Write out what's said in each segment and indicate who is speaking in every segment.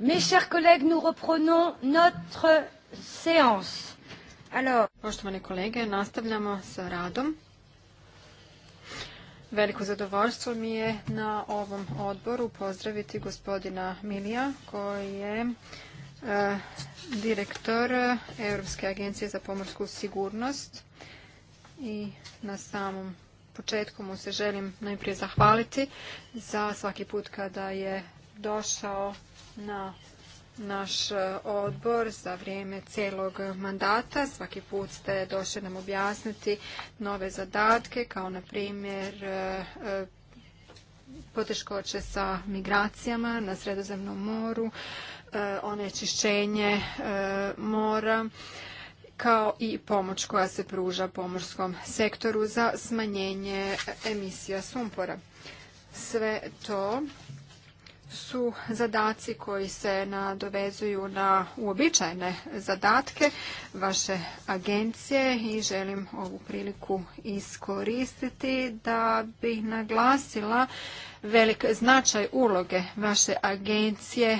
Speaker 1: Mes chers collègues, nous reprenons notre séance. Alors... Poštovani kolege, nastavljamo sa radom. Veliko zadovoljstvo mi je na ovom odboru pozdraviti gospodina Milija koji je e, direktor Europske agencije za pomorsku sigurnost i na samom početku mu se želim najprije zahvaliti za svaki put kada je došao na naš e, odbor za vrijeme cijelog mandata. Svaki put ste došli nam objasniti nove zadatke, kao na primjer e, e, poteškoće sa migracijama na Sredozemnom moru, onečišćenje mora, kao i pomoć koja se pruža pomorskom sektoru za smanjenje emisija sumpora. Sve to su zadaci koji se nadovezuju na uobičajene zadatke vaše agencije i želim ovu priliku iskoristiti da bih naglasila velik značaj uloge vaše agencije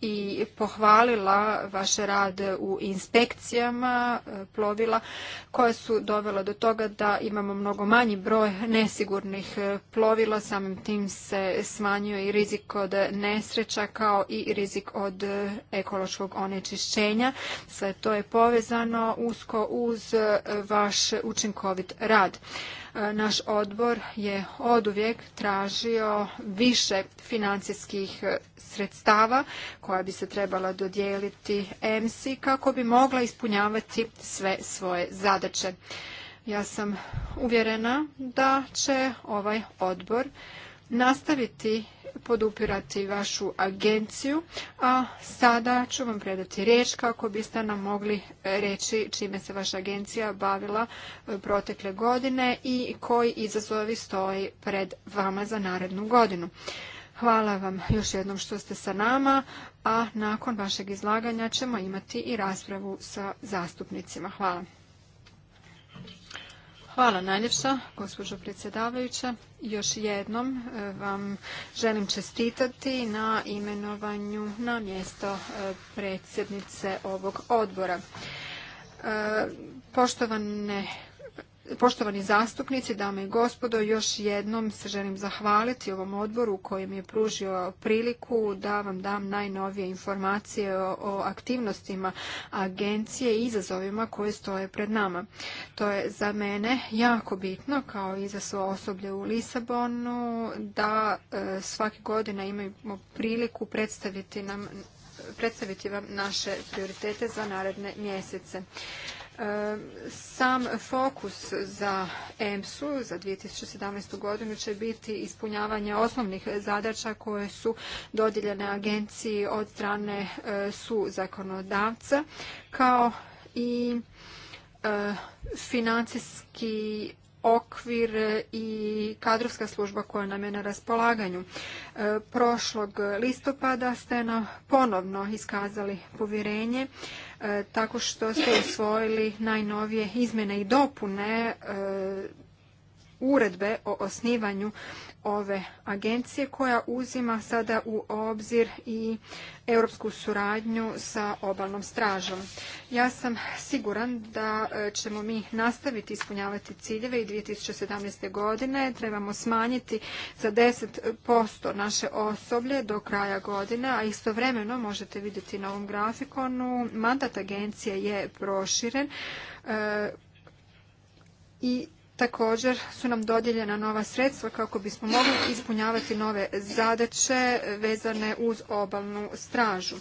Speaker 1: i pohvalila vaš rad u inspekcijama e, plovila koje su dovele do toga da imamo mnogo manji broj nesigurnih e, plovila, samim tim se smanjuje i rizik od nesreća kao i rizik od e, ekološkog onečišćenja. Sve to je povezano usko uz vaš učinkovit rad. Naš odbor je oduvijek tražio više financijskih e, sredstava koja bi se trebala dodijeliti EMSI kako bi mogla ispunjavati sve svoje zadaće. Ja sam uvjerena da će ovaj odbor nastaviti podupirati vašu agenciju, a sada ću vam predati riječ kako biste nam mogli reći čime se vaša agencija bavila e, protekle godine i koji izazovi stoji pred vama za narednu godinu. Hvala vam još jednom što ste sa nama, a nakon vašeg izlaganja ćemo imati i raspravu sa zastupnicima. Hvala. Hvala najljepša, gospođo predsjedavajuća. Još jednom e, vam želim čestitati na imenovanju na mjesto e, predsjednice ovog odbora. E, poštovane Poštovani zastupnici, dame i gospodo, još jednom se želim zahvaliti ovom odboru koji mi je pružio priliku da vam dam najnovije informacije o aktivnostima agencije i izazovima koje stoje pred nama. To je za mene jako bitno, kao i za svoje osoblje u Lisabonu, da e, svake godine imamo priliku predstaviti nam predstaviti vam naše prioritete za naredne mjesece. Sam fokus za EMSU za 2017. godinu će biti ispunjavanje osnovnih zadaća koje su dodijeljene agenciji od strane e, su zakonodavca kao i e, financijski okvir i kadrovska služba koja nam je na raspolaganju. E, prošlog listopada ste nam ponovno iskazali povjerenje e, tako što ste usvojili najnovije izmjene i dopune e, uredbe o osnivanju ove agencije koja uzima sada u obzir i europsku suradnju sa obalnom stražom. Ja sam siguran da e, ćemo mi nastaviti ispunjavati ciljeve i 2017. godine trebamo smanjiti za 10% naše osoblje do kraja godine, a istovremeno možete vidjeti na ovom grafikonu mandat agencije je proširen e, i Također su nam dodijeljena nova sredstva kako bismo mogli ispunjavati nove zadaće vezane uz obalnu stražu.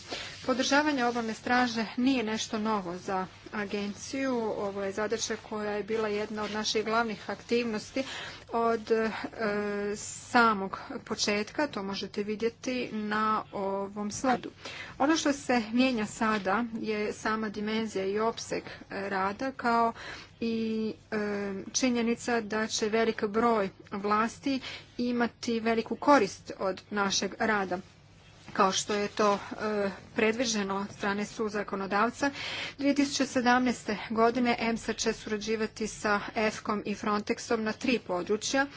Speaker 1: Podržavanje obalne straže nije nešto novo za agenciju. Ovo je zadaća koja je bila jedna od naših glavnih aktivnosti od e, samog početka. To možete vidjeti na ovom sladu. Ono što se mijenja sada je sama dimenzija i opseg rada kao i e, činjenica da će velik broj vlasti imati veliku korist od našeg rada kao što je to e, predviđeno od strane su zakonodavca. 2017. godine EMSA će surađivati sa EFKOM i Frontexom na tri područja e,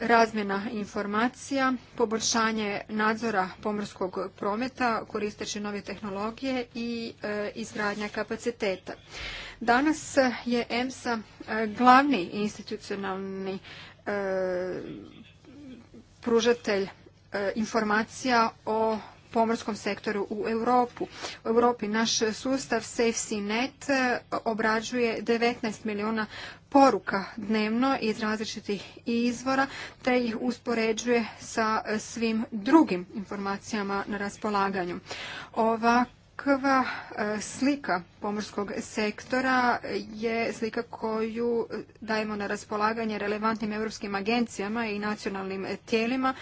Speaker 1: razmjena informacija, poboljšanje nadzora pomorskog prometa koristeći nove tehnologije i e, izgradnja kapaciteta. Danas je EMSA glavni institucionalni pružatelj E, informacija o pomorskom sektoru u Europu. U Europi naš sustav SafeSeaNet e, obrađuje 19 milijuna poruka dnevno iz različitih izvora te ih uspoređuje sa svim drugim informacijama na raspolaganju. Ova Ovakva e, slika pomorskog sektora je slika koju dajemo na raspolaganje relevantnim europskim agencijama i nacionalnim tijelima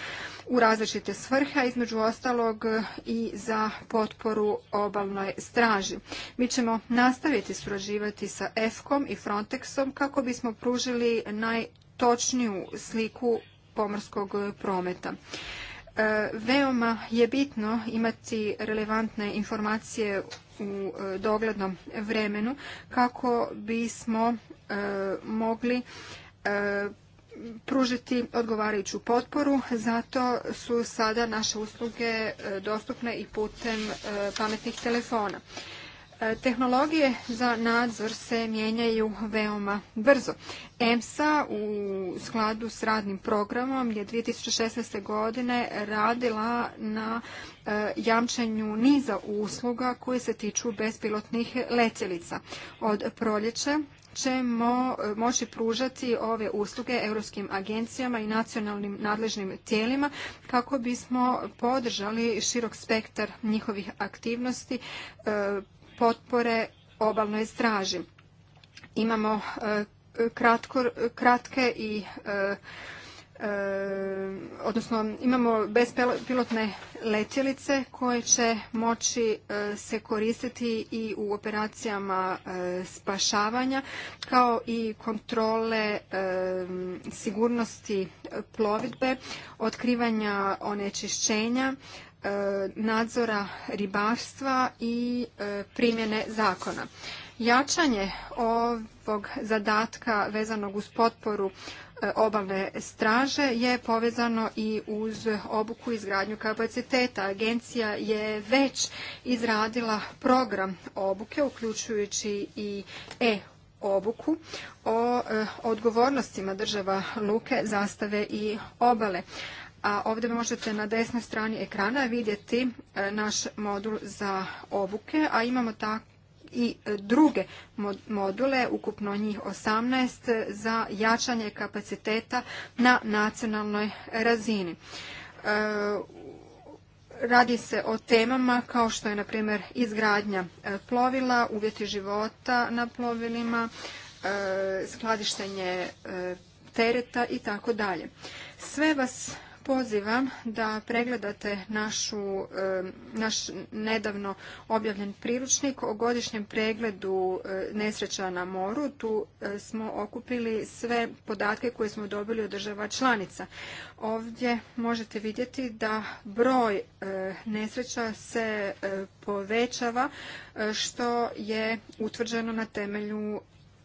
Speaker 1: u različite svrhe, a između ostalog i za potporu obalnoj straži. Mi ćemo nastaviti surađivati sa EFKOM i Frontexom kako bismo pružili najtočniju sliku pomorskog prometa. E, veoma je bitno imati relevantne informacije u e, doglednom vremenu kako bismo e, mogli pružiti odgovarajuću potporu, zato su sada naše usluge dostupne i putem pametnih telefona. E, tehnologije za nadzor se mijenjaju veoma brzo. EMSA u skladu s radnim programom je 2016. godine radila na e, jamčenju niza usluga koje se tiču bespilotnih letjelica. Od proljeća ćemo e, moći pružati ove usluge europskim agencijama i nacionalnim nadležnim tijelima kako bismo podržali širok spektar njihovih aktivnosti potpore obalnoj straži. Imamo e, kratke i e, e, odnosno imamo bespilotne letjelice koje će moći se koristiti i u operacijama spašavanja kao i kontrole sigurnosti plovidbe, otkrivanja onečišćenja, E, nadzora ribarstva i e, primjene zakona. Jačanje ovog zadatka vezanog uz potporu e, obalne straže je povezano i uz obuku i izgradnju kapaciteta. Agencija je već izradila program obuke, uključujući i e obuku o odgovornostima država luke, zastave i obale. A ovdje možete na desnoj strani ekrana vidjeti e, naš modul za obuke, a imamo tako i e, druge module, ukupno njih 18, za jačanje kapaciteta na nacionalnoj razini. E, radi se o temama kao što je, na primjer, izgradnja plovila, uvjeti života na plovilima, skladištenje tereta i tako dalje. Sve vas pozivam da pregledate našu, naš nedavno objavljen priručnik o godišnjem pregledu nesreća na moru. Tu smo okupili sve podatke koje smo dobili od država članica. Ovdje možete vidjeti da broj nesreća se povećava što je utvrđeno na temelju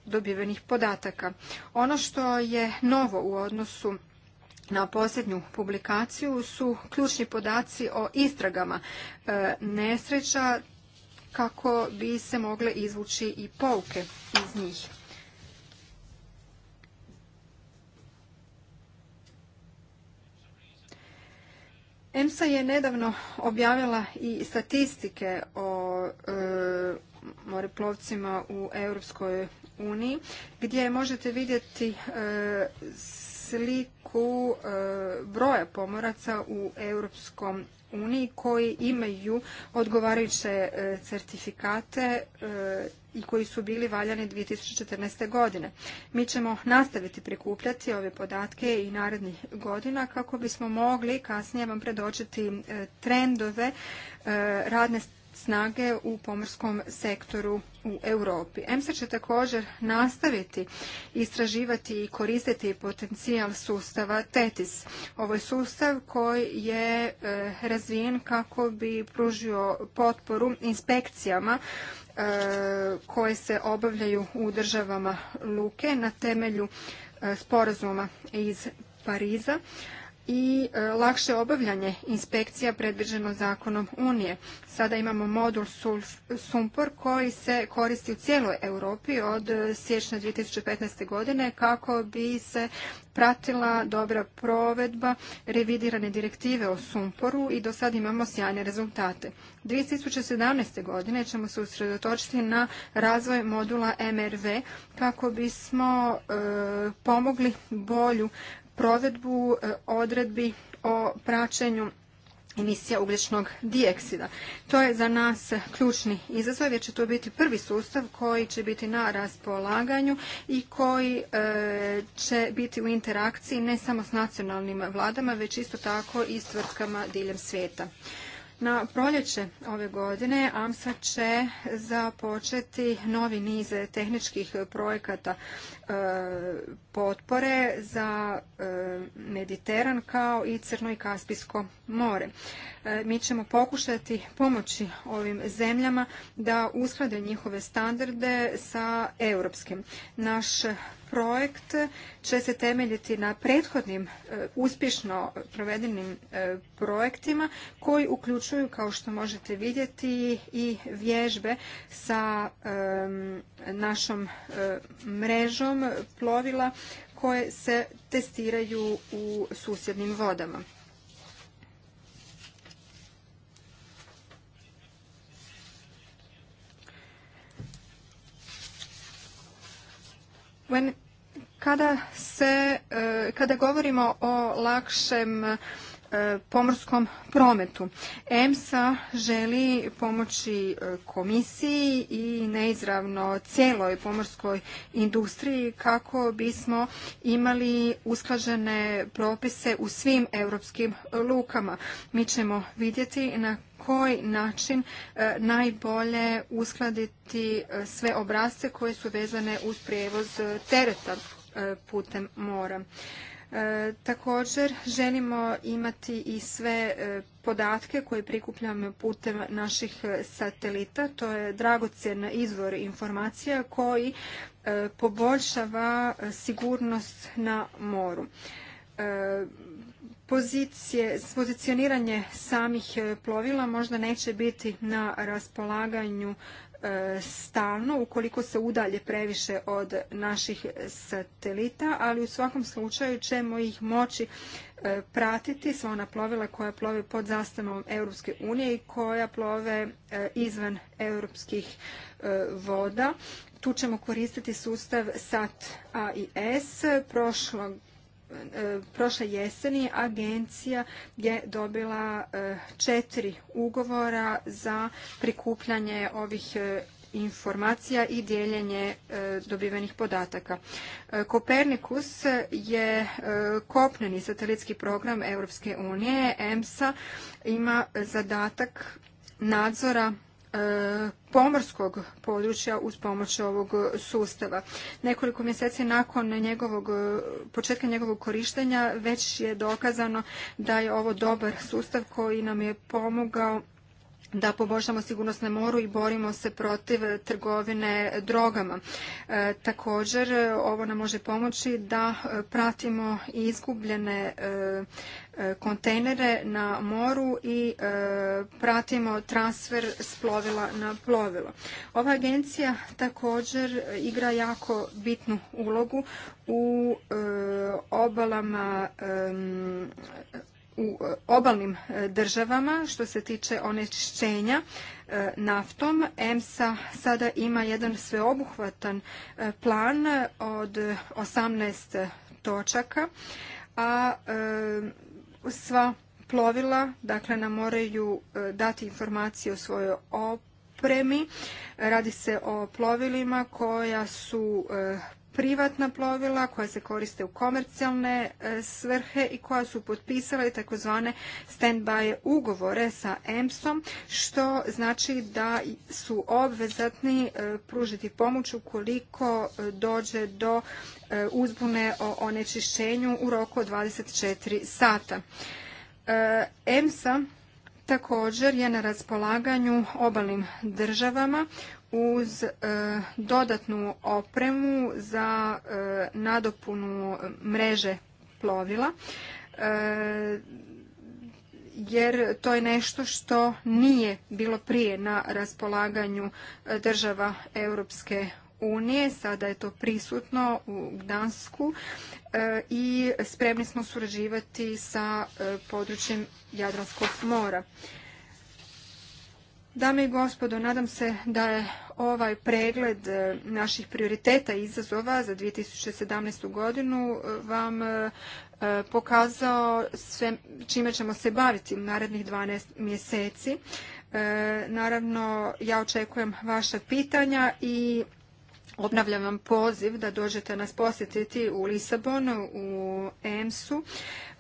Speaker 1: dobivenih podataka. Ono što je novo u odnosu na posljednju publikaciju su ključni podaci o istragama e, nesreća kako bi se mogle izvući i pouke iz njih. EMSA je nedavno objavila i statistike o e, moreplovcima u Europskoj uniji gdje možete vidjeti e, sliku e, broja pomoraca u Europskom uniji koji imaju odgovarajuće e, certifikate e, i koji su bili valjani 2014. godine. Mi ćemo nastaviti prikupljati ove podatke i narednih godina kako bismo mogli kasnije vam predočiti trendove radne snage u pomorskom sektoru u Europi. EMSA će također nastaviti istraživati i koristiti potencijal sustava TETIS. Ovo je sustav koji je e, razvijen kako bi pružio potporu inspekcijama e, koje se obavljaju u državama Luke na temelju e, sporazuma iz Pariza i e, lakše obavljanje inspekcija predviđeno zakonom Unije. Sada imamo modul Sumpor koji se koristi u cijeloj Europi od e, siječnja 2015. godine kako bi se pratila dobra provedba revidirane direktive o Sumporu i do sad imamo sjajne rezultate. 2017. godine ćemo se usredotočiti na razvoj modula MRV kako bismo e, pomogli bolju provedbu e, odredbi o praćenju emisija ugljičnog dioksida To je za nas ključni izazov jer će to biti prvi sustav koji će biti na raspolaganju i koji e, će biti u interakciji ne samo s nacionalnim vladama, već isto tako i s tvrtkama diljem svijeta. Na proljeće ove godine AMSA će započeti novi niz tehničkih projekata e, potpore za e, Mediteran kao i Crno i Kaspijsko more. E, mi ćemo pokušati pomoći ovim zemljama da usklade njihove standarde sa europskim. Naš projekt će se temeljiti na prethodnim e, uspješno provedenim e, projektima koji uključuju, kao što možete vidjeti, i vježbe sa našom e, mrežom plovila koje se testiraju u susjednim vodama. When, kada, se, eh, kada govorimo o lakšem E, pomorskom prometu. EMSA želi pomoći e, komisiji i neizravno cijeloj pomorskoj industriji kako bismo imali usklažene propise u svim europskim lukama. Mi ćemo vidjeti na koji način e, najbolje uskladiti sve obrazce koje su vezane uz prijevoz tereta putem mora. E, također želimo imati i sve e, podatke koje prikupljamo putem naših e, satelita. To je dragocjen izvor informacija koji poboljšava sigurnost na moru. Pozicije, pozicioniranje samih plovila možda neće biti na raspolaganju E, stalno ukoliko se udalje previše od naših satelita, ali u svakom slučaju ćemo ih moći e, pratiti, sva ona plovila koja plove pod zastavom Europske unije i koja plove e, izvan europskih voda. Tu ćemo koristiti sustav sat AIS. Prošlog E, prošle jeseni agencija je dobila e, četiri ugovora za prikupljanje ovih e, informacija i dijeljenje dobivenih podataka. Kopernikus je kopneni satelitski program Europske unije. EMSA ima zadatak nadzora E, pomorskog područja uz pomoć ovog sustava. Nekoliko mjeseci nakon njegovog, e, početka njegovog korištenja već je dokazano da je ovo dobar sustav koji nam je pomogao da poboljšamo sigurnost na moru i borimo se protiv trgovine drogama. E, također, ovo nam može pomoći da e, pratimo izgubljene e, kontejnere na moru i pratimo transfer s plovila na plovilo. Ova agencija također igra jako bitnu ulogu u obalama u obalnim e, državama što se tiče onečišćenja e, naftom. EMSA sada ima jedan sveobuhvatan e, plan od 18 točaka, a sva plovila dakle nam moraju dati informacije o svojoj opremi. Radi se o plovilima koja su privatna plovila koja se koriste u komercijalne e, svrhe i koja su potpisala i takozvane stand-by ugovore sa EMS-om, što znači da su obvezatni e, pružiti pomoć ukoliko e, dođe do uzbune o onečišćenju u roku od 24 sata. EMSA također je na raspolaganju obalnim državama uz e, dodatnu opremu za e, nadopunu mreže plovila e, jer to je nešto što nije bilo prije na raspolaganju država Europske unije. Sada je to prisutno u Gdansku i spremni smo surađivati sa područjem Jadranskog mora. Dame i gospodo, nadam se da je ovaj pregled e, naših prioriteta i izazova za 2017. godinu e, vam e, pokazao sve čime ćemo se baviti u narednih 12 mjeseci. Naravno, ja očekujem vaša pitanja i Obnavljam vam poziv da dođete nas posjetiti u Lisabonu, u EMS-u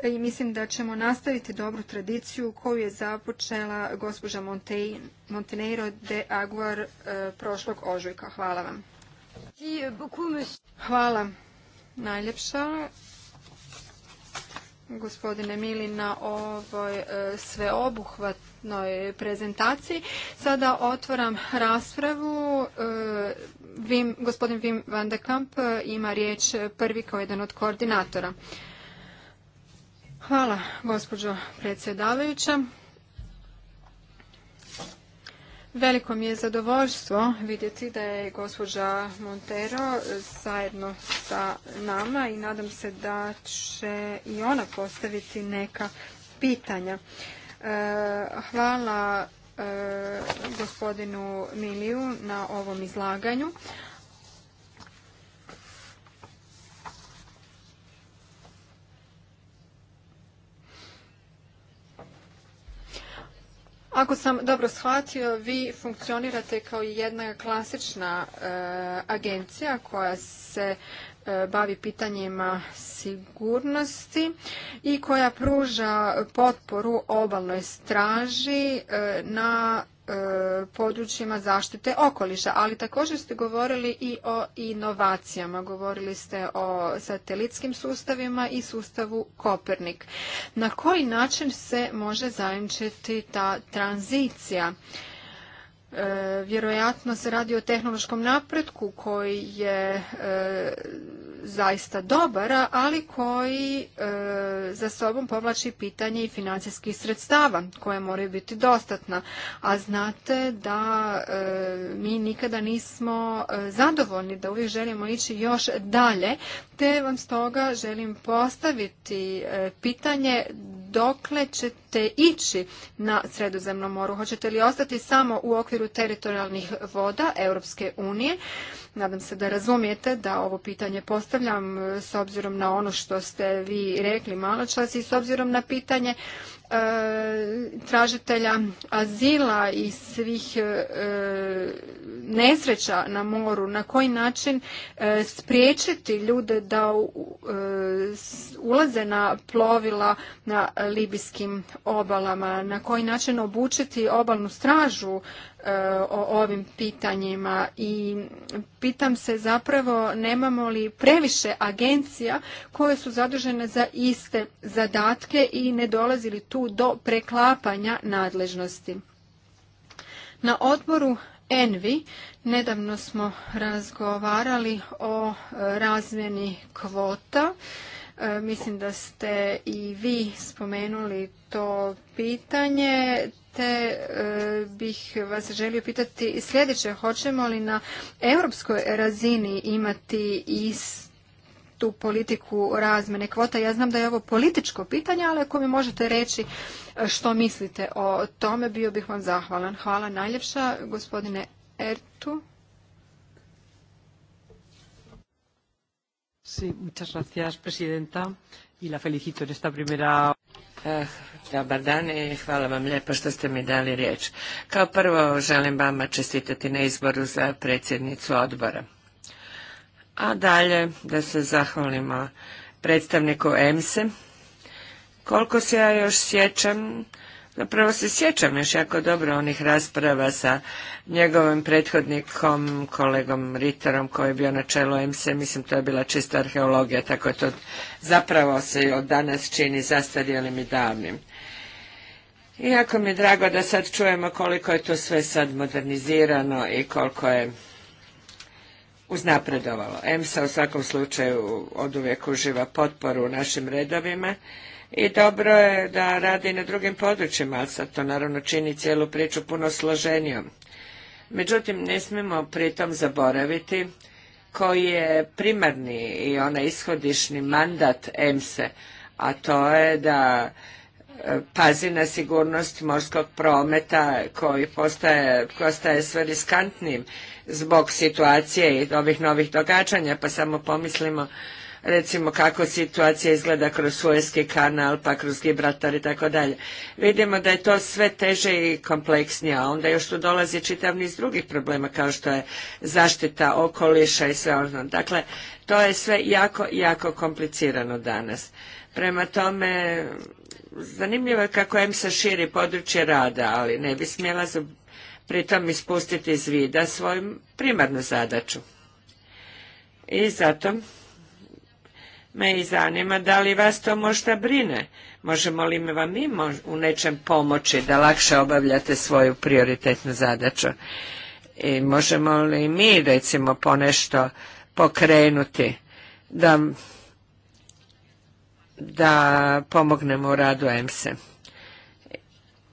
Speaker 1: i mislim da ćemo nastaviti dobru tradiciju koju je započela gospođa Montenegro de Aguar e, prošlog ožujka. Hvala vam. Hvala najljepša gospodine Mili na ovoj e, sveobuhvatnoj prezentaciji. Sada otvoram raspravu e, gospodin Wim van de Kamp e, ima riječ prvi kao jedan od koordinatora. Hvala, gospođo predsjedavajuća. Veliko mi je zadovoljstvo vidjeti da je gospođa Montero zajedno sa nama i nadam se da će i ona postaviti neka pitanja. E, hvala E, gospodinu Miliju na ovom izlaganju. Ako sam dobro shvatio, vi funkcionirate kao jedna klasična e, agencija koja se E, bavi pitanjima sigurnosti i koja pruža potporu obalnoj straži e, na e, područjima zaštite okoliša, ali također ste govorili i o inovacijama. Govorili ste o satelitskim sustavima i sustavu Kopernik. Na koji način se može zajemčiti ta tranzicija E, vjerojatno se radi o tehnološkom napretku koji je e, zaista dobar, ali koji e, za sobom povlači pitanje i financijskih sredstava koje moraju biti dostatna. A znate da e, mi nikada nismo e, zadovoljni, da uvijek želimo ići još dalje, te vam stoga želim postaviti pitanje dokle ćete ići na Sredozemnom moru? Hoćete li ostati samo u okviru teritorijalnih voda Europske unije Nadam se da razumijete da ovo pitanje postavljam e, s obzirom na ono što ste vi rekli malo čas i s obzirom na pitanje e, tražitelja azila i svih e, nesreća na moru, na koji način spriječiti ljude da ulaze na plovila na libijskim obalama, na koji način obučiti obalnu stražu E, o ovim pitanjima i pitam se zapravo nemamo li previše agencija koje su zadužene za iste zadatke i ne dolazi li tu do preklapanja nadležnosti. Na odboru Envi nedavno smo razgovarali o razmjeni kvota. E, mislim da ste i vi spomenuli to pitanje te e, bih vas želio pitati sljedeće, hoćemo li na europskoj razini imati tu politiku razmene kvota? Ja znam da je ovo političko pitanje, ali ako mi možete reći e, što mislite o tome, bio bih vam zahvalan. Hvala najljepša, gospodine Ertu.
Speaker 2: Sí, muchas gracias, presidenta, y la felicito eh, Dobar dan i hvala vam lijepo što ste mi dali riječ. Kao prvo želim vama čestitati na izboru za predsjednicu odbora. A dalje da se zahvalimo predstavniku EMSE. Koliko se ja još sjećam, zapravo se sjećam još jako dobro onih rasprava sa njegovim prethodnikom, kolegom Ritterom koji je bio na čelu EMSE, mislim to je bila čista arheologija, tako to zapravo se od danas čini zastarjelim i davnim. Iako mi je drago da sad čujemo koliko je to sve sad modernizirano i koliko je uznapredovalo. EMSA u svakom slučaju oduvijek uživa potporu u našim redovima i dobro je da radi na drugim područjima, ali sad to naravno čini cijelu priču puno složenijom. Međutim, ne smijemo pritom zaboraviti koji je primarni i onaj ishodišni mandat EMSE, a to je da pazi na sigurnost morskog prometa koji postaje, sve riskantnim zbog situacije i ovih novih događanja, pa samo pomislimo recimo kako situacija izgleda kroz Suezki kanal, pa kroz Gibraltar i tako dalje. Vidimo da je to sve teže i kompleksnije, a onda još tu dolazi čitav niz drugih problema kao što je zaštita okoliša i sve ono. Dakle, to je sve jako, jako komplicirano danas. Prema tome, Zanimljivo je kako im se širi područje rada, ali ne bi smjela pritom ispustiti iz vida svoju primarnu zadaću. I zato me i zanima da li vas to možda brine. Možemo li mi vam mi u nečem pomoći da lakše obavljate svoju prioritetnu zadaću? I možemo li mi recimo ponešto pokrenuti da da pomognemo u radu EMSE.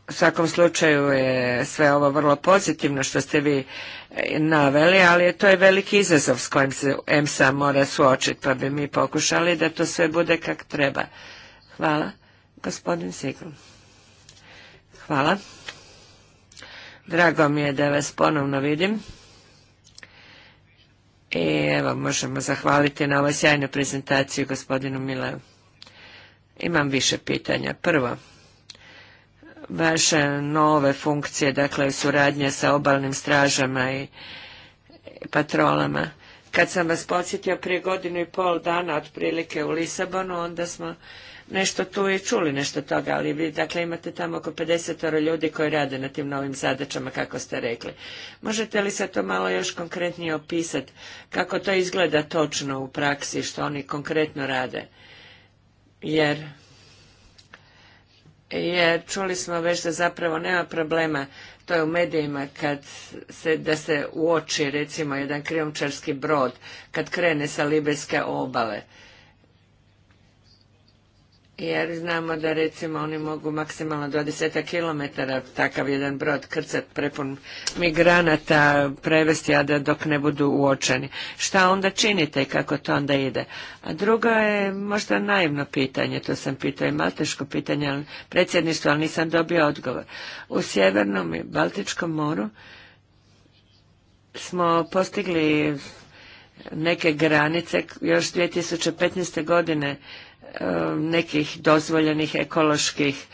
Speaker 2: U svakom slučaju je sve ovo vrlo pozitivno što ste vi eh, naveli, ali to je veliki izazov s kojim se EMSA mora suočiti, pa bi mi pokušali da to sve bude kak treba. Hvala. Gospodin Sigl. Hvala. Drago mi je da vas ponovno vidim. I evo, možemo zahvaliti na ovoj sjajnoj prezentaciji gospodinu Milevu. Imam više pitanja. Prvo, vaše nove funkcije, dakle suradnje sa obalnim stražama i patrolama. Kad sam vas podsjetio prije godinu i pol dana otprilike u Lisabonu, onda smo nešto tu i čuli nešto toga, ali vi dakle imate tamo oko 50 ljudi koji rade na tim novim zadaćama, kako ste rekli. Možete li se to malo još konkretnije opisati, kako to izgleda točno u praksi, što oni konkretno rade? jer jer čuli smo već da zapravo nema problema, to je u medijima kad se, da se uoči recimo jedan krijumčarski brod kad krene sa libeske obale jer znamo da recimo oni mogu maksimalno 20 km takav jedan brod krcat prepun migranata prevesti, a da dok ne budu uočeni. Šta onda činite i kako to onda ide? A drugo je možda naivno pitanje, to sam pitao i malteško pitanje ali, predsjedništvo, ali nisam dobio odgovor. U Sjevernom i Baltičkom moru smo postigli neke granice još 2015. godine Eh, nekih dozvoljenih ekoloških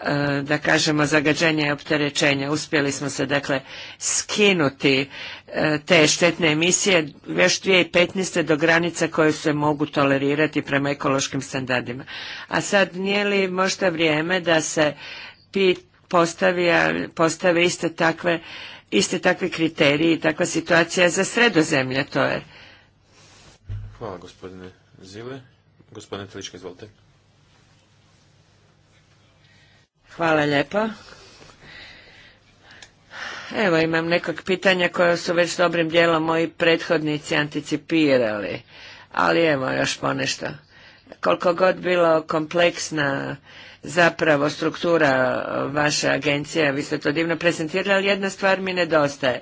Speaker 2: eh, da kažemo zagađenja i opterećenja. Uspjeli smo se dakle skinuti eh, te štetne emisije još 2015. do granica koje se mogu tolerirati prema ekološkim standardima. A sad nije li možda vrijeme da se postavi, postave iste takve iste takvi kriteriji i takva situacija za sredozemlje to je.
Speaker 3: Hvala gospodine Zile. Gospodine Telička, izvolite.
Speaker 2: Hvala lijepo. Evo imam nekog pitanja koja su već dobrim dijelom moji prethodnici anticipirali, ali evo još ponešto. Koliko god bilo kompleksna zapravo struktura vaše agencije, vi ste to divno prezentirali, ali jedna stvar mi nedostaje.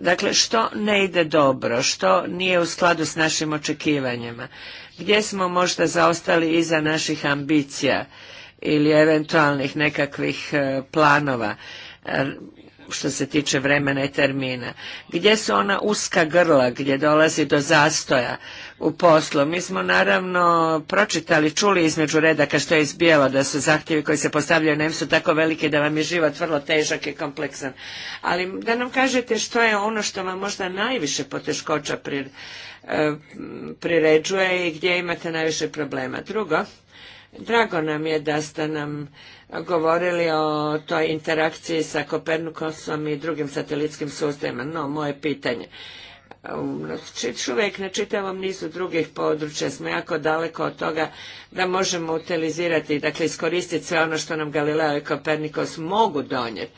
Speaker 2: Dakle, što ne ide dobro, što nije u skladu s našim očekivanjima gdje smo možda zaostali iza naših ambicija ili eventualnih nekakvih e, planova e, što se tiče vremena i termina. Gdje su ona uska grla gdje dolazi do zastoja u poslu? Mi smo naravno pročitali, čuli između redaka što je izbijalo da su zahtjevi koji se postavljaju nem su tako veliki da vam je život vrlo težak i kompleksan. Ali da nam kažete što je ono što vam možda najviše poteškoća pri E, priređuje i gdje imate najviše problema. Drugo, drago nam je da ste nam govorili o toj interakciji sa Kopernikosom i drugim satelitskim sustavima. No, moje pitanje uvijek na čitavom nizu drugih područja smo jako daleko od toga da možemo utilizirati, dakle iskoristiti sve ono što nam Galileo i Kopernikos mogu donijeti.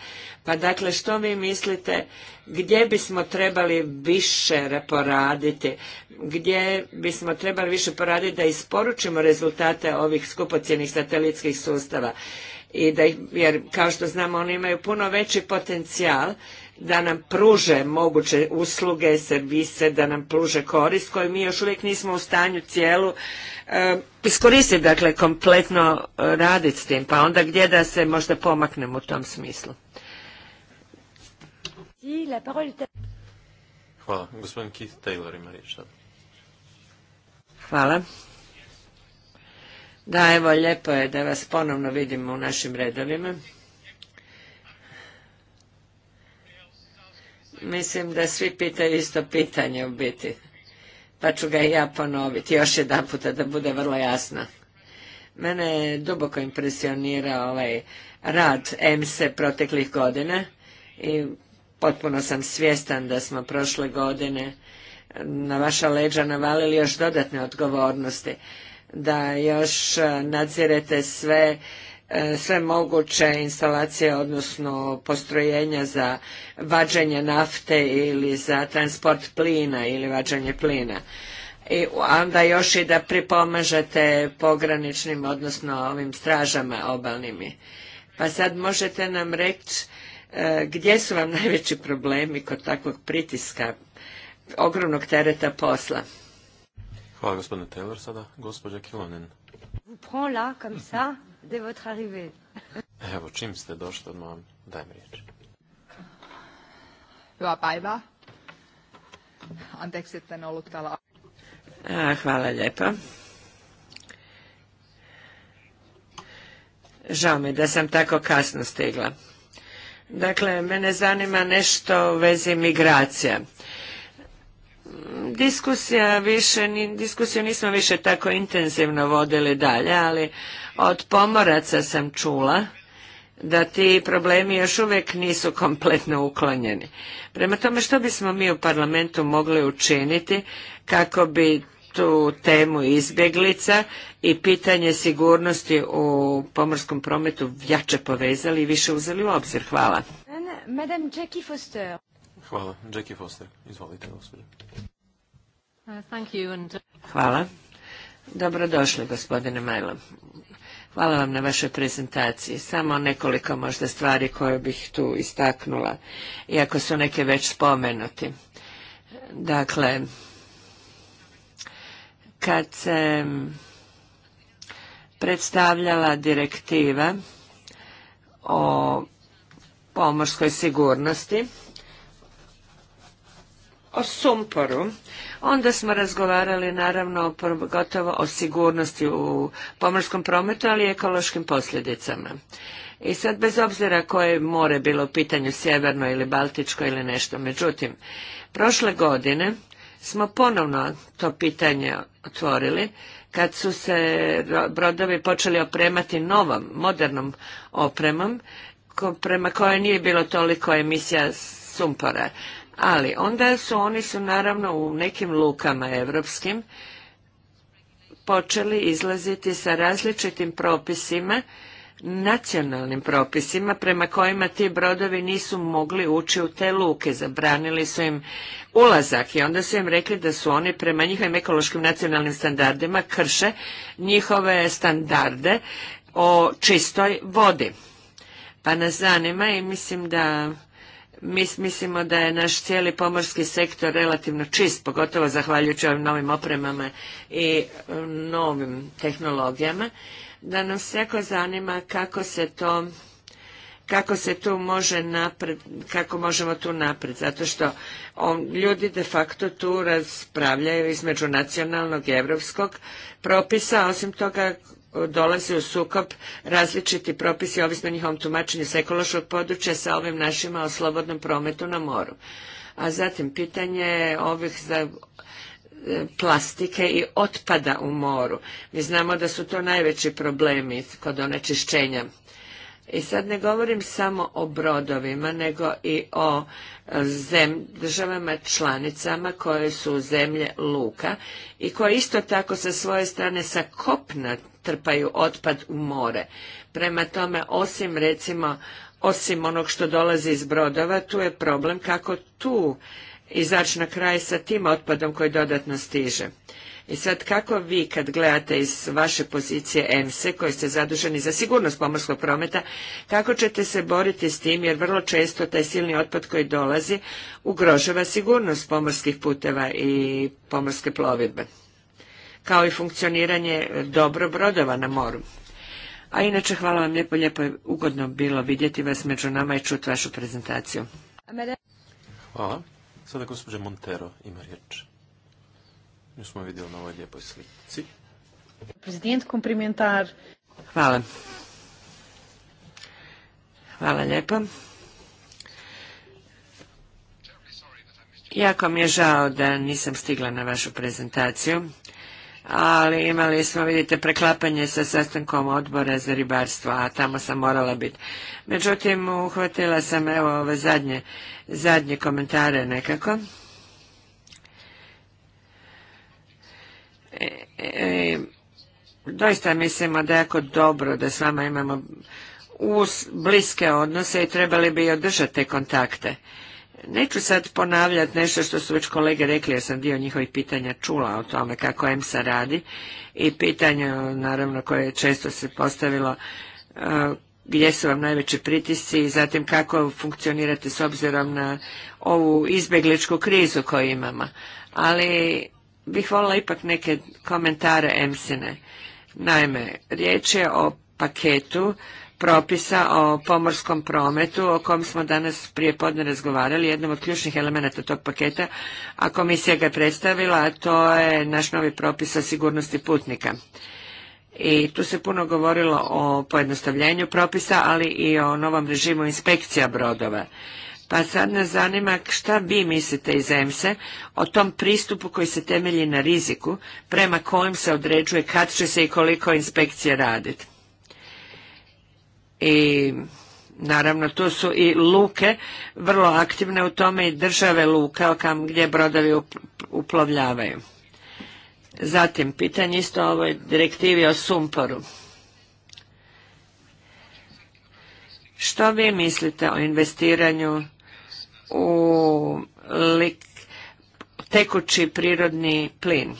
Speaker 2: Pa dakle, što vi mislite, gdje bismo trebali više poraditi, gdje bismo trebali više poraditi da isporučimo rezultate ovih skupocjenih satelitskih sustava? I da, jer kao što znamo oni imaju puno veći potencijal da nam pruže moguće usluge, servise, da nam pruže korist koju mi još uvijek nismo u stanju cijelu eh, iskoristiti, dakle kompletno eh, raditi s tim, pa onda gdje da se možda pomaknemo u tom smislu.
Speaker 3: Hvala. Gospodin Keith Taylor ima riječ.
Speaker 2: Hvala. Da, evo, lijepo je da vas ponovno vidimo u našim redovima. Mislim da svi pitaju isto pitanje u biti. Pa ću ga i ja ponoviti još jedan puta da bude vrlo jasna. Mene je duboko impresionira ovaj rad EMSE proteklih godina i potpuno sam svjestan da smo prošle godine na vaša leđa navalili još dodatne odgovornosti, da još nadzirete sve E, sve moguće instalacije, odnosno postrojenja za vađenje nafte ili za transport plina ili vađenje plina. I onda još i da pripomažete pograničnim, odnosno ovim stražama obalnim. Pa sad možete nam reći e, gdje su vam najveći problemi kod takvog pritiska, ogromnog tereta posla?
Speaker 3: Hvala gospodine Taylor, sada gospođa
Speaker 1: de votre arrivée.
Speaker 3: Evo, čim ste došli, odmah daj mi riječ.
Speaker 1: Hyvää päivää. se te
Speaker 2: Hvala lijepa. Žao mi da sam tako kasno stigla. Dakle, mene zanima nešto u vezi migracija diskusija više, diskusiju nismo više tako intenzivno vodili dalje, ali od pomoraca sam čula da ti problemi još uvijek nisu kompletno uklonjeni. Prema tome što bismo mi u parlamentu mogli učiniti kako bi tu temu izbjeglica i pitanje sigurnosti u pomorskom prometu jače povezali i više
Speaker 3: uzeli u obzir. Hvala.
Speaker 2: Madame Jackie Foster.
Speaker 3: Hvala. Jackie Foster, izvolite
Speaker 2: Uh, Hvala. Dobrodošli, gospodine Majlo. Hvala vam na vašoj prezentaciji. Samo nekoliko možda stvari koje bih tu istaknula, iako su neke već spomenuti. Dakle, kad se predstavljala direktiva o pomorskoj sigurnosti, o sumporu, onda smo razgovarali naravno gotovo o sigurnosti u pomorskom prometu, ali i ekološkim posljedicama. I sad bez obzira koje more bilo u pitanju, sjeverno ili baltičko ili nešto, međutim, prošle godine smo ponovno to pitanje otvorili kad su se brodovi počeli opremati novom, modernom opremom, prema kojoj nije bilo toliko emisija sumpora. Ali onda su oni su naravno u nekim lukama evropskim, počeli izlaziti sa različitim propisima, nacionalnim propisima prema kojima ti brodovi nisu mogli ući u te luke. Zabranili su im ulazak i onda su im rekli da su oni prema njihovim ekološkim nacionalnim standardima krše njihove standarde o čistoj vodi. Pa nas zanima i mislim da mi mislimo da je naš cijeli pomorski sektor relativno čist, pogotovo zahvaljujući ovim novim opremama i e, novim tehnologijama, da nas jako zanima kako se to kako se tu može napred, kako možemo tu napred, zato što on, ljudi de facto tu raspravljaju između nacionalnog i europskog propisa, osim toga dolazi u sukob različiti propisi ovisno njihovom tumačenju s ekološkog područja sa ovim našima o slobodnom prometu na moru. A zatim pitanje ovih za e, plastike i otpada u moru. Mi znamo da su to najveći problemi kod onečišćenja i sad ne govorim samo o brodovima, nego i o e, državama članicama koje su zemlje luka i koje isto tako sa svoje strane sa kopna trpaju otpad u more. Prema tome, osim recimo, osim onog što dolazi iz brodova, tu je problem kako tu izaći na kraj sa tim otpadom koji dodatno stiže. I sad kako vi kad gledate iz vaše pozicije EMSE koji ste zaduženi za sigurnost pomorskog prometa, kako ćete se boriti s tim jer vrlo često taj silni otpad koji dolazi ugrožava sigurnost pomorskih puteva i pomorske plovidbe kao i funkcioniranje dobro brodova na moru. A inače, hvala vam lijepo, lijepo je ugodno bilo vidjeti vas među nama i čuti vašu prezentaciju.
Speaker 3: Hvala. Sada gospođa Montero ima riječ. Nju smo vidjeli na ovoj lijepoj slici.
Speaker 1: Prezident,
Speaker 2: Hvala. Hvala lijepo. Jako mi je žao da nisam stigla na vašu prezentaciju, ali imali smo, vidite, preklapanje sa sastankom odbora za ribarstvo, a tamo sam morala biti. Međutim, uhvatila sam evo ove zadnje komentare nekako. E, e, e, doista mislimo da je jako dobro da s vama imamo bliske odnose i trebali bi održati te kontakte. Neću sad ponavljati nešto što su već kolege rekli, jer sam dio njihovih pitanja čula o tome kako EMSA radi i pitanja, naravno, koje često se postavilo gdje su vam najveći pritisci i zatim kako funkcionirate s obzirom na ovu izbjegličku krizu koju imamo. Ali bih volila ipak neke komentare Emsine. Naime, riječ je o paketu propisa o pomorskom prometu o kom smo danas prije podne razgovarali, jednom od ključnih elemenata tog paketa, a komisija ga je predstavila, a to je naš novi propis o sigurnosti putnika. I tu se puno govorilo o pojednostavljenju propisa, ali i o novom režimu inspekcija brodova. Pa sad nas zanima šta vi mislite iz EMSE o tom pristupu koji se temelji na riziku prema kojem se određuje kad će se i koliko inspekcije raditi. I naravno tu su i luke vrlo aktivne u tome i države luka gdje brodovi uplovljavaju. Zatim, pitanje isto o ovoj direktivi o sumporu. Što vi mislite o investiranju u lik, tekući prirodni plin.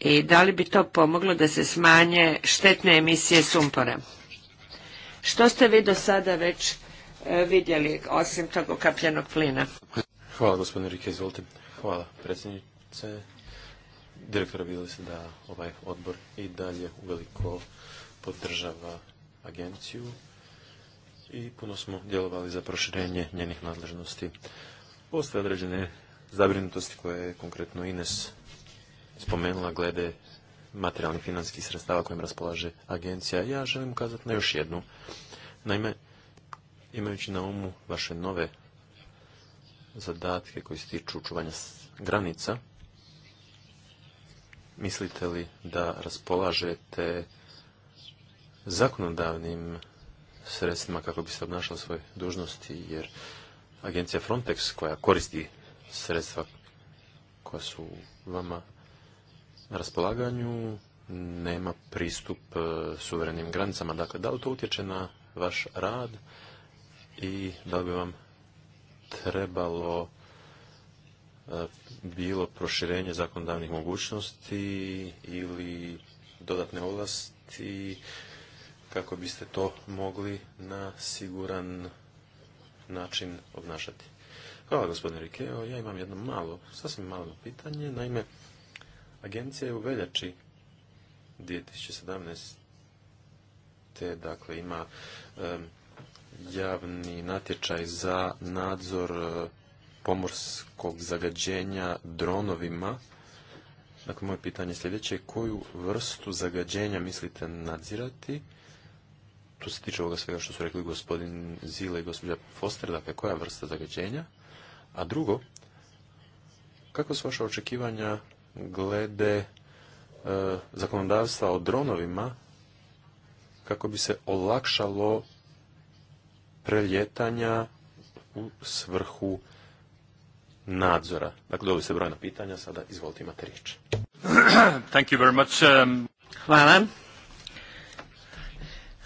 Speaker 2: I da li bi to pomoglo da se smanje štetne emisije sumpora? Što ste vi do sada već e, vidjeli osim tog ukapljenog plina?
Speaker 3: Hvala gospodine Rike, izvolite. Hvala predsjednice. Direktora vidjeli se da ovaj odbor i dalje uveliko podržava agenciju i puno smo djelovali za proširenje njenih nadležnosti. Postoje određene zabrinutosti koje je konkretno Ines spomenula glede materijalnih financijskih sredstava kojim raspolaže agencija. Ja želim ukazati na još jednu. Naime, imajući na umu vaše nove zadatke koji se tiču čuvanja granica, mislite li da raspolažete zakonodavnim sredstvima kako bi se obnašala svoje dužnosti, jer agencija Frontex koja koristi sredstva koja su vama na raspolaganju, nema pristup e, suverenim granicama. Dakle, da li to utječe na vaš rad i da li bi vam trebalo e, bilo proširenje zakonodavnih mogućnosti ili dodatne ovlasti kako biste to mogli na siguran način obnašati. Hvala gospodine Rikeo, ja imam jedno malo, sasvim malo pitanje. Naime, agencija je u veljači 2017. Te, dakle, ima javni natječaj za nadzor e, pomorskog zagađenja dronovima. Dakle, moje pitanje je sljedeće. Koju vrstu zagađenja mislite nadzirati? što se tiče ovoga svega što su rekli gospodin Zile i gospođa Foster, dakle koja vrsta zagađenja? A drugo, kako su vaša očekivanja glede e, zakonodavstva o dronovima kako bi se olakšalo preljetanja u svrhu nadzora. Dakle, dobili se brojna pitanja, sada izvolite imate riječ. Um, Hvala.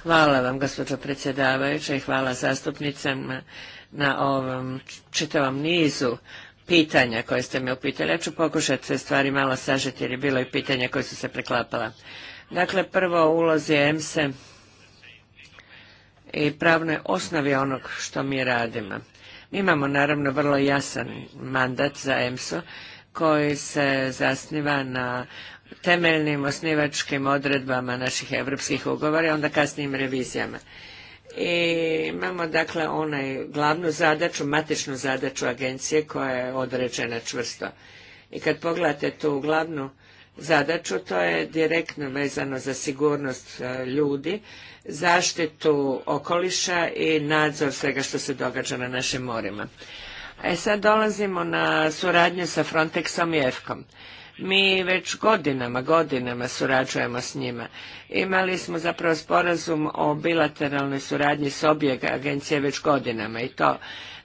Speaker 2: Hvala vam, gospođo predsjedavajuća, i hvala zastupnicama na ovom čitavom nizu pitanja koje ste me upitali. Ja ću pokušati sve stvari malo sažeti jer je bilo i pitanja koje su se preklapala. Dakle, prvo o ulozi EMSE i pravnoj osnovi onog što mi radimo. Mi imamo naravno vrlo jasan mandat za EMSO koji se zasniva na temeljnim osnivačkim odredbama naših europskih ugovora i onda kasnijim revizijama. I imamo dakle onaj glavnu zadaću, matičnu zadaću agencije koja je određena čvrsto. I kad pogledate tu glavnu zadaću, to je direktno vezano za sigurnost e, ljudi, zaštitu okoliša i nadzor svega što se događa na našim morima. E sad dolazimo na suradnju sa Frontexom i EFKom. Mi već godinama, godinama surađujemo s njima. Imali smo zapravo sporazum o bilateralnoj suradnji s obje agencije već godinama i to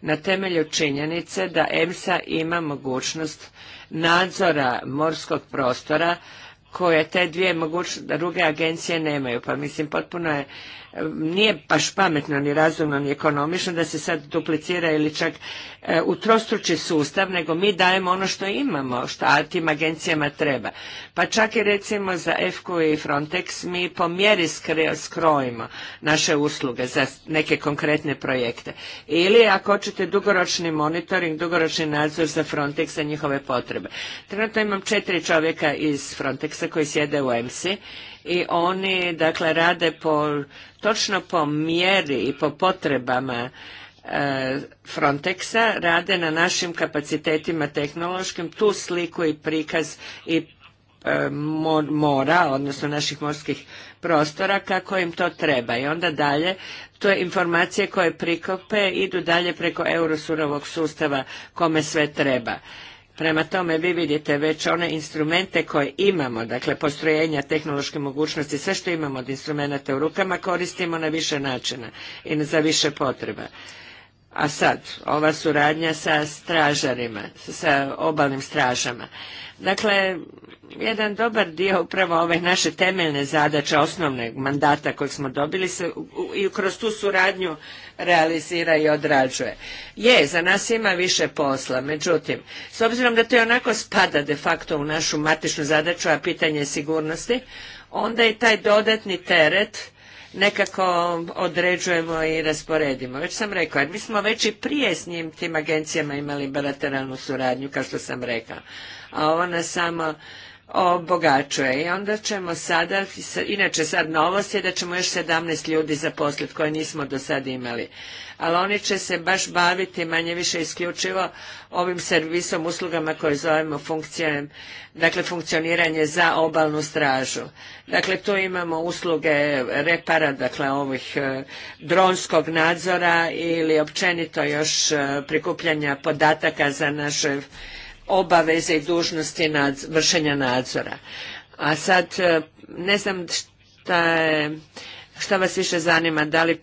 Speaker 2: na temelju činjenice da EMSA ima mogućnost nadzora morskog prostora koje te dvije druge agencije nemaju. Pa mislim, potpuno je nije baš pametno ni razumno ni ekonomično da se sad duplicira ili čak e, utrostruči sustav, nego mi dajemo ono što imamo, što tim agencijama treba. Pa čak i recimo za FQ i Frontex mi po mjeri skrojimo naše usluge za neke konkretne projekte. Ili ako hoćete dugoročni monitoring, dugoročni nadzor za Frontex za njihove potrebe. Trenutno imam četiri čovjeka iz Frontexa koji sjede u EMSI i oni dakle rade po, točno po mjeri i po potrebama e, Frontexa, rade na našim kapacitetima tehnološkim, tu sliku i prikaz i e, mora, odnosno naših morskih prostora kako im to treba i onda dalje to je informacije koje prikope idu dalje preko eurosurovog sustava kome sve treba. Prema tome, vi vidite već one instrumente koje imamo, dakle postrojenja, tehnološke mogućnosti, sve što imamo od instrumenta u rukama koristimo na više načina i za više potreba. A sad, ova suradnja sa stražarima, sa obalnim stražama. Dakle, jedan dobar dio upravo ove naše temeljne zadaće, osnovne mandata kojeg smo dobili se i kroz tu suradnju realizira i odrađuje. Je, za nas ima više posla, međutim, s obzirom da to je onako spada de facto u našu matičnu zadaću, a pitanje je sigurnosti, onda i taj dodatni teret nekako određujemo i rasporedimo. Već sam rekao, jer mi smo već i prije s njim, tim agencijama imali bilateralnu suradnju, kao što sam rekao. A ona nas samo obogaćuje. I onda ćemo sada, inače sad novost je da ćemo još 17 ljudi zaposliti koje nismo do sad imali. Ali oni će se baš baviti manje više isključivo ovim servisom, uslugama koje zovemo funkcije, dakle funkcioniranje za obalnu stražu. Dakle tu imamo usluge repara, dakle ovih e, dronskog nadzora ili općenito još e, prikupljanja podataka za naše obaveze i dužnosti vršenja nadzora. A sad e, ne znam šta šta vas više zanima, da li,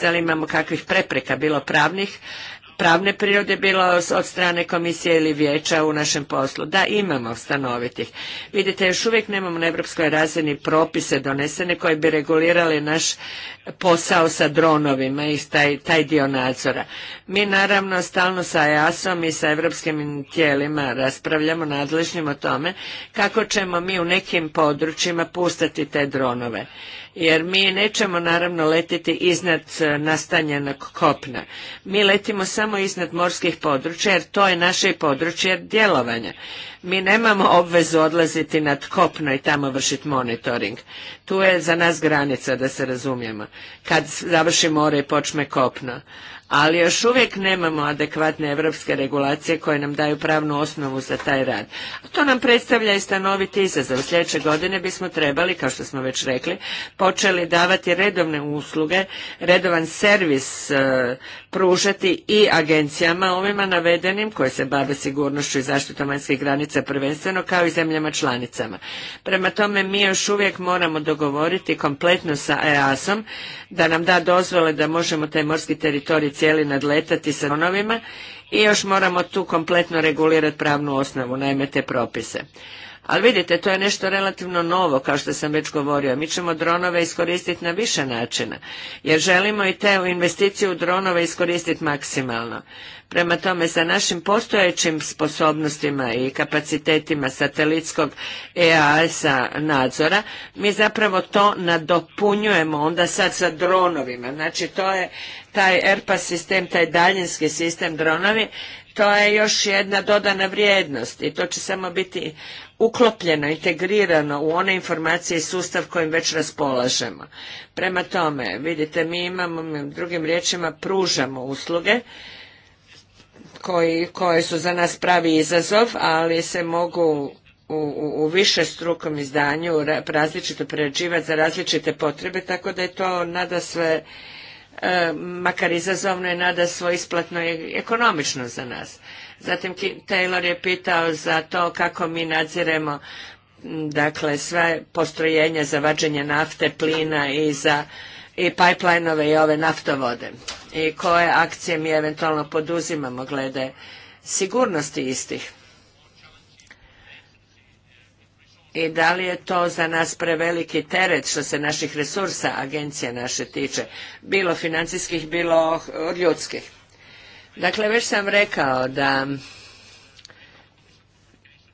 Speaker 2: da li imamo kakvih prepreka, bilo pravnih pravne prirode, bilo od strane komisije ili vijeća u našem poslu. Da, imamo stanovitih. Vidite, još uvijek nemamo na evropskoj razini propise donesene koji bi regulirali naš posao sa dronovima i taj, taj dio nadzora. Mi naravno stalno sa eas i sa evropskim tijelima raspravljamo nadležnim o tome kako ćemo mi u nekim područjima pustati te dronove jer mi nećemo naravno letiti iznad e, nastanjenog kopna. Mi letimo samo iznad morskih područja jer to je naše područje djelovanja. Mi nemamo obvezu odlaziti nad kopno i tamo vršiti monitoring. Tu je za nas granica da se razumijemo kad završi more i počne kopno ali još uvijek nemamo adekvatne evropske regulacije koje nam daju pravnu osnovu za taj rad. to nam predstavlja i stanoviti izazov. Sljedeće godine bismo trebali, kao što smo već rekli, počeli davati redovne usluge, redovan servis e, pružati i agencijama ovima navedenim koje se bave sigurnošću i zaštitom vanjskih granica prvenstveno kao i zemljama članicama. Prema tome mi još uvijek moramo dogovoriti kompletno sa EAS-om da nam da dozvole da možemo taj morski teritorij cijeli nadletati sa dronovima i još moramo tu kompletno regulirati pravnu osnovu, naime te propise. Ali vidite, to je nešto relativno novo, kao što sam već govorio. Mi ćemo dronove iskoristiti na više načina, jer želimo i te investicije u dronove iskoristiti maksimalno. Prema tome, sa našim postojećim sposobnostima i kapacitetima satelitskog EAS-a nadzora, mi zapravo to nadopunjujemo onda sad sa dronovima. Znači, to je taj ERPA sistem, taj daljinski sistem dronovi, to je još jedna dodana vrijednost i to će samo biti uklopljeno, integrirano u one informacije i sustav kojim već raspolažemo. Prema tome, vidite, mi imamo, drugim riječima, pružamo usluge koje su za nas pravi izazov, ali se mogu u, u više strukom izdanju različito prerađivati za različite potrebe, tako da je to nada sve, e, makar izazovno je nada svoj isplatno i ekonomično za nas. Zatim Taylor je pitao za to kako mi nadziremo dakle sve postrojenja za vađenje nafte, plina i za i pipelineove i ove naftovode i koje akcije mi eventualno poduzimamo glede sigurnosti istih. I da li je to za nas preveliki teret što se naših resursa agencija naše tiče, bilo financijskih, bilo ljudskih. Dakle, već sam rekao da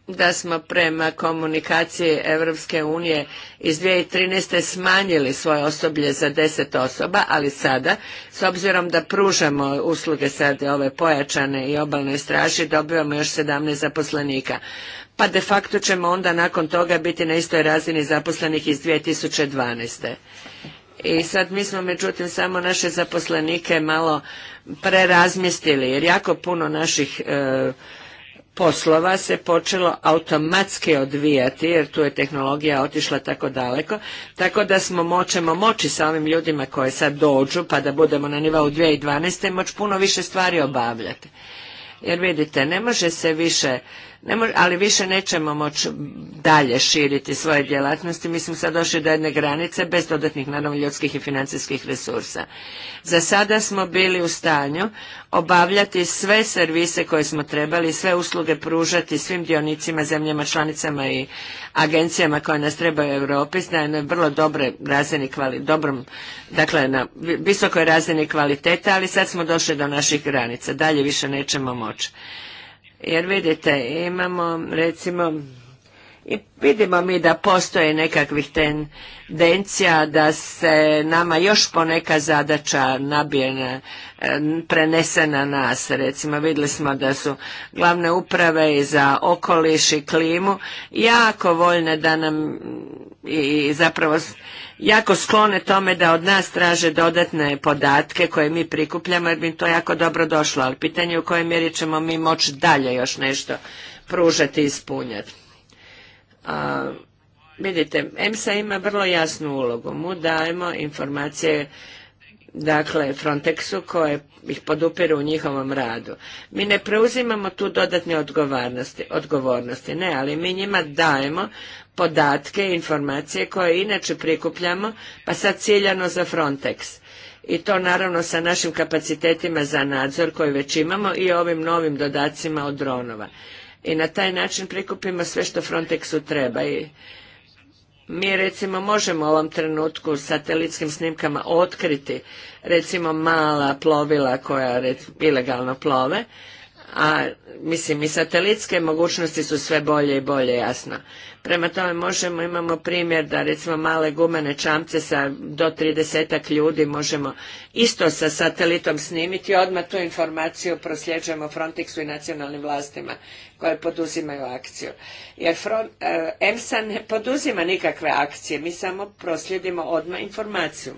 Speaker 2: da smo prema komunikaciji Europske unije iz 2013. smanjili svoje osoblje za 10 osoba, ali sada, s obzirom da pružamo usluge sad ove pojačane i obalne straži, dobivamo još 17 zaposlenika. Pa de facto ćemo onda nakon toga biti na istoj razini zaposlenih iz 2012 i sad mi smo međutim samo naše zaposlenike malo prerazmjestili jer jako puno naših e, poslova se počelo automatski odvijati jer tu je tehnologija otišla tako daleko tako da smo moćemo moći sa ovim ljudima koje sad dođu pa da budemo na nivou 2012. moći puno više stvari obavljati jer vidite ne može se više ali više nećemo moći dalje širiti svoje djelatnosti. Mi smo sad došli do jedne granice bez dodatnih naravno ljudskih i financijskih resursa. Za sada smo bili u stanju obavljati sve servise koje smo trebali, sve usluge pružati svim dionicima, zemljama, članicama i agencijama koje nas trebaju u Europi na vrlo dobre razini dobrom, dakle na visokoj razini kvaliteta, ali sad smo došli do naših granica. Dalje više nećemo moći. Jer vidite, imamo recimo i vidimo mi da postoje nekakvih tendencija da se nama još poneka zadaća nabijena, e, prenesena na nas. Recimo vidjeli smo da su glavne uprave za okoliš i klimu jako voljne da nam i zapravo jako sklone tome da od nas traže dodatne podatke koje mi prikupljamo jer bi to jako dobro došlo, ali pitanje u kojoj mjeri ćemo mi moći dalje još nešto pružati i ispunjati vidite, EMSA ima vrlo jasnu ulogu. Mu dajemo informacije dakle Frontexu koje ih podupiru u njihovom radu. Mi ne preuzimamo tu dodatne odgovornosti, odgovornosti, ne, ali mi njima dajemo podatke informacije koje inače prikupljamo, pa sad ciljano za Frontex. I to naravno sa našim kapacitetima za nadzor koji već imamo i ovim novim dodacima od dronova i na taj način prikupimo sve što Frontexu treba. I mi recimo možemo u ovom trenutku satelitskim snimkama otkriti recimo mala plovila koja ilegalno plove, a mislim i satelitske mogućnosti su sve bolje i bolje jasno. Prema tome možemo, imamo primjer da recimo male gumene čamce sa do 30 ljudi možemo isto sa satelitom snimiti i odmah tu informaciju prosljeđujemo Frontexu i nacionalnim vlastima koje poduzimaju akciju. Jer Front, eh, ne poduzima nikakve akcije, mi samo prosljedimo odmah informaciju.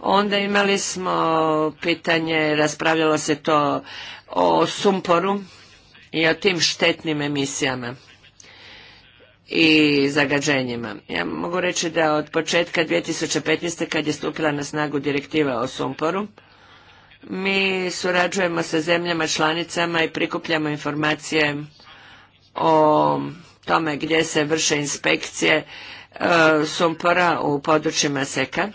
Speaker 2: Onda imali smo pitanje, raspravljalo se to o sumporu i o tim štetnim emisijama i zagađenjima. Ja mogu reći da od početka 2015. kad je stupila na snagu direktiva o sumporu, mi surađujemo sa zemljama članicama i prikupljamo informacije o tome gdje se vrše inspekcije e, sumpora u područjima seka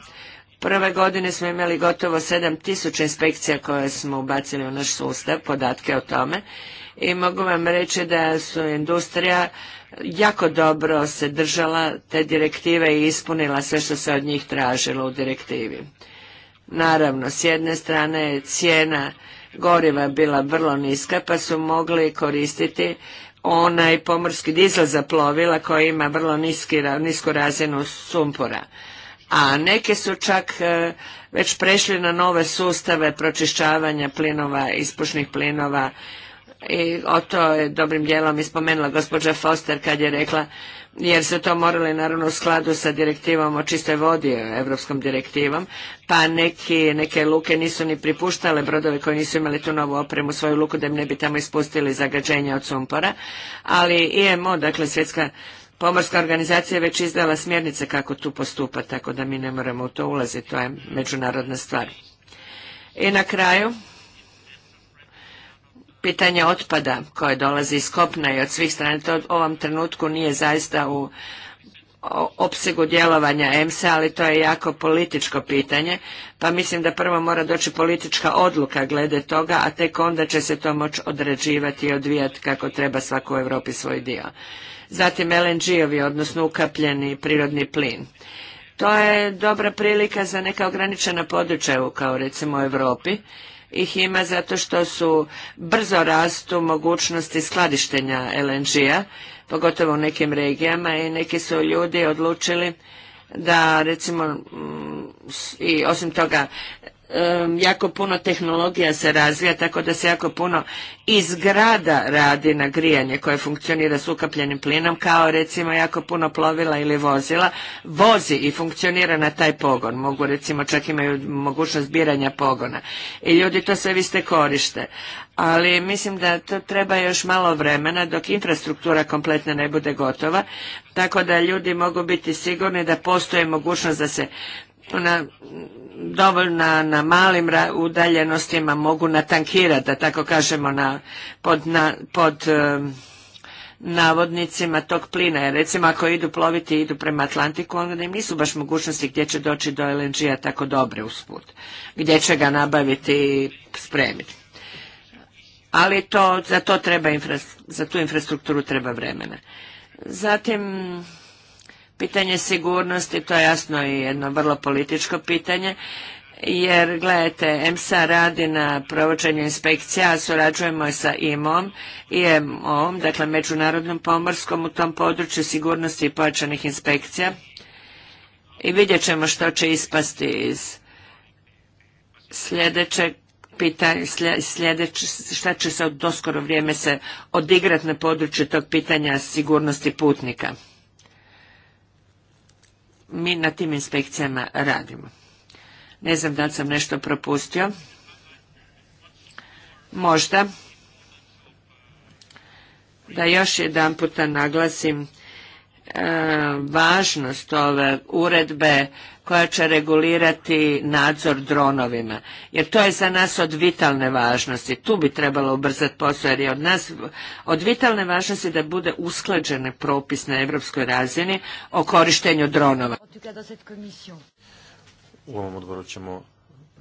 Speaker 2: Prve godine smo imali gotovo 7000 inspekcija koje smo ubacili u naš sustav, podatke o tome. I mogu vam reći da su industrija jako dobro se držala te direktive i ispunila sve što se od njih tražilo u direktivi. Naravno, s jedne strane je cijena goriva bila vrlo niska pa su mogli koristiti onaj pomorski dizel za plovila koji ima vrlo nisku razinu sumpora a neke su čak e, već prešli na nove sustave pročišćavanja plinova, ispušnih plinova i o to je dobrim dijelom ispomenula gospođa Foster kad je rekla jer se to morali naravno u skladu sa direktivom o čistoj vodi, evropskom direktivom, pa neki, neke luke nisu ni pripuštale brodove koji nisu imali tu novu opremu svoju luku da im ne bi tamo ispustili zagađenja od sumpora, ali IMO, dakle svjetska pomorska organizacija je već izdala smjernice kako tu postupati, tako da mi ne moramo u to ulaziti, to je međunarodna stvar. I na kraju, pitanje otpada koje dolazi iz kopna i od svih strana, to u ovom trenutku nije zaista u opsegu djelovanja EMSA, ali to je jako političko pitanje, pa mislim da prvo mora doći politička odluka glede toga, a tek onda će se to moći određivati i odvijati kako treba svako u Europi svoj dio zatim LNG-ovi, odnosno ukapljeni prirodni plin. To je dobra prilika za neka ograničena područja kao recimo u Europi ih ima zato što su brzo rastu mogućnosti skladištenja LNG-a, pogotovo u nekim regijama i neki su ljudi odlučili da recimo mm, i osim toga jako puno tehnologija se razvija, tako da se jako puno izgrada radi na grijanje koje funkcionira s ukapljenim plinom, kao recimo jako puno plovila ili vozila, vozi i funkcionira na taj pogon. Mogu recimo čak imaju mogućnost biranja pogona. I ljudi to sve viste korište. Ali mislim da to treba još malo vremena dok infrastruktura kompletna ne bude gotova, tako da ljudi mogu biti sigurni da postoji mogućnost da se Dovoljno na malim udaljenostima mogu natankirati, da tako kažemo, na, pod, navodnicima tog plina. recimo ako idu ploviti idu prema Atlantiku, onda im nisu baš mogućnosti gdje će doći do LNG-a tako dobre usput. Gdje će ga nabaviti i spremiti. Ali to, za, to treba za tu infrastrukturu treba vremena. Zatim, Pitanje sigurnosti, to je jasno i jedno vrlo političko pitanje, jer gledajte, EMSA radi na provođenju inspekcija, surađujemo je sa om IMO-om, dakle Međunarodnom pomorskom u tom području sigurnosti i pojačanih inspekcija i vidjet ćemo što će ispasti iz sljedećeg pitanja, sljedeće, šta će se od doskoro vrijeme se odigrati na području tog pitanja sigurnosti putnika mi na tim inspekcijama radimo. Ne znam da li sam nešto propustio. Možda da još jedan puta naglasim E, važnost ove uredbe koja će regulirati nadzor dronovima. Jer to je za nas od vitalne važnosti. Tu bi trebalo ubrzati posao jer je od nas od vitalne važnosti da bude usklađen propis na evropskoj razini o korištenju dronova.
Speaker 3: U ovom odboru ćemo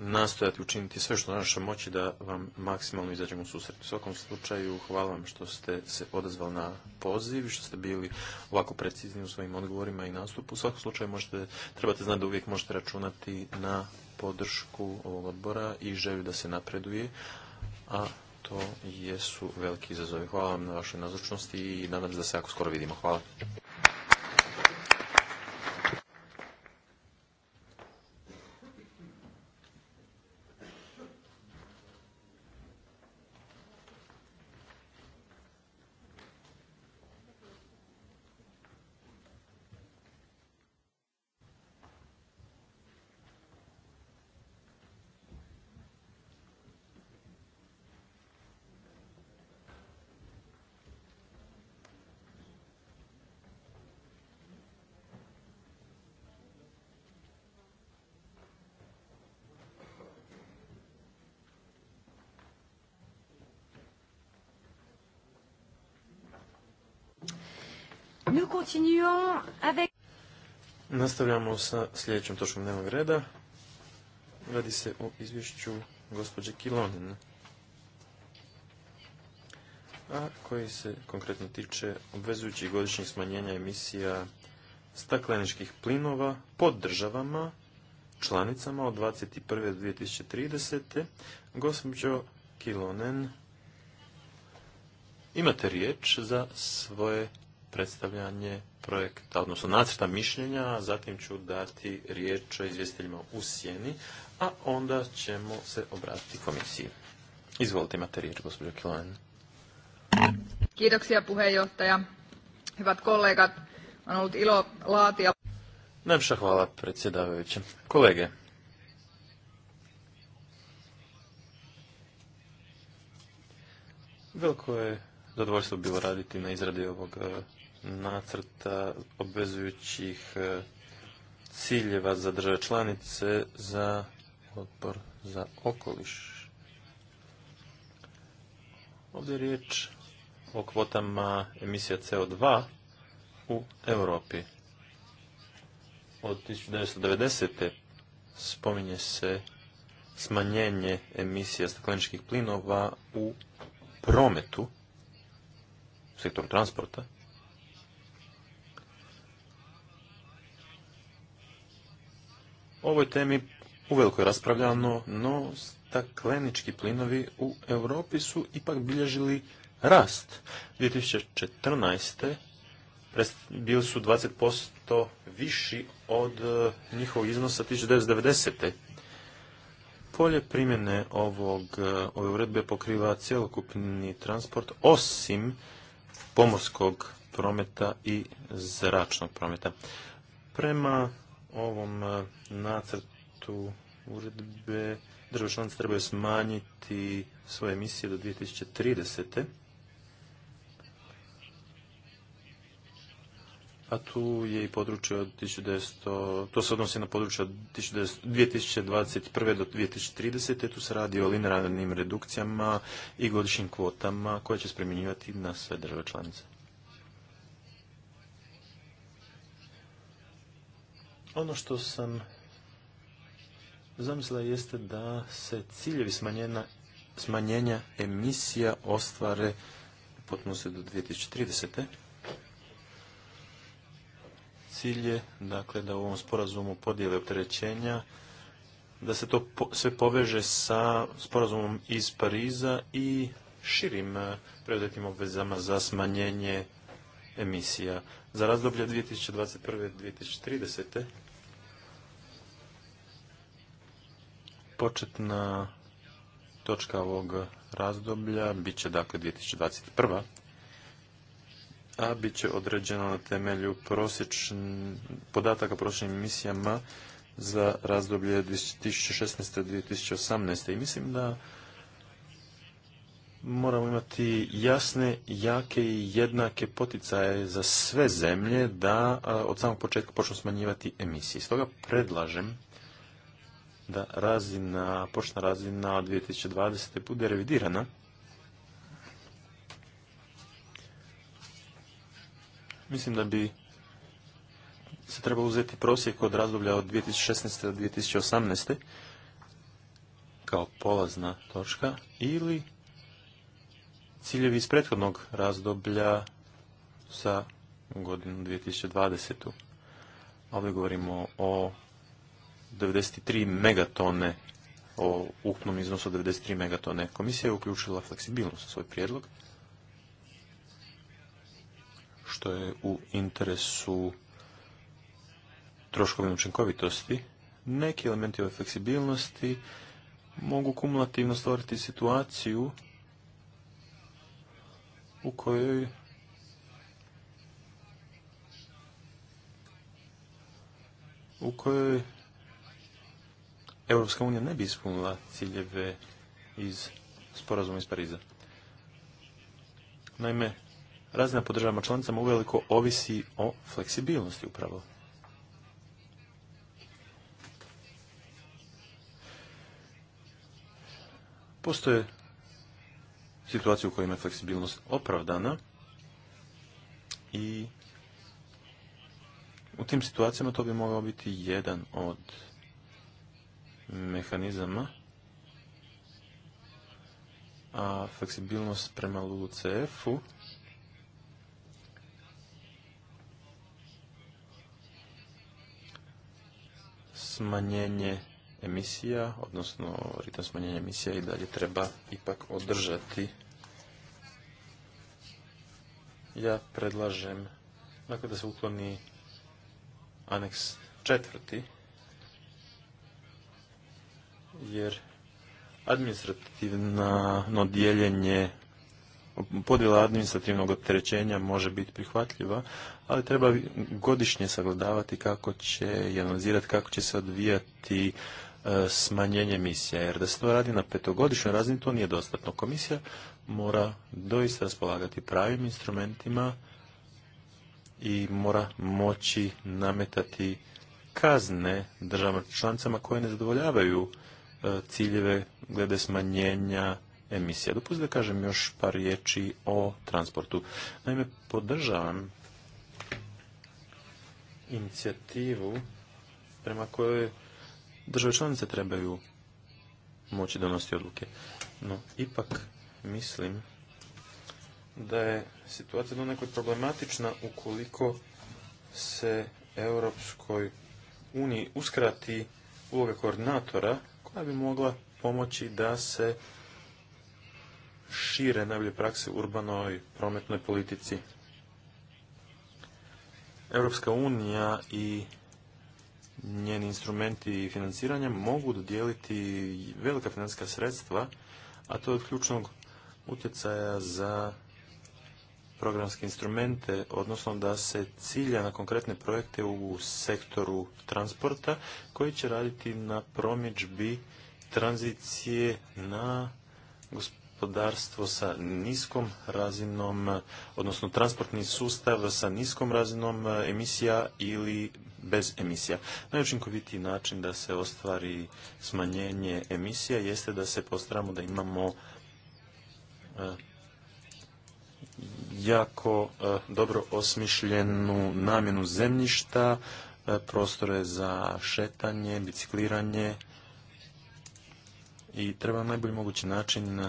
Speaker 3: nastojati učiniti sve što naša moći da vam maksimalno izađemo u susret. U svakom slučaju, hvala vam što ste se odazvali na poziv i što ste bili ovako precizni u svojim odgovorima i nastupu. U svakom slučaju možete, trebate znati da uvijek možete računati na podršku ovog odbora i želju da se napreduje, a to jesu veliki izazovi. Hvala vam na vašoj nazočnosti i nadam se da se jako skoro vidimo. Hvala. Nastavljamo sa sljedećom točkom dnevnog reda. Radi se o izvješću gospođe Kilonin, a koji se konkretno tiče obvezujućih godišnjih smanjenja emisija stakleničkih plinova pod državama, članicama od 21. do 2030. Gospođo Kilonen, imate riječ za svoje predstavljanje projekta, odnosno nacrta mišljenja, zatim ću dati riječ izvjestiteljima u sjeni, a onda ćemo se obratiti komisiji. Izvolite, imate riječ, gospođo Kilonen.
Speaker 1: Kiitoksia puheenjohtaja. Hyvät kollegat, on ollut ilo laatia.
Speaker 3: Najpša hvala predsjedavajuće. Kolege, Veliko je zadovoljstvo bilo raditi na izradi ovog nacrta obvezujućih ciljeva za države članice za odbor za okoliš. Ovdje je riječ o kvotama emisija CO2 u Europi. Od 1990. spominje se smanjenje emisija stakleničkih plinova u prometu, sektoru transporta, ovoj temi uveliko je raspravljano, no staklenički plinovi u Europi su ipak bilježili rast. 2014. bili su 20% viši od e, njihovog iznosa 1990. Polje primjene ovog, e, ove uredbe pokriva cjelokupni transport osim pomorskog prometa i zračnog prometa. Prema ovom e, nacrtu uredbe države članice trebaju smanjiti svoje emisije do 2030. A tu je i područje od 1900, to se odnosi na područje od 2021. do 2030. Tu se radi o linearnim redukcijama i godišnjim kvotama koje će spremjenjivati na sve države članice. Ono što sam zamislila jeste da se ciljevi smanjena, smanjenja emisija ostvare potpuno se do 2030. Cilj je dakle, da u ovom sporazumu podijele opterećenja, da se to sve poveže sa sporazumom iz Pariza i širim eh, preuzetim obvezama za smanjenje emisija. Za razdoblje 2021. 2030. početna točka ovog razdoblja bit će dakle 2021. A bit će određeno na temelju prosječn, podataka prosječnim emisijama za razdoblje 2016. 2018. I mislim da moramo imati jasne, jake i jednake poticaje za sve zemlje da od samog početka počnu smanjivati emisije. Stoga predlažem da razina, počna razina od 2020. bude revidirana. Mislim da bi se treba uzeti prosjek od razdoblja od 2016. do 2018. kao polazna točka ili ciljevi iz prethodnog razdoblja sa godinu 2020. Ovdje govorimo o 93 megatone o ukupnom iznosu 93 megatone. Komisija je uključila fleksibilnost u svoj prijedlog, što je u interesu troškovne učinkovitosti. Neki elementi ove fleksibilnosti mogu kumulativno stvoriti situaciju u kojoj u kojoj Europska unija ne bi ispunila ciljeve iz sporazuma iz Pariza. Naime, razina po državama članicama uveliko ovisi o fleksibilnosti upravo. Postoje situacije u kojima je fleksibilnost opravdana i u tim situacijama to bi mogao biti jedan od mehanizama, a fleksibilnost prema LUCF-u smanjenje emisija, odnosno ritam smanjenja emisija i dalje treba ipak održati. Ja predlažem dakle, da se ukloni aneks četvrti jer administrativno dijeljenje podjela administrativnog opterećenja može biti prihvatljiva, ali treba godišnje sagledavati kako će i analizirati kako će se odvijati e, smanjenje emisija, jer da se to radi na petogodišnjoj razini, to nije dostatno. Komisija mora doista raspolagati pravim instrumentima i mora moći nametati kazne državama članicama koje ne zadovoljavaju E, ciljeve glede smanjenja emisija. Dopustite da kažem još par riječi o transportu. Naime, podržavam inicijativu prema kojoj države članice trebaju moći donositi odluke. No, ipak mislim da je situacija nekoj problematična ukoliko se Europskoj uniji uskrati uloga koordinatora koja bi mogla pomoći da se šire najbolje prakse u urbanoj prometnoj politici. Europska unija i njeni instrumenti financiranja mogu dodijeliti velika financijska sredstva, a to je od ključnog utjecaja za programske instrumente, odnosno da se cilja na konkretne projekte u sektoru transporta koji će raditi na promidžbi tranzicije na gospodarstvo sa niskom razinom, odnosno transportni sustav sa niskom razinom emisija ili bez emisija. Najučinkovitiji način da se ostvari smanjenje emisija jeste da se postaramo da imamo e, jako e, dobro osmišljenu namjenu zemljišta, e, prostore za šetanje, bicikliranje i treba najbolji mogući način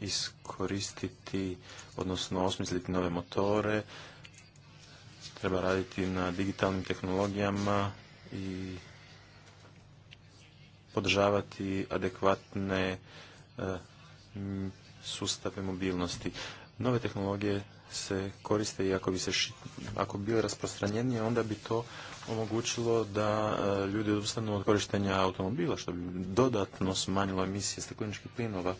Speaker 3: iskoristiti, odnosno osmisliti nove motore, treba raditi na digitalnim tehnologijama i podržavati adekvatne e, sustave mobilnosti nove tehnologije se koriste i ako bi se ako bile rasprostranjenije onda bi to omogućilo da e, ljudi odustanu od korištenja automobila što bi dodatno smanjilo emisije stakleničkih plinova.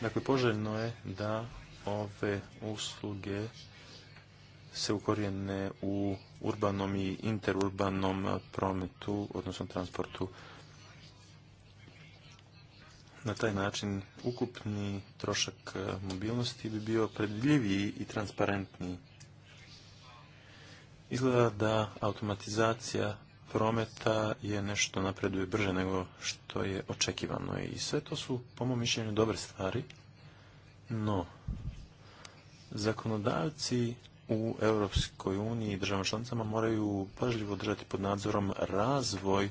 Speaker 3: Dakle, poželjno je da ove usluge se ukorijene u urbanom i interurbanom prometu, odnosno transportu na taj način ukupni trošak e, mobilnosti bi bio predvidljiviji i transparentniji. Izgleda da automatizacija prometa je nešto napreduje brže nego što je očekivano i sve to su po mom mišljenju dobre stvari, no zakonodavci u Europskoj uniji i državama članicama moraju pažljivo držati pod nadzorom razvoj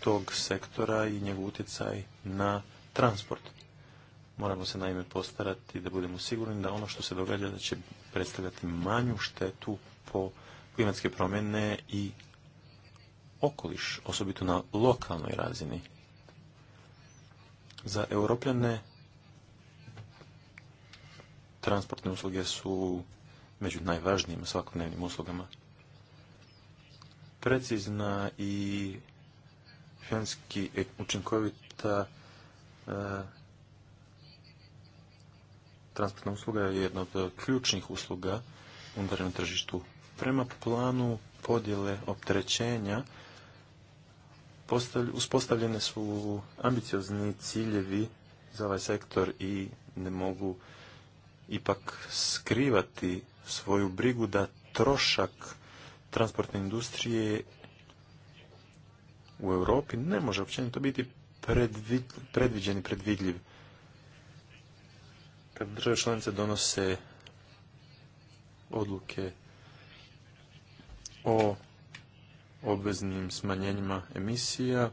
Speaker 3: tog sektora i njegov utjecaj na transport. Moramo se naime postarati da budemo sigurni da ono što se događa da će predstavljati manju štetu po klimatske promjene i okoliš, osobito na lokalnoj razini. Za europljane transportne usluge su među najvažnijim svakodnevnim uslugama. Precizna i finanski učinkovita E, transportna usluga je jedna od e, ključnih usluga u unutarnjem tržištu. Prema planu podjele opterećenja uspostavljene su ambiciozni ciljevi za ovaj sektor i ne mogu ipak skrivati svoju brigu da trošak transportne industrije u Europi ne može općenito biti predviđen i predvidljiv. Kad države članice donose odluke o obveznim smanjenjima emisija,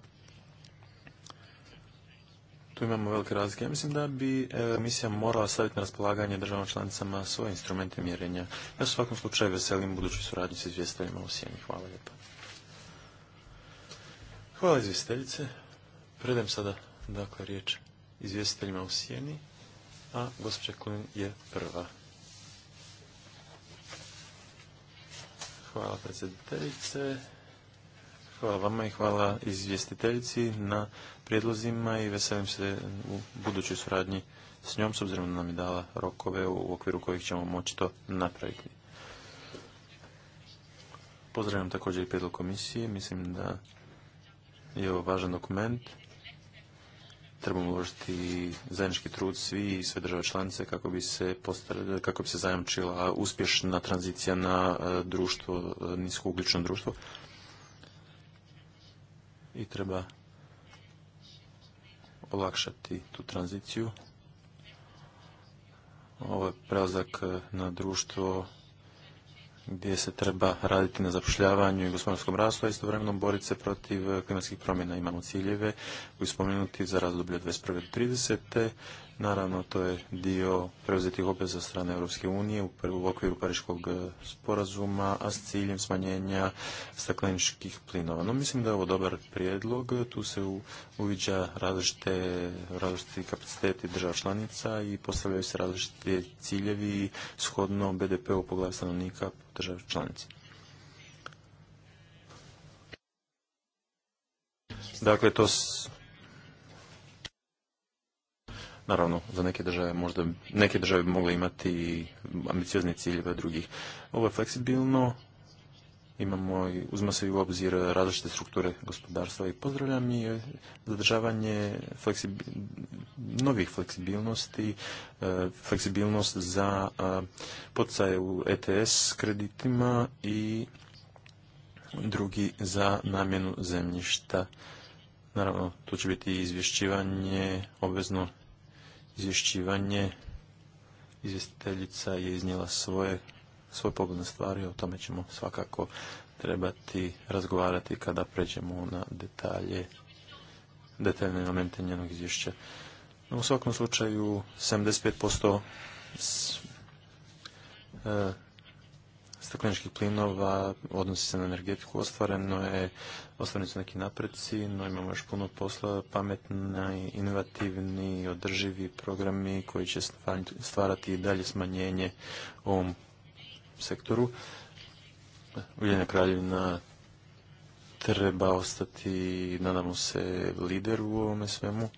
Speaker 3: tu imamo velike razlike. Ja mislim da bi e, emisija morala staviti na raspolaganje državama članicama svoje instrumente mjerenja. Ja se u svakom slučaju veselim budući suradnju sa izvjestiteljima u Sjeni. Hvala lijepa. Hvala izvjestiteljice. Predajem sada dakle riječ izvjestiteljima u sjeni, a gospođa Kulin je prva. Hvala predsjediteljice. Hvala vama i hvala izvjestiteljici na prijedlozima i veselim se u budućoj suradnji s njom, s obzirom da nam je dala rokove u okviru kojih ćemo moći to napraviti. Pozdravljam također i prijedlog komisije. Mislim da je ovo važan dokument trebamo uložiti zajednički trud svi i sve države članice kako bi se, kako bi se zajamčila uspješna tranzicija na e, društvo, e, niskouglično društvo. I treba olakšati tu tranziciju. Ovo je prelazak e, na društvo gdje se treba raditi na zapošljavanju i gospodarskom rastu, a istovremeno boriti se protiv klimatskih promjena. Imamo ciljeve koji spomenuti za razdoblje 21. do 30. Naravno, to je dio preuzetih obveza strane Europske unije u okviru Pariškog e, sporazuma, a s ciljem smanjenja stakleničkih plinova. No, mislim da je ovo dobar prijedlog. Tu se uviđa različite, različiti kapaciteti država članica i postavljaju se različite ciljevi shodno BDP-u po stanovnika država članica. Dakle, to Naravno, za neke države možda, neke države bi mogle imati ambiciozne ciljeve drugih. Ovo je fleksibilno, imamo i uzma se i u obzir različite strukture gospodarstva i pozdravljam i eh, zadržavanje novih fleksibilnosti, eh, fleksibilnost za eh, poticaje u ETS kreditima i drugi za namjenu zemljišta. Naravno, tu će biti izvješćivanje obvezno izvješćivanje. Izvjestiteljica je iznijela svoje, svoj pogled stvari, o tome ćemo svakako trebati razgovarati kada pređemo na detalje, detaljne elemente njenog izvješća. U svakom slučaju 75% stakleničkih plinova odnosi se na energetiku, ostvareno je, ostvareni su neki napreci, no imamo još puno posla, pametni, inovativni, održivi programi koji će stvarati i dalje smanjenje u ovom sektoru. Ujedinjena kraljevina treba ostati, nadamo se, lider u ovome svemu.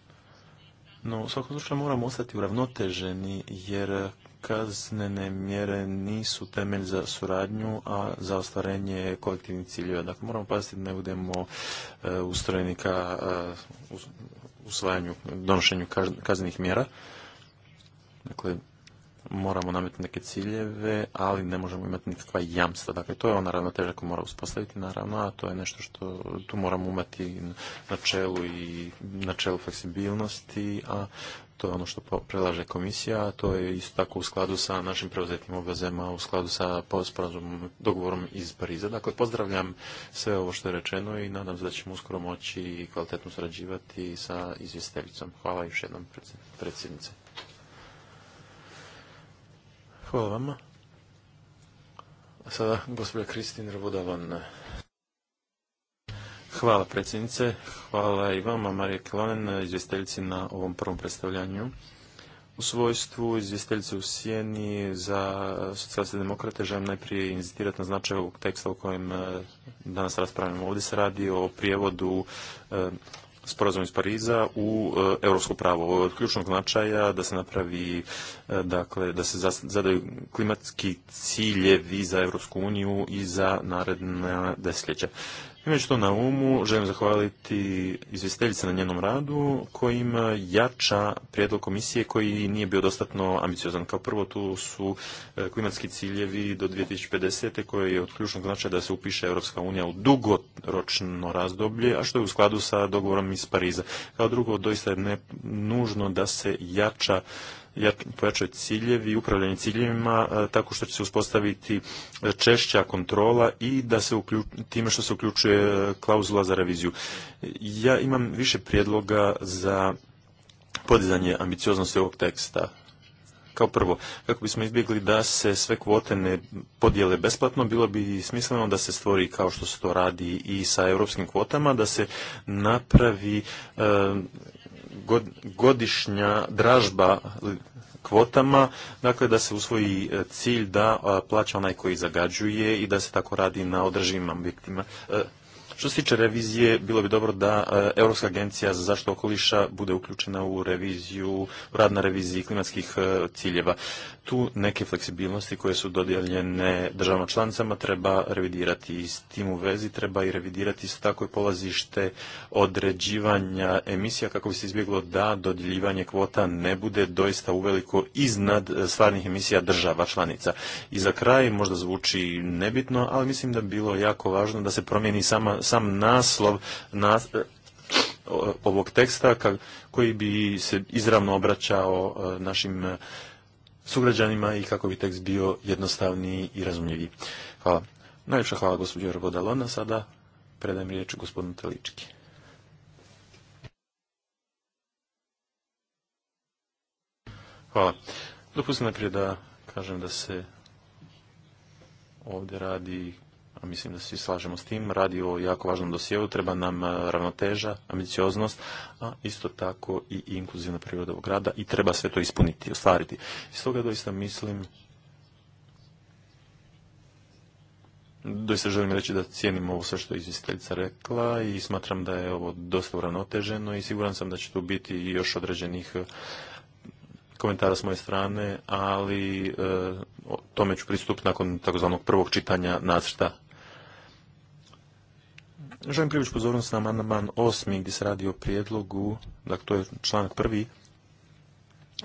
Speaker 3: No, u svakom slučaju moramo ostati uravnoteženi, jer kaznene mjere nisu temelj za suradnju, a za ostvarenje kolektivnih ciljeva. Dakle, moramo paziti da ne budemo e, ustrojeni ka e, usvajanju, donošenju kaznenih mjera. Dakle, moramo nametiti neke ciljeve, ali ne možemo imati nikakva jamstva. Dakle, to je ona ravnoteža koju mora uspostaviti, naravno, a to je nešto što tu moramo imati na čelu i na čelu fleksibilnosti, a to je ono što predlaže komisija, a to je isto tako u skladu sa našim preuzetnim obvezama, u skladu sa sporazumom, dogovorom iz Pariza. Dakle, pozdravljam sve ovo što je rečeno i nadam se da ćemo uskoro moći kvalitetno surađivati sa izvjestiteljicom. Hvala još jednom predsjednice. Hvala vama. sada gospođa Kristin rvodavan. Hvala predsjednice, hvala i vama Marija Kilonen, izvjestiteljici na ovom prvom predstavljanju. U svojstvu izvjestiteljice u Sjeni za socijalne demokrate želim najprije inzitirati na značaj ovog teksta o kojem e, danas raspravljamo. Ovdje se radi o prijevodu e, sporazum iz Pariza u e, europsko pravo. od ključnog značaja da se napravi, dakle, da se zadaju klimatski ciljevi za Europsku uniju i za naredna desetljeća. Imajući to na umu, želim zahvaliti izvjestiteljice na njenom radu kojim jača prijedlog komisije koji nije bio dostatno ambiciozan. Kao prvo tu su e, klimatski ciljevi do 2050. koji je od ključnog značaja da se upiše Europska unija u dugoročno razdoblje, a što je u skladu sa dogovorom iz Pariza. Kao drugo, doista je nužno da se jača pojačaju ciljevi, upravljanje ciljevima tako što će se uspostaviti e, češća kontrola i da se time što se uključuje e, klauzula za reviziju. Ja imam više prijedloga za podizanje ambicioznosti ovog teksta. Kao prvo, kako bismo izbjegli da se sve kvote ne podijele besplatno, bilo bi smisleno da se stvori kao što se to radi i sa europskim kvotama, da se napravi e, godišnja dražba kvotama, dakle da se usvoji e, cilj da plaća onaj koji zagađuje i da se tako radi na održivim objektima, e, što se tiče revizije, bilo bi dobro da e, Europska agencija za zaštitu okoliša bude uključena u reviziju, rad na reviziji klimatskih e, ciljeva. Tu neke fleksibilnosti koje su dodijeljene državama članicama treba revidirati i s tim u vezi treba i revidirati s tako i polazište određivanja emisija kako bi se izbjeglo da dodjeljivanje kvota ne bude doista uveliko iznad stvarnih emisija država članica. I za kraj možda zvuči nebitno, ali mislim da bi bilo jako važno da se promijeni sama sam naslov eh, ovog teksta koji bi se izravno obraćao eh, našim eh, sugrađanima i kako bi tekst bio jednostavniji i razumljiviji. Hvala. Najljepša hvala gospođo Rvodalona. Sada predajem riječ gospodinu Telički. Hvala. Dopustim najprije da kažem da se ovdje radi mislim da se svi slažemo s tim. Radi o jako važnom dosjeu, treba nam e, ravnoteža, ambicioznost, a isto tako i inkluzivna priroda ovog rada i treba sve to ispuniti, ostvariti. Iz toga doista mislim Doista želim reći da cijenim ovo sve što je izvjestiteljica rekla i smatram da je ovo dosta uravnoteženo i siguran sam da će tu biti još određenih e, komentara s moje strane, ali e, o tome ću pristupiti nakon takozvanog prvog čitanja nacrta Želim privući pozornost na amandman osmi gdje se radi o prijedlogu, dakle to je članak prvi,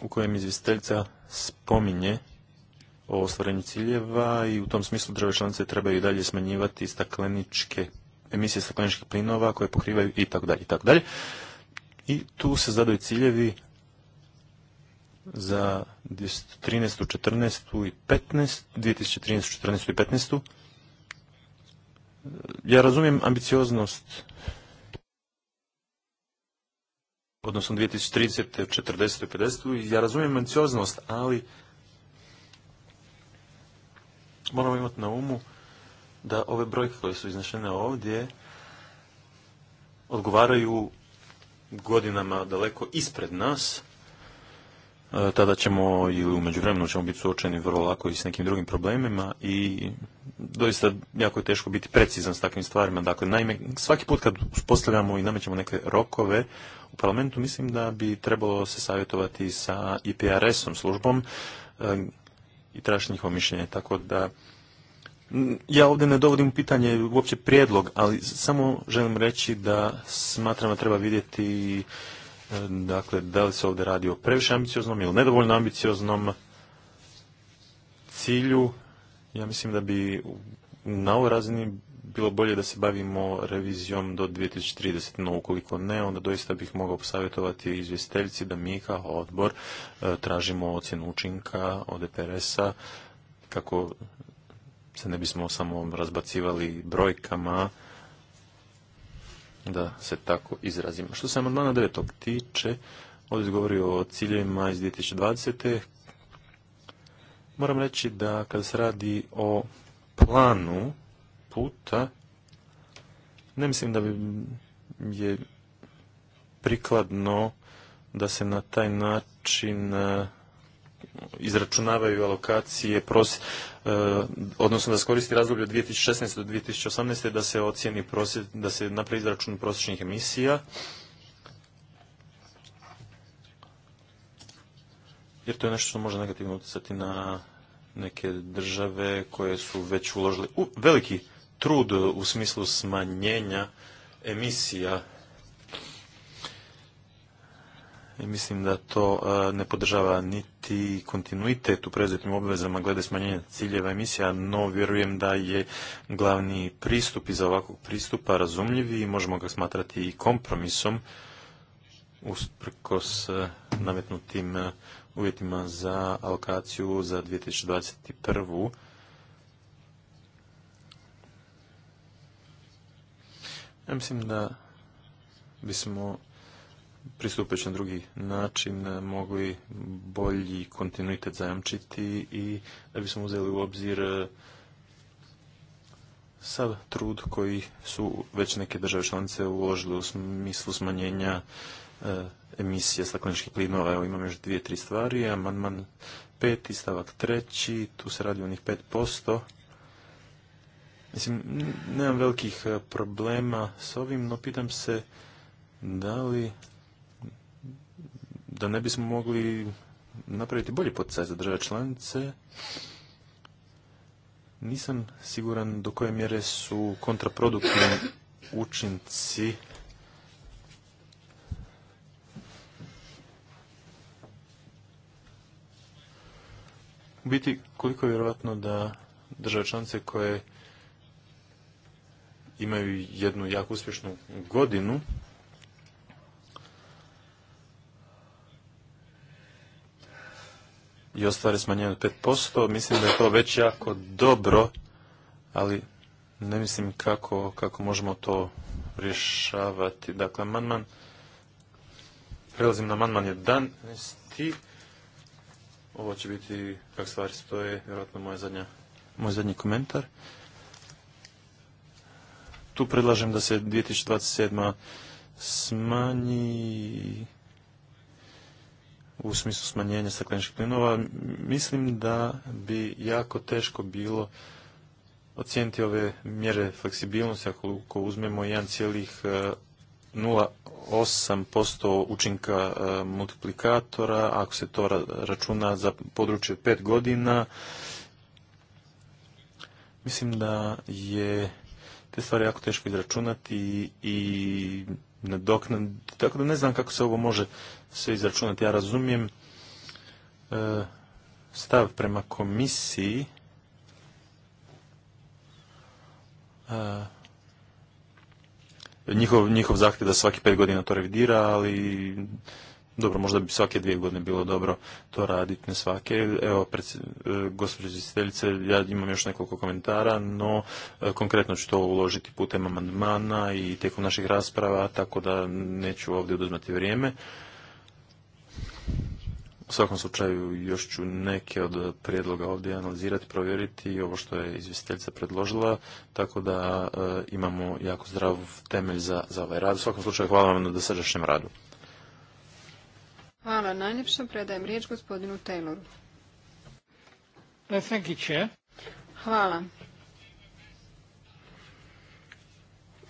Speaker 3: u kojem izvjestiteljica spominje o ostvarenju ciljeva i u tom smislu države članice trebaju i dalje smanjivati stakleničke emisije stakleničkih plinova koje pokrivaju i tako dalje i tako dalje. I tu se zadaju ciljevi za 2013. 14. i 15. 2013. 14. i 15 ja razumijem ambicioznost odnosno 2030. 40. 50. Ja razumijem ambicioznost, ali moramo imati na umu da ove brojke koje su iznešene ovdje odgovaraju godinama daleko ispred nas E, tada ćemo ili umeđu vremenu ćemo biti suočeni vrlo lako i s nekim drugim problemima i doista jako je teško biti precizan s takvim stvarima. Dakle, naime, svaki put kad uspostavljamo i namećemo neke rokove u parlamentu, mislim da bi trebalo se savjetovati sa IPRS-om službom e, i tražiti njihovo mišljenje. Tako da, ja ovdje ne dovodim u pitanje uopće prijedlog, ali samo želim reći da smatram da treba vidjeti dakle, da li se ovdje radi o previše ambicioznom ili nedovoljno ambicioznom cilju. Ja mislim da bi na ovoj razini bilo bolje da se bavimo revizijom do 2030, no ukoliko ne, onda doista bih mogao posavjetovati izvjestiteljici da mi kao odbor e, tražimo ocjenu učinka od EPRS-a kako se ne bismo samo razbacivali brojkama da se tako izrazimo. Što se amandmana 9. tiče, ovdje govori o ciljevima iz 2020. Moram reći da kada se radi o planu puta, ne mislim da bi je prikladno da se na taj način eh, izračunavaju alokacije E, odnosno da se koristi razdoblje od 2016. do 2018. da se ocijeni da se napravi izračun prosječnih emisija. Jer to je nešto što može negativno utjecati na neke države koje su već uložile veliki trud u smislu smanjenja emisija i mislim da to e, ne podržava niti kontinuitet u preuzetnim obvezama glede smanjenja ciljeva emisija, no vjerujem da je glavni pristup iza ovakvog pristupa razumljivi i možemo ga smatrati i kompromisom usprkos e, nametnutim e, uvjetima za alokaciju za 2021. Ja mislim da bismo pristupeći na drugi način mogli bolji kontinuitet zajamčiti i da bismo uzeli u obzir e, sav trud koji su već neke države članice uložili u smislu smanjenja e, emisije stakleničkih plinova. Evo imam još dvije, tri stvari. Amandman peti, stavak treći, tu se radi o pet posto. Mislim, nemam velikih e, problema s ovim, no pitam se da li da ne bismo mogli napraviti bolji poticaj za države članice, nisam siguran do koje mjere su kontraproduktivni učinci U biti, koliko je vjerojatno da države članice koje imaju jednu jako uspješnu godinu, i ostvari smanjenje od 5%, mislim da je to već jako dobro, ali ne mislim kako, kako možemo to rješavati. Dakle, amandman, prelazim na amandman 11. Ovo će biti, kak stvari stoje, vjerojatno zadnja, moj zadnji komentar. Tu predlažem da se 2027. smanji u smislu smanjenja stakleničkih plinova, mislim da bi jako teško bilo ocijeniti ove mjere fleksibilnosti ako uzmemo 1,08% e, učinka e, multiplikatora, ako se to računa za područje 5 godina, mislim da je te stvari jako teško izračunati i nadoknaditi, tako da ne znam kako se ovo može sve izračunati. Ja razumijem e, stav prema komisiji e, njihov, njihov zahtjev da svaki pet godina to revidira, ali dobro, možda bi svake dvije godine bilo dobro to raditi, ne svake. Evo, gospođe gospođo ja imam još nekoliko komentara, no e, konkretno ću to uložiti putem amandmana i tijekom naših rasprava, tako da neću ovdje oduzmati vrijeme. U svakom slučaju još ću neke od prijedloga ovdje analizirati, provjeriti i ovo što je izvjestiteljica predložila, tako da e, imamo jako zdrav temelj za, za ovaj rad. U svakom slučaju hvala vam na dosadašnjem radu.
Speaker 1: Hvala najljepša. Predajem riječ gospodinu Tayloru. E, hvala.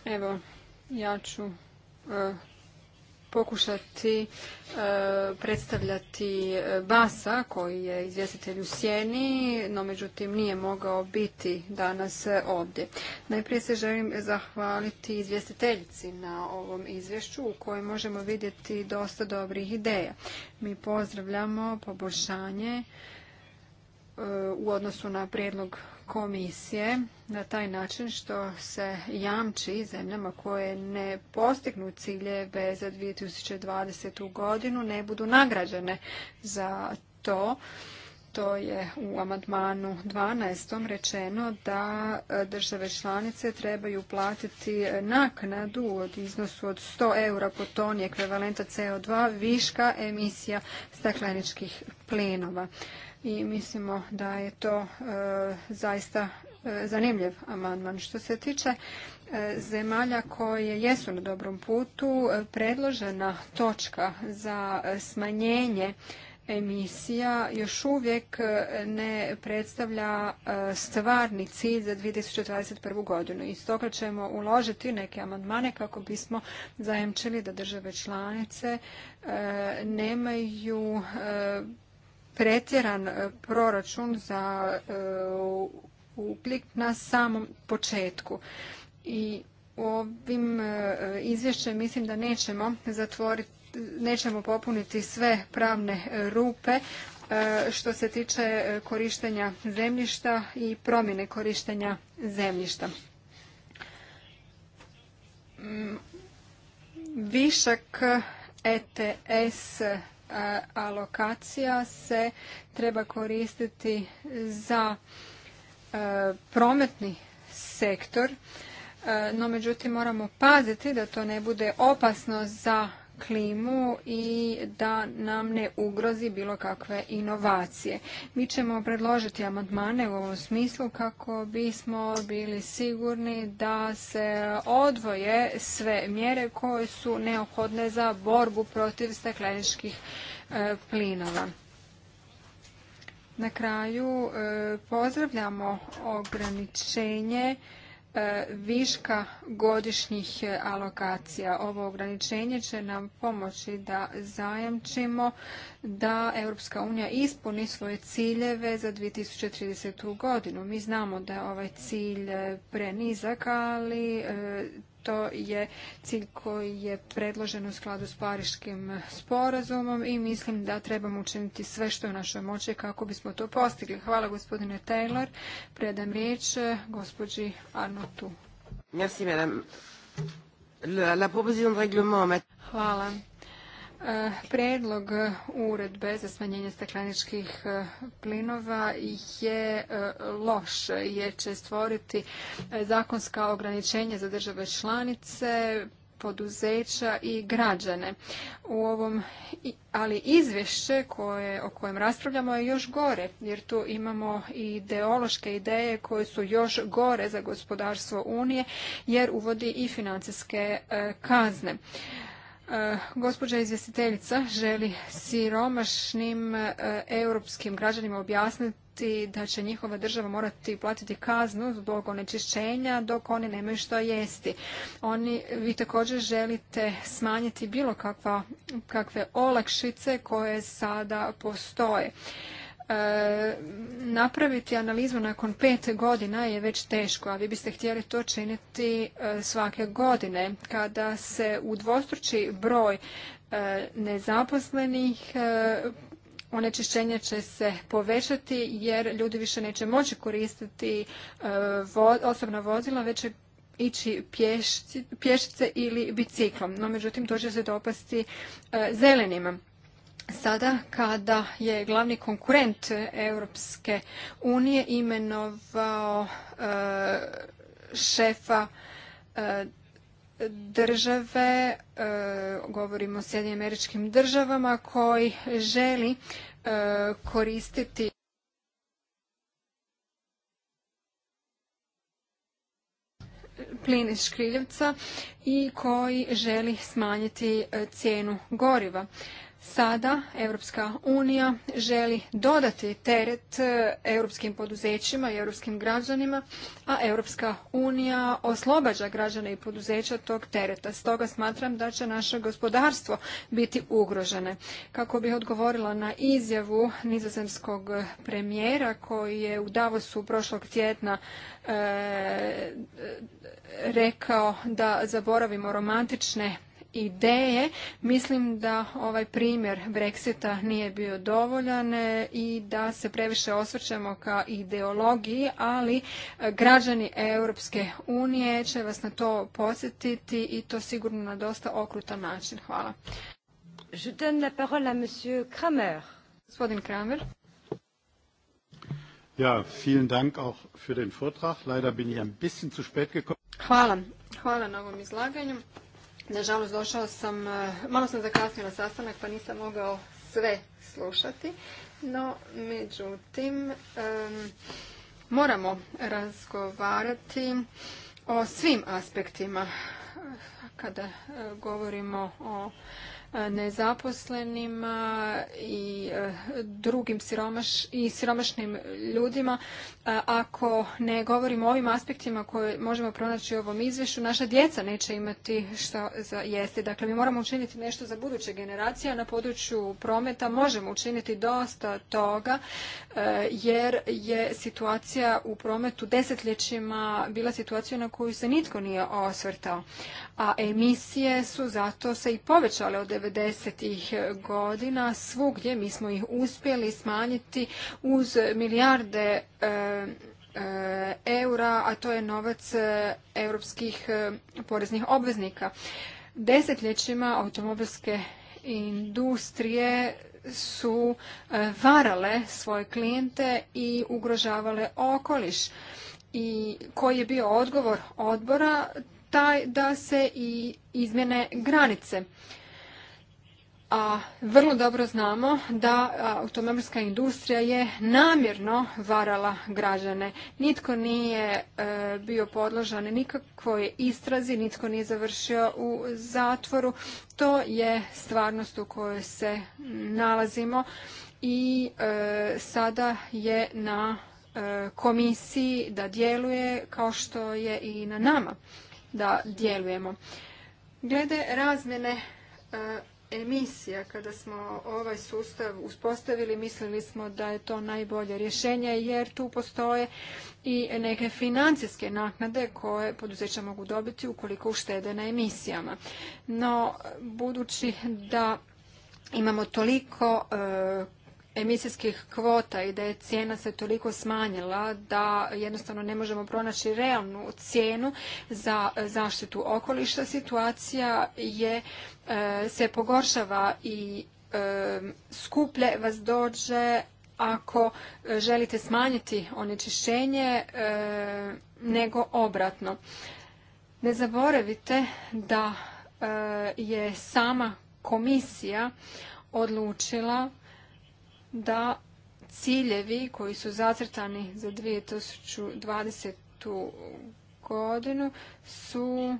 Speaker 1: Evo, ja ću e, pokušati e, predstavljati e, Basa koji je izvjestitelj u Sjeni, no međutim nije mogao biti danas ovdje. Najprije se želim zahvaliti izvjestiteljici na ovom izvješću u kojem možemo vidjeti dosta dobrih ideja. Mi pozdravljamo poboljšanje e, u odnosu na prijedlog komisije na taj način što se jamči zemljama koje ne postignu ciljeve za 2020. godinu ne budu nagrađene za to. To je u amandmanu 12. rečeno da e, države članice trebaju platiti naknadu od iznosu od 100 eura po toni ekvivalenta CO2 viška emisija stakleničkih plinova i mislimo da je to e, zaista e, zanimljiv amandman. Što se tiče e, zemalja koje jesu na dobrom putu, predložena točka za smanjenje emisija još uvijek ne predstavlja stvarni cilj za 2021. godinu. I stoga ćemo uložiti neke amandmane kako bismo zajemčili da države članice nemaju pretjeran e, proračun za e, ugljik na samom početku. I ovim e, izvješćem mislim da nećemo zatvoriti nećemo popuniti sve pravne rupe što se tiče korištenja zemljišta i promjene korištenja zemljišta. Mm, višak ETS alokacija se treba koristiti za prometni sektor, no međutim moramo paziti da to ne bude opasno za klimu i da nam ne ugrozi bilo kakve inovacije. Mi ćemo predložiti amandmane u ovom smislu kako bismo bili sigurni da se odvoje sve mjere koje su neophodne za borbu protiv stakleničkih e, plinova. Na kraju e, pozdravljamo ograničenje E, viška godišnjih e, alokacija. Ovo ograničenje će nam pomoći da zajamčimo da Europska unija ispuni svoje ciljeve za 2030. godinu. Mi znamo da je ovaj cilj e, prenizak, ali to je cilj koji je predložen u skladu s Pariškim sporazumom i mislim da trebamo učiniti sve što je u našoj moći kako bismo to postigli. Hvala gospodine Taylor. Predam riječ eh, gospođi Arnotu. Hvala. Prijedlog uredbe za smanjenje stakleničkih e, plinova je e, loš jer će stvoriti e, zakonska ograničenja za države članice, poduzeća i građane. U ovom, ali izvješće koje, o kojem raspravljamo je još gore, jer tu imamo ideološke ideje koje su još gore za gospodarstvo Unije, jer uvodi i financijske kazne. E, gospođa izvjestiteljica želi siromašnim e, europskim građanima objasniti da će njihova država morati platiti kaznu zbog onečišćenja dok oni nemaju što jesti. Oni, vi također želite smanjiti bilo kakva, kakve olakšice koje sada postoje. E, napraviti analizu nakon pet godina je već teško, a vi biste htjeli to činiti e, svake godine. Kada se udvostruči broj e, nezaposlenih, onečišćenje će se povećati jer ljudi više neće moći koristiti osobna vozila, već će ići pješice ili biciklom. No, međutim, to će se dopasti zelenima sada kada je glavni konkurent Europske unije imenovao e, šefa e, države, e, govorimo o Sjedinim američkim državama, koji želi koristiti plin iz škriljevca i koji želi smanjiti cijenu goriva. Sada Europska unija želi dodati teret europskim poduzećima i europskim građanima, a Europska unija oslobađa građane i poduzeća tog tereta. Stoga smatram da će naše gospodarstvo biti ugrožene. Kako bih odgovorila na izjavu nizozemskog premijera koji je u Davosu prošlog tjedna e, rekao da zaboravimo romantične ideje. Mislim da ovaj primjer Brexita nije bio dovoljan e, i da se previše osvrćamo ka ideologiji, ali e, građani Europske unije će vas na to posjetiti i to sigurno na dosta okrutan način. Hvala. Gospodin Kramer.
Speaker 3: Ja, vielen Dank auch für den Vortrag. Leider bin ich ein bisschen zu spät gekommen. Hvala.
Speaker 1: Hvala na ovom izlaganju. Nažalost, došao sam, e, malo sam zakasnio na sastanak pa nisam mogao sve slušati, no međutim moramo razgovarati o svim aspektima kada e, govorimo o nezaposlenima i eh, drugim siromaš, i siromašnim ljudima. Eh, ako ne govorimo o ovim aspektima koje možemo pronaći u ovom izvješću, naša djeca neće imati što za jesti. Dakle, mi moramo učiniti nešto za buduće generacije, a na području prometa možemo učiniti dosta toga, eh, jer je situacija u prometu desetljećima bila situacija na koju se nitko nije osvrtao. A emisije su zato se i povećale od 90-ih godina. Svugdje mi smo ih uspjeli smanjiti uz milijarde e, e, eura, a to je novac e, europskih poreznih obveznika. Desetljećima automobilske industrije su varale svoje klijente i ugrožavale okoliš. I koji je bio odgovor odbora taj da se i izmjene granice a vrlo dobro znamo da automobilska industrija je namjerno varala građane. Nitko nije e, bio podložan nikakvoj istrazi, nitko nije završio u zatvoru. To je stvarnost u kojoj se nalazimo i e, sada je na e, komisiji da djeluje kao što je i na nama da djelujemo. Glede razmjene emisija. Kada smo ovaj sustav uspostavili, mislili smo da je to najbolje rješenje jer tu postoje i neke financijske naknade koje poduzeća mogu dobiti ukoliko uštede na emisijama. No, budući da imamo toliko e, emisijskih kvota i da je cijena se toliko smanjila da jednostavno ne možemo pronaći realnu cijenu za zaštitu okoliša. Situacija je, e, se pogoršava i e, skuplje vas dođe ako želite smanjiti onečišćenje e, nego obratno. Ne zaboravite da je sama komisija odlučila da ciljevi koji su zacrtani za 2020. godinu su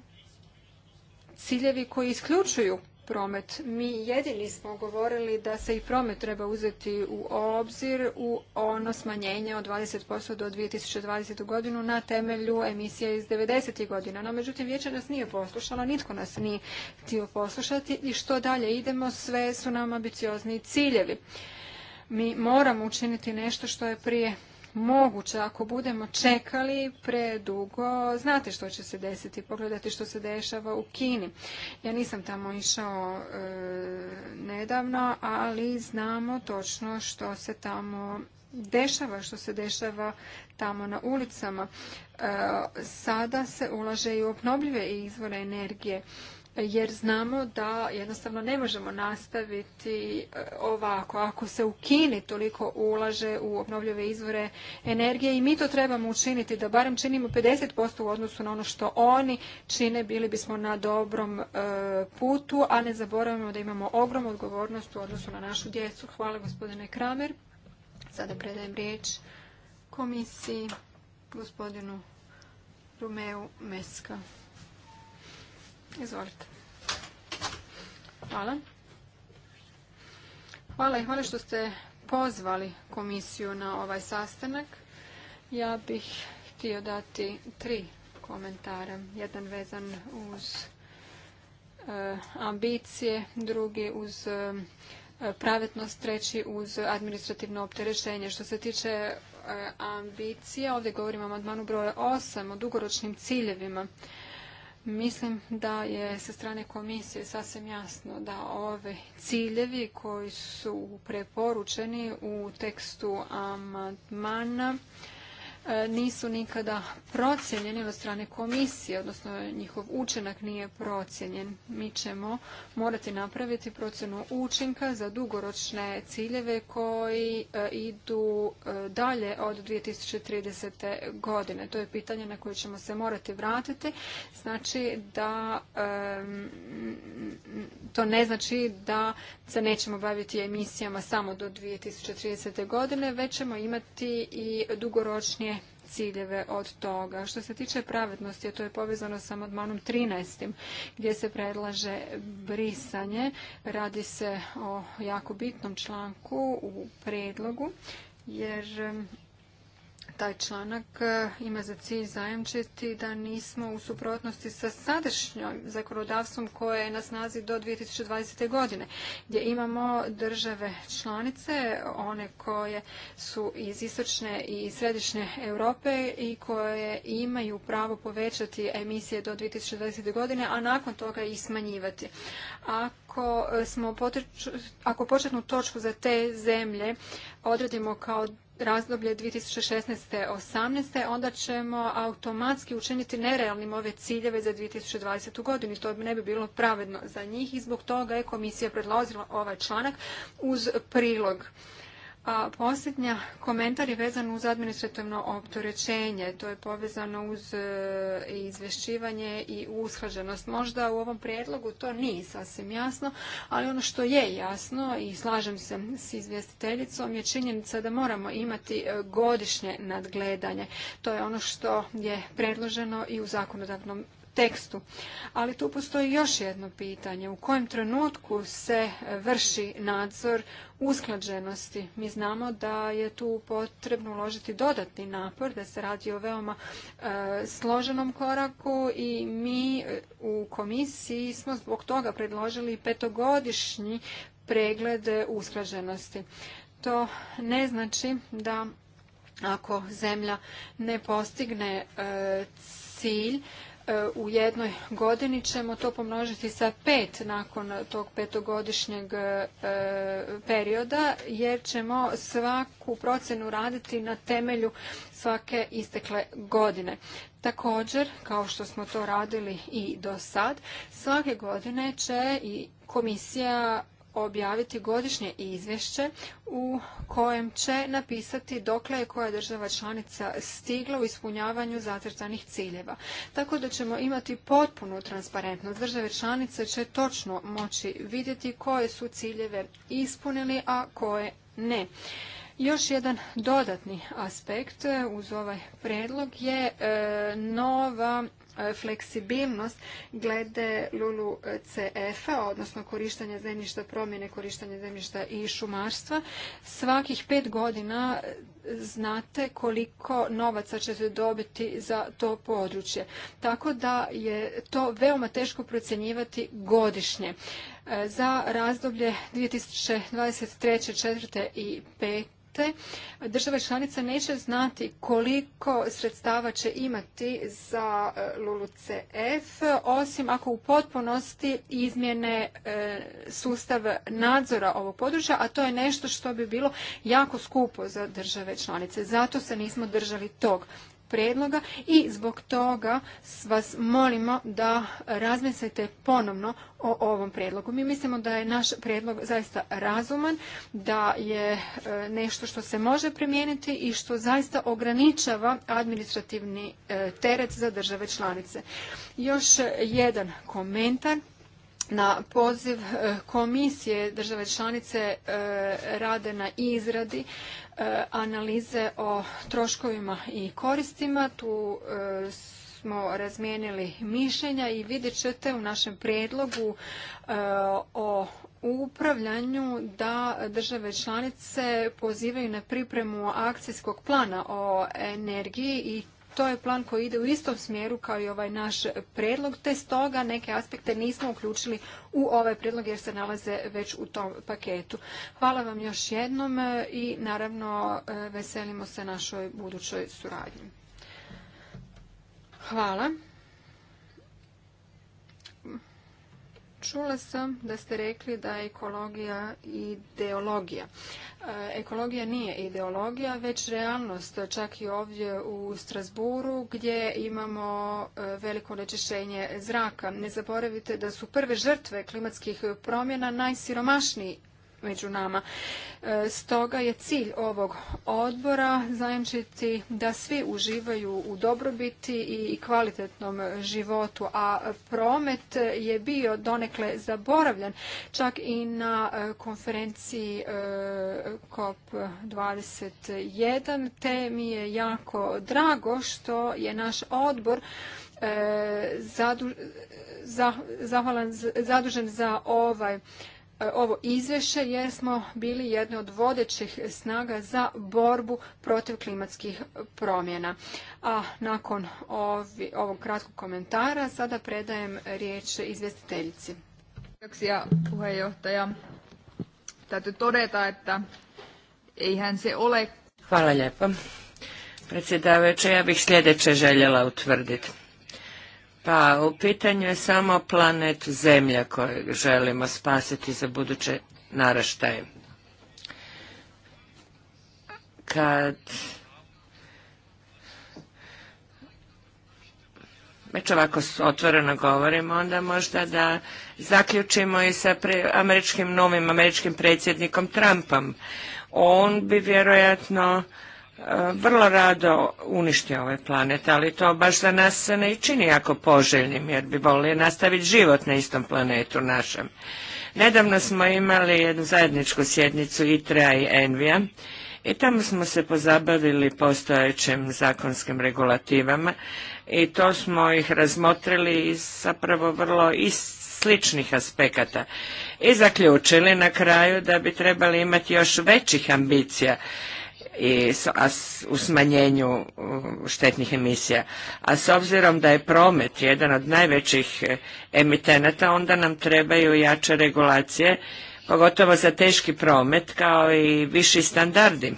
Speaker 1: ciljevi koji isključuju promet. Mi jedini smo govorili da se i promet treba uzeti u obzir u ono smanjenje od 20% do 2020. godinu na temelju emisije iz 90. godina. No, međutim, vijeće nas nije poslušalo, nitko nas nije htio poslušati i što dalje idemo, sve su nam ambiciozni ciljevi. Mi moramo učiniti nešto što je prije moguće. Ako budemo čekali predugo, znate što će se desiti. pogledati što se dešava u Kini. Ja nisam tamo išao e, nedavno, ali znamo točno što se tamo dešava, što se dešava tamo na ulicama. E, sada se ulaže i u obnovljive izvore energije jer znamo da jednostavno ne možemo nastaviti e, ovako. Ako se u Kini toliko ulaže u obnovljive izvore energije i mi to trebamo učiniti, da barem činimo 50% u odnosu na ono što oni čine, bili bismo na dobrom e, putu, a ne zaboravimo da imamo ogromnu odgovornost u odnosu na našu djecu. Hvala gospodine Kramer. Sada predajem riječ komisiji gospodinu Romeu Meska. Izvolite. Hvala. Hvala i hvala što ste pozvali komisiju na ovaj sastanak. Ja bih htio dati tri komentara. Jedan vezan uz e, ambicije, drugi uz e, pravetnost, treći uz administrativno opterećenje. Što se tiče e, ambicije, ovdje govorimo o amandmanu broja 8, o dugoročnim ciljevima. Mislim da je sa strane komisije sasvim jasno da ove ciljevi koji su preporučeni u tekstu amandmana E, nisu nikada procijenjeni od strane komisije, odnosno njihov učinak nije procijenjen. Mi ćemo morati napraviti procjenu učinka za dugoročne ciljeve koji e, idu e, dalje od 2030. godine. To je pitanje na koje ćemo se morati vratiti. Znači da to ne znači da se nećemo baviti emisijama samo do 2030. godine, već ćemo imati i dugoročnije ciljeve od toga. Što se tiče pravednosti, a to je povezano sa amandmanom 13. gdje se predlaže brisanje. Radi se o jako bitnom članku u predlogu jer taj članak e, ima za cilj zajamčiti da nismo u suprotnosti sa sadašnjom zakonodavstvom koje je na snazi do 2020. godine, gdje imamo države članice, one koje su iz istočne i središnje Europe i koje imaju pravo povećati emisije do 2020. godine, a nakon toga ih smanjivati. Ako, smo Ako početnu točku za te zemlje odredimo kao razdoblje 2016-18, onda ćemo automatski učiniti nerealnim ove ciljeve za 2020. godinu i to ne bi bilo pravedno za njih i zbog toga je komisija predlazila ovaj članak uz prilog a posljednja komentar je vezan uz administrativno opterećenje. To je povezano uz e, izvješćivanje i usklađenost. Možda u ovom prijedlogu to nije sasvim jasno, ali ono što je jasno i slažem se s izvjestiteljicom je činjenica da moramo imati e, godišnje nadgledanje. To je ono što je predloženo i u zakonodavnom tekstu. Ali tu postoji još jedno pitanje. U kojem trenutku se vrši nadzor usklađenosti? Mi znamo da je tu potrebno uložiti dodatni napor, da se radi o veoma e, složenom koraku i mi e, u komisiji smo zbog toga predložili petogodišnji pregled usklađenosti. To ne znači da ako zemlja ne postigne e, cilj E, u jednoj godini ćemo to pomnožiti sa pet nakon tog petogodišnjeg e, perioda jer ćemo svaku procenu raditi na temelju svake istekle godine. Također, kao što smo to radili i do sad, svake godine će i komisija objaviti godišnje izvješće u kojem će napisati dokle je koja država članica stigla u ispunjavanju zacrtanih ciljeva. Tako da ćemo imati potpunu transparentnost. Države članice će točno moći vidjeti koje su ciljeve ispunili, a koje ne. Još jedan dodatni aspekt e, uz ovaj predlog je e, nova E, fleksibilnost glede Lulu CF-a, odnosno korištenja zemljišta, promjene korištenja zemljišta i šumarstva. Svakih pet godina e, znate koliko novaca ćete dobiti za to područje. Tako da je to veoma teško procjenjivati godišnje. E, za razdoblje 2023. 4. i pet te države članice neće znati koliko sredstava će imati za e, LULUCF, osim ako u potpunosti izmjene e, sustav nadzora ovog područja, a to je nešto što bi bilo jako skupo za države članice. Zato se nismo držali tog prijedloga i zbog toga vas molimo da razmislite ponovno o ovom predlogu. Mi mislimo da je naš predlog zaista razuman, da je e, nešto što se može primijeniti i što zaista ograničava administrativni e, teret za države članice. Još jedan komentar na poziv e, komisije države članice e, rade na izradi e, analize o troškovima i koristima. Tu smo razmijenili mišljenja i vidjet ćete u našem prijedlogu o upravljanju da države članice pozivaju na pripremu akcijskog plana o energiji i to je plan koji ide u istom smjeru kao i ovaj naš predlog, te stoga neke aspekte nismo uključili u ovaj predlog jer se nalaze već u tom paketu. Hvala vam još jednom i naravno e, veselimo se našoj budućoj suradnji. Hvala. Čula sam da ste rekli da je ekologija ideologija. E, ekologija nije ideologija, već realnost, čak i ovdje u Strasburu gdje imamo e, veliko onečišćenje zraka. Ne zaboravite da su prve žrtve klimatskih promjena najsiromašniji među nama. E, stoga je cilj ovog odbora zajamčiti da svi uživaju u dobrobiti i kvalitetnom životu, a promet je bio donekle zaboravljen čak i na e, konferenciji e, COP21 te mi je jako drago što je naš odbor zadužen za ovaj E, ovo izvješće jer smo bili jedne od vodećih snaga za borbu protiv klimatskih promjena. A nakon ovog kratkog komentara sada predajem riječ izvjestiteljici. Kiitoksia puheenjohtaja. Täytyy todeta, että eihän se ole...
Speaker 2: Hvala lijepo. Predsjedavajuća, ja bih sljedeće željela utvrditi. Pa, u pitanju je samo planet Zemlja koju želimo spasiti za buduće naraštaje. Kad... Već ovako otvoreno govorimo, onda možda da zaključimo i sa američkim novim američkim predsjednikom Trumpom. On bi vjerojatno vrlo rado uništi ovaj planet, ali to baš za nas se ne čini jako poželjnim, jer bi volio nastaviti život na istom planetu našem. Nedavno smo imali jednu zajedničku sjednicu ITRA i ENVIA i tamo smo se pozabavili postojećim zakonskim regulativama i to smo ih razmotrili iz zapravo vrlo i sličnih aspekata i zaključili na kraju da bi trebali imati još većih ambicija i u smanjenju štetnih emisija. A s obzirom da je promet jedan od najvećih e, emitenata, onda nam trebaju jače regulacije, pogotovo za teški promet, kao i viši standardi.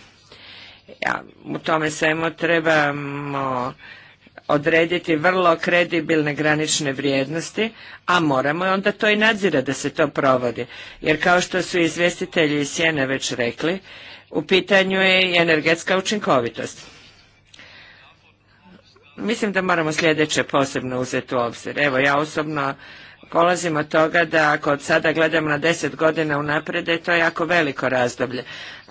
Speaker 2: Ja, u tome svemu trebamo odrediti vrlo kredibilne granične vrijednosti, a moramo onda to i nadzirati da se to provodi. Jer kao što su izvjestitelji iz Sjene već rekli, u pitanju je i energetska učinkovitost. Mislim da moramo sljedeće posebno uzeti u obzir. Evo, ja osobno polazim od toga da ako od sada gledamo na deset godina unaprijed, je to jako veliko razdoblje.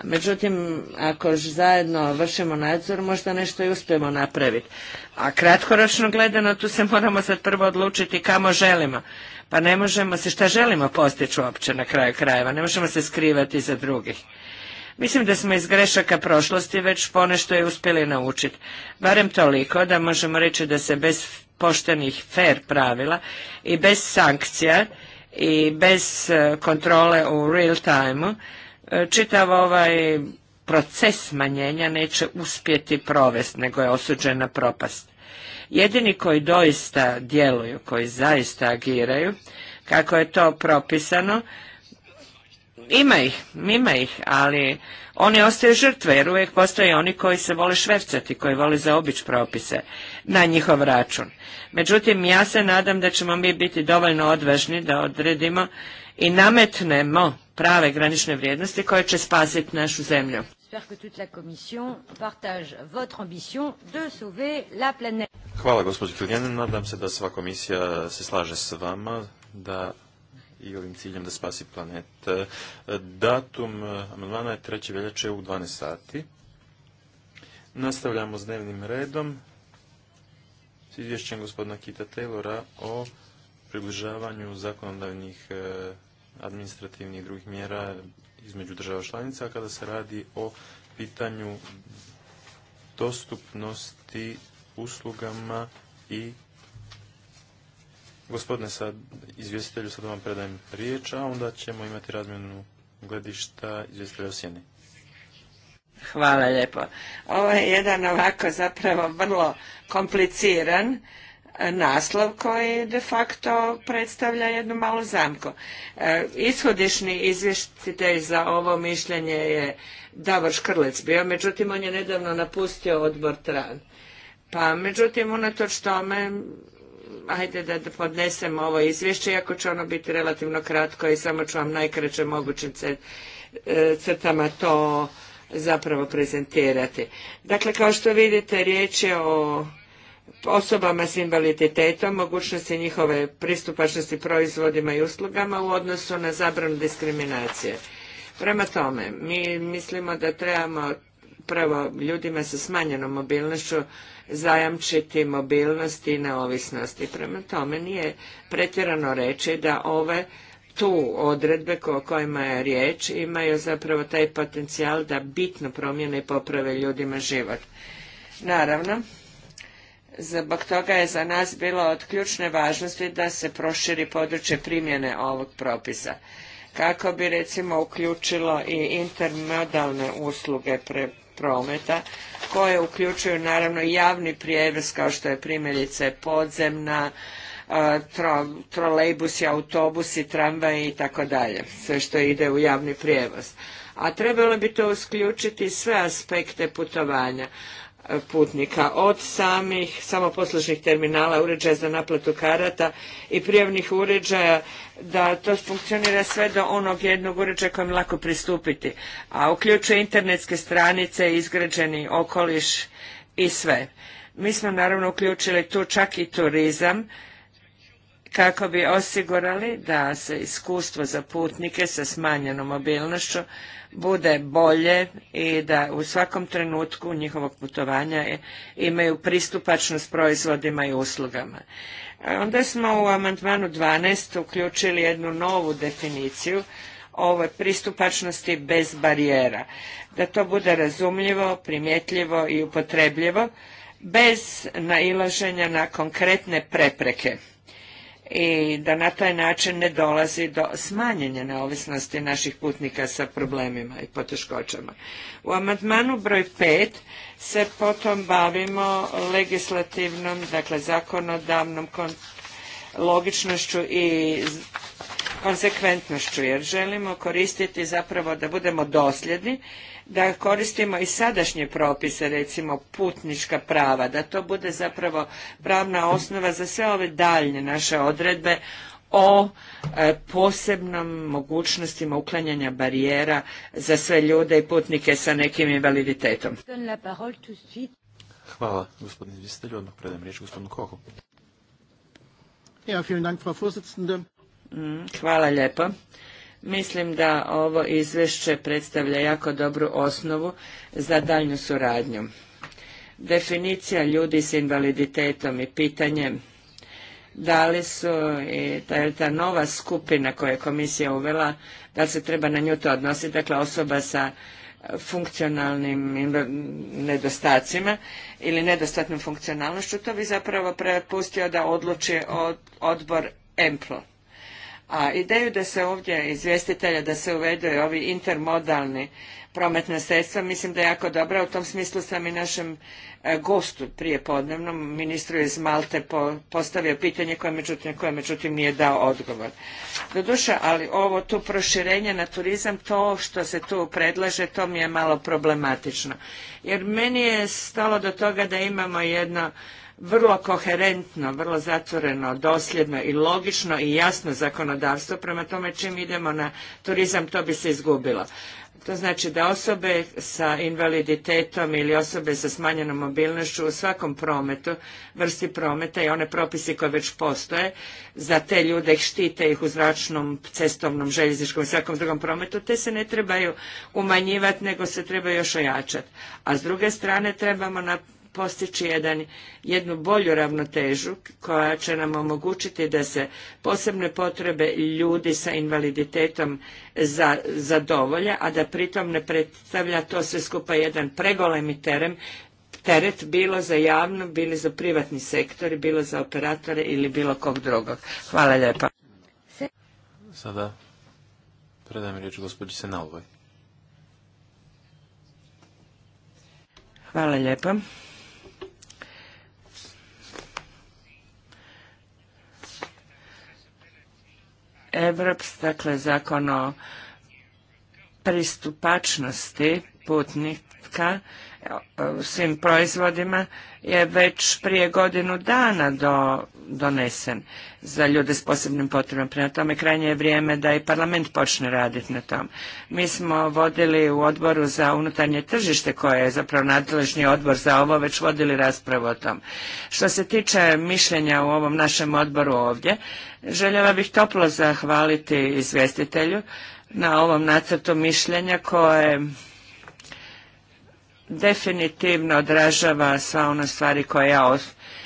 Speaker 2: Međutim, ako zajedno vršimo nadzor, možda nešto i uspijemo napraviti. A kratkoročno gledano, tu se moramo sad prvo odlučiti kamo želimo. Pa ne možemo se šta želimo postići uopće na kraju krajeva. Ne možemo se skrivati za drugih. Mislim da smo iz grešaka prošlosti već ponešto je uspjeli naučiti. Barem toliko da možemo reći da se bez poštenih fair pravila i bez sankcija i bez e, kontrole u real time e, čitav ovaj proces smanjenja neće uspjeti provesti, nego je osuđena propast. Jedini koji doista djeluju, koji zaista agiraju, kako je to propisano, ima ih, ima ih, ali oni ostaju žrtve jer uvijek postoje oni koji se vole švercati, koji vole zaobići propise na njihov račun. Međutim, ja se nadam da ćemo mi biti dovoljno odvažni da odredimo i nametnemo prave granične vrijednosti koje će spasiti našu zemlju.
Speaker 3: Hvala gospođo Kiljanin, nadam se da sva komisija se slaže s vama da i ovim ciljem da spasi planet. E, datum e, amandmana je 3. veljače u 12 sati. Nastavljamo s dnevnim redom s izvješćem gospodina Kita Taylora o približavanju zakonodavnih e, administrativnih i drugih mjera između država članica kada se radi o pitanju dostupnosti uslugama i Gospodine, sad izvjestitelju, sad vam predajem riječ, a onda ćemo imati razmjenu gledišta izvjestitelja u sjeni.
Speaker 2: Hvala lijepo. Ovo je jedan ovako zapravo vrlo kompliciran e, naslov koji de facto predstavlja jednu malu zamku. E, ishodišni izvjestitelj za ovo mišljenje je Davor Škrlec bio, međutim on je nedavno napustio odbor TRAN. Pa međutim, unatoč tome ajde da podnesem ovo izvješće, iako će ono biti relativno kratko i samo ću vam najkraće mogućim e, crtama to zapravo prezentirati. Dakle, kao što vidite, riječ je o osobama s invaliditetom, mogućnosti njihove pristupačnosti proizvodima i uslugama u odnosu na zabranu diskriminacije. Prema tome, mi mislimo da trebamo prvo ljudima sa smanjenom mobilnošću zajamčiti mobilnost i neovisnost. I prema tome nije pretjerano reći da ove tu odredbe o kojima je riječ imaju zapravo taj potencijal da bitno promijene i poprave ljudima život. Naravno, Zbog toga je za nas bilo od ključne važnosti da se proširi područje primjene ovog propisa, kako bi recimo uključilo i intermodalne usluge pre, prometa koje uključuju naravno javni prijevoz kao što je primjerice podzemna, e, trolejbusi, autobusi, tramvaji i tako dalje, sve što ide u javni prijevoz. A trebalo bi to isključiti sve aspekte putovanja, putnika od samih samoposlužnih terminala, uređaja za naplatu karata i prijavnih uređaja da to funkcionira sve do onog jednog uređaja kojem lako pristupiti, a uključuje internetske stranice, izgrađeni okoliš i sve. Mi smo naravno uključili tu čak i turizam kako bi osigurali da se iskustvo za putnike sa smanjenom mobilnošću bude bolje i da u svakom trenutku njihovog putovanja imaju pristupačnost proizvodima i uslugama. Onda smo u amandmanu 12 uključili jednu novu definiciju ovoj pristupačnosti bez barijera. Da to bude razumljivo, primjetljivo i upotrebljivo bez nailaženja na konkretne prepreke i da na taj način ne dolazi do smanjenja neovisnosti naših putnika sa problemima i poteškoćama. U amandmanu broj 5 se potom bavimo legislativnom, dakle zakonodavnom logičnošću i konsekventnošću jer želimo koristiti zapravo da budemo dosljedni da koristimo i sadašnje propise, recimo putnička prava, da to bude zapravo pravna osnova za sve ove daljnje naše odredbe o e, posebnom mogućnostima uklanjanja barijera za sve ljude i putnike sa nekim invaliditetom.
Speaker 3: Hvala, gospodine
Speaker 2: Odmah predajem riječ gospodinu Kohu. Mm, hvala lijepo. Mislim da ovo izvješće predstavlja jako dobru osnovu za daljnju suradnju. Definicija ljudi s invaliditetom i pitanje da li su i ta, ta nova skupina koju je komisija uvela, da li se treba na nju to odnositi, dakle osoba sa funkcionalnim nedostacima ili nedostatnom funkcionalnošću, to bi zapravo prepustio da odluči od, odbor EMPLO. A ideju da se ovdje izvjestitelja da se uvedu ovi intermodalni prometna sredstva mislim da je jako dobra. U tom smislu sam i našem e, gostu prije podnevnom, ministru iz Malte, postavio pitanje koje međutim, koje međutim nije dao odgovor. Doduše, ali ovo tu proširenje na turizam, to što se tu predlaže, to mi je malo problematično. Jer meni je stalo do toga da imamo jedno vrlo koherentno, vrlo zatvoreno, dosljedno i logično i jasno zakonodavstvo, prema tome čim idemo na turizam to bi se izgubilo. To znači da osobe sa invaliditetom ili osobe sa smanjenom mobilnošću u svakom prometu, vrsti prometa i one propisi koje već postoje, za te ljude štite ih u zračnom, cestovnom, željezničkom i svakom drugom prometu, te se ne trebaju umanjivati, nego se trebaju još ojačati. A s druge strane trebamo na postići jednu bolju ravnotežu koja će nam omogućiti da se posebne potrebe ljudi sa invaliditetom za, zadovolje, a da pritom ne predstavlja to sve skupa jedan pregolemi teret bilo za javno, bilo za privatni sektor, bilo za operatore ili bilo kog drugog. Hvala lijepa.
Speaker 3: Sada riječ gospođi
Speaker 2: Hvala lijepa. Evrops, dakle zakon o pristupačnosti putnika svim proizvodima je već prije godinu dana do donesen za ljude s posebnim potrebama. Prema tome, krajnje je vrijeme da i parlament počne raditi na tom. Mi smo vodili u odboru za unutarnje tržište, koje je zapravo nadležni odbor za ovo, već vodili raspravu o tom. Što se tiče mišljenja u ovom našem odboru ovdje, željela bih toplo zahvaliti izvjestitelju na ovom nacrtu mišljenja koje definitivno odražava sva ona stvari koje ja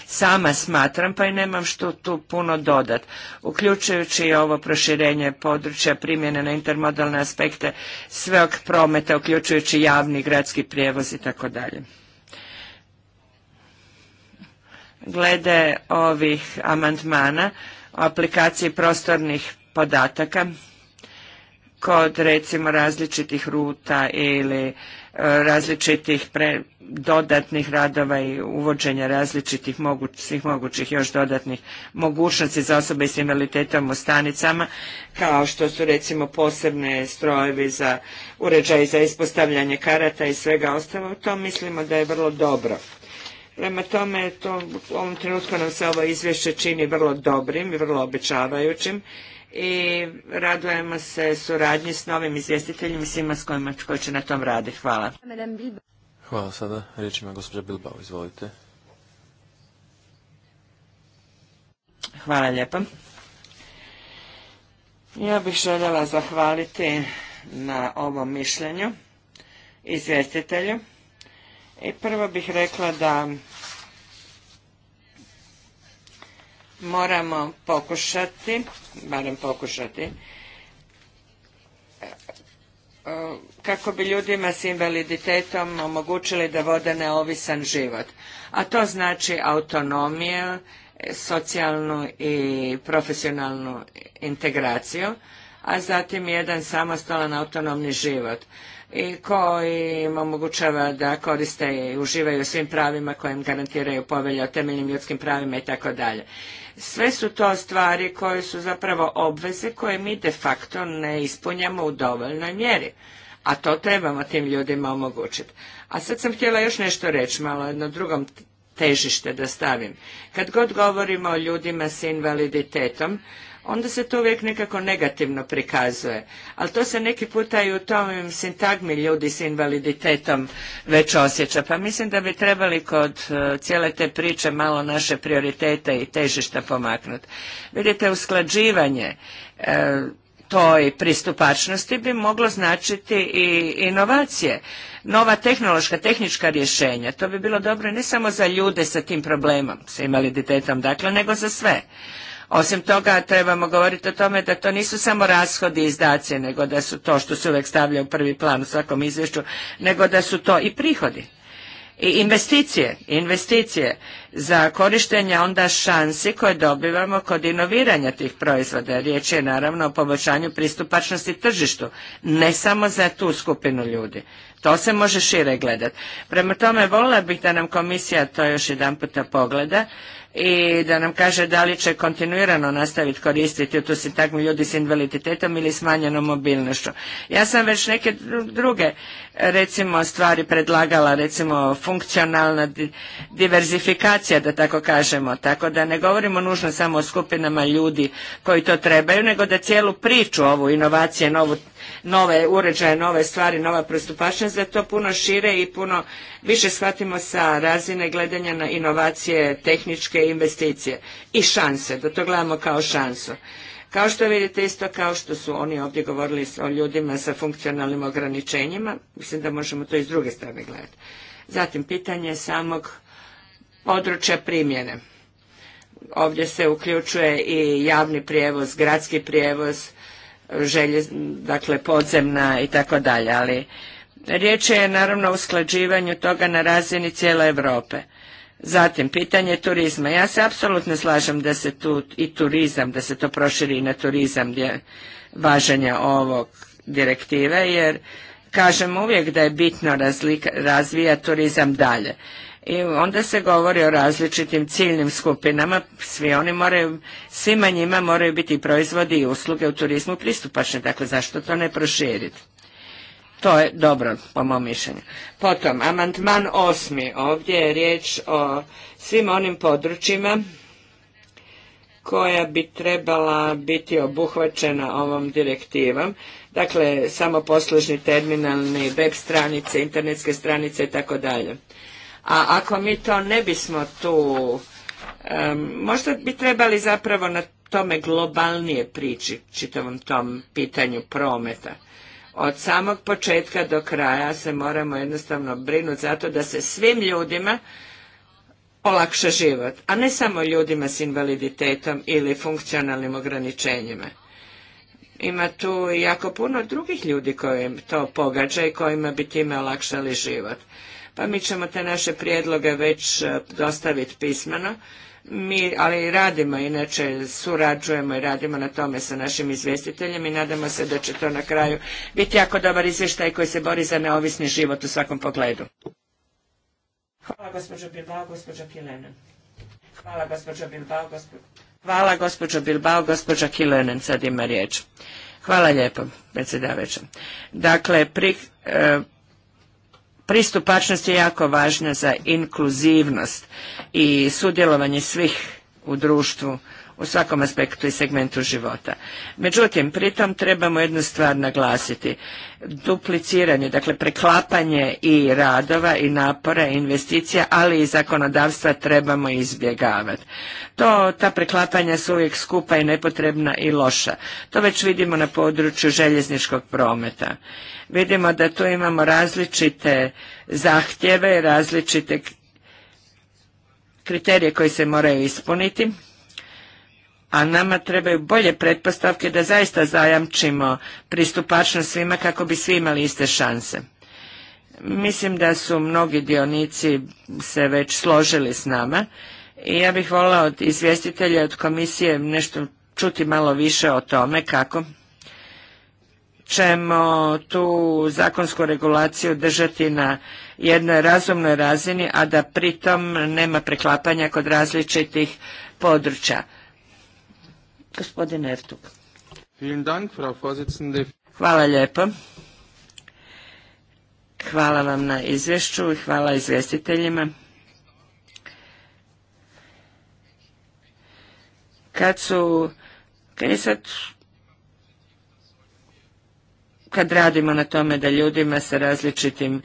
Speaker 2: sama smatram, pa i nemam što tu puno dodat, uključujući i ovo proširenje područja primjene na intermodalne aspekte sveog prometa, uključujući javni gradski prijevoz i tako dalje. Glede ovih amandmana o aplikaciji prostornih podataka, kod recimo različitih ruta ili e, različitih dodatnih radova i uvođenja različitih svih mogućih još dodatnih mogućnosti za osobe s invaliditetom u stanicama, kao što su recimo posebne strojevi za uređaj za ispostavljanje karata i svega ostalo, to mislimo da je vrlo dobro. Prema tome, to, u ovom trenutku nam se ovo izvješće čini vrlo dobrim i vrlo obećavajućim i radujemo se suradnji s novim izvjestiteljima i svima s kojima koji će na tom
Speaker 3: raditi. Hvala. Hvala sada. Riječ ima gospođa Bilbao. Izvolite.
Speaker 2: Hvala lijepa. Ja bih željela zahvaliti na ovom mišljenju izvjestitelju. I prvo bih rekla da moramo pokušati, barem pokušati, kako bi ljudima s invaliditetom omogućili da vode neovisan život. A to znači autonomiju, socijalnu i profesionalnu integraciju, a zatim jedan samostalan autonomni život i koji im omogućava da koriste i uživaju svim pravima koje garantiraju povelje o temeljnim ljudskim pravima i tako dalje. Sve su to stvari koje su zapravo obveze koje mi de facto ne ispunjamo u dovoljnoj mjeri, a to trebamo tim ljudima omogućiti. A sad sam htjela još nešto reći, malo jedno drugom težište da stavim. Kad god govorimo o ljudima s invaliditetom, onda se to uvijek nekako negativno prikazuje. Ali to se neki puta i u tom sintagmi ljudi s invaliditetom već osjeća. Pa mislim da bi trebali kod e, cijele te priče malo naše prioritete i težišta pomaknuti. Vidite, usklađivanje e, toj pristupačnosti bi moglo značiti i inovacije, nova tehnološka, tehnička rješenja. To bi bilo dobro ne samo za ljude sa tim problemom, sa invaliditetom, dakle, nego za sve. Osim toga trebamo govoriti o tome da to nisu samo rashodi i izdaci, nego da su to što se uvijek stavlja u prvi plan u svakom izvješću, nego da su to i prihodi. I investicije, investicije za korištenje onda šansi koje dobivamo kod inoviranja tih proizvoda. Riječ je naravno o poboljšanju pristupačnosti tržištu, ne samo za tu skupinu ljudi. To se može šire gledati. Prema tome, volila bih da nam komisija to još jedan puta pogleda i da nam kaže da li će kontinuirano nastaviti koristiti tu sintagmu ljudi s invaliditetom ili smanjenom mobilnošću. Ja sam već neke druge recimo stvari predlagala, recimo funkcionalna diverzifikacija da tako kažemo, tako da ne govorimo nužno samo o skupinama ljudi koji to trebaju, nego da cijelu priču ovu inovacije, novu nove uređaje, nove stvari, nova pristupačnost, da to puno šire i puno više shvatimo sa razine gledanja na inovacije, tehničke investicije i šanse, da to gledamo kao šansu. Kao što vidite, isto kao što su oni ovdje govorili o ljudima sa funkcionalnim ograničenjima, mislim da možemo to i druge strane gledati. Zatim, pitanje samog područja primjene. Ovdje se uključuje i javni prijevoz, gradski prijevoz, želje, dakle podzemna i tako dalje, ali riječ je naravno o usklađivanju toga na razini cijele Europe. Zatim, pitanje turizma. Ja se apsolutno slažem da se tu i turizam, da se to proširi i na turizam gdje važenja ovog direktive, jer kažem uvijek da je bitno razvijati turizam dalje. I onda se govori o različitim ciljnim skupinama, svi oni moraju, svima njima moraju biti proizvodi i usluge u turizmu pristupačne, dakle zašto to ne proširiti? To je dobro, po mom mišljenju. Potom, amandman osmi, ovdje je riječ o svim onim područjima koja bi trebala biti obuhvaćena ovom direktivom. Dakle, samo poslužni terminalni, web stranice, internetske stranice i tako dalje. A ako mi to ne bismo tu, možda bi trebali zapravo na tome globalnije prići, čitavom tom pitanju prometa. Od samog početka do kraja se moramo jednostavno brinuti zato da se svim ljudima olakša život, a ne samo ljudima s invaliditetom ili funkcionalnim ograničenjima. Ima tu jako puno drugih ljudi koji to pogađa i kojima bi time olakšali život pa mi ćemo te naše prijedloge već e, dostaviti pismeno. Mi, ali radimo, inače surađujemo i radimo na tome sa našim izvjestiteljem i nadamo se da će to na kraju biti jako dobar izvještaj koji se bori za neovisni život u svakom pogledu. Hvala gospođo Bilbao, gospođa Kilenen. Hvala gospođo Bilbao, gospođo... Hvala gospođo Bilbao, gospođa Kilenen sad ima riječ. Hvala lijepo, predsjedavajuća. Dakle, pri, e, pristupačnost je jako važna za inkluzivnost i sudjelovanje svih u društvu u svakom aspektu i segmentu života. Međutim, pritom trebamo jednu stvar naglasiti. Dupliciranje, dakle preklapanje i radova i napora i investicija, ali i zakonodavstva trebamo izbjegavati. To, ta preklapanja su uvijek skupa i nepotrebna i loša. To već vidimo na području željezničkog prometa. Vidimo da tu imamo različite zahtjeve, različite kriterije koji se moraju ispuniti a nama trebaju bolje pretpostavke da zaista zajamčimo pristupačnost svima kako bi svi imali iste šanse. Mislim da su mnogi dionici se već složili s nama i ja bih volila od izvjestitelja od komisije nešto čuti malo više o tome kako ćemo tu zakonsku regulaciju držati na jednoj razumnoj razini, a da pritom nema preklapanja kod različitih područja. Gospodin Ertug. Hvala lijepo. Hvala vam na izvješću i hvala izvjestiteljima. Kad su, kad sad, kad radimo na tome da ljudima sa različitim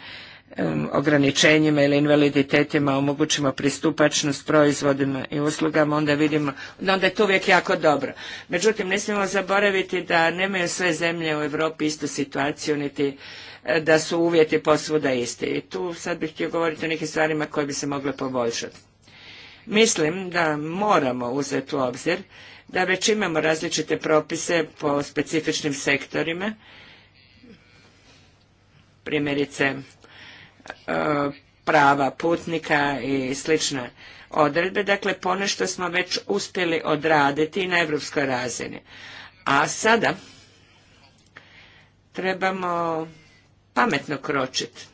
Speaker 2: ograničenjima ili invaliditetima omogućimo pristupačnost proizvodima i uslugama, onda vidimo, onda je to uvijek jako dobro. Međutim, ne smijemo zaboraviti da nemaju sve zemlje u Europi istu situaciju, niti e, da su uvjeti posvuda isti. I tu sad bih htio govoriti o nekim stvarima koje bi se mogle poboljšati. Mislim da moramo uzeti u obzir da već imamo različite propise po specifičnim sektorima, primjerice E, prava putnika i slične odredbe. Dakle, ponešto smo već uspjeli odraditi na evropskoj razini. A sada trebamo pametno kročiti,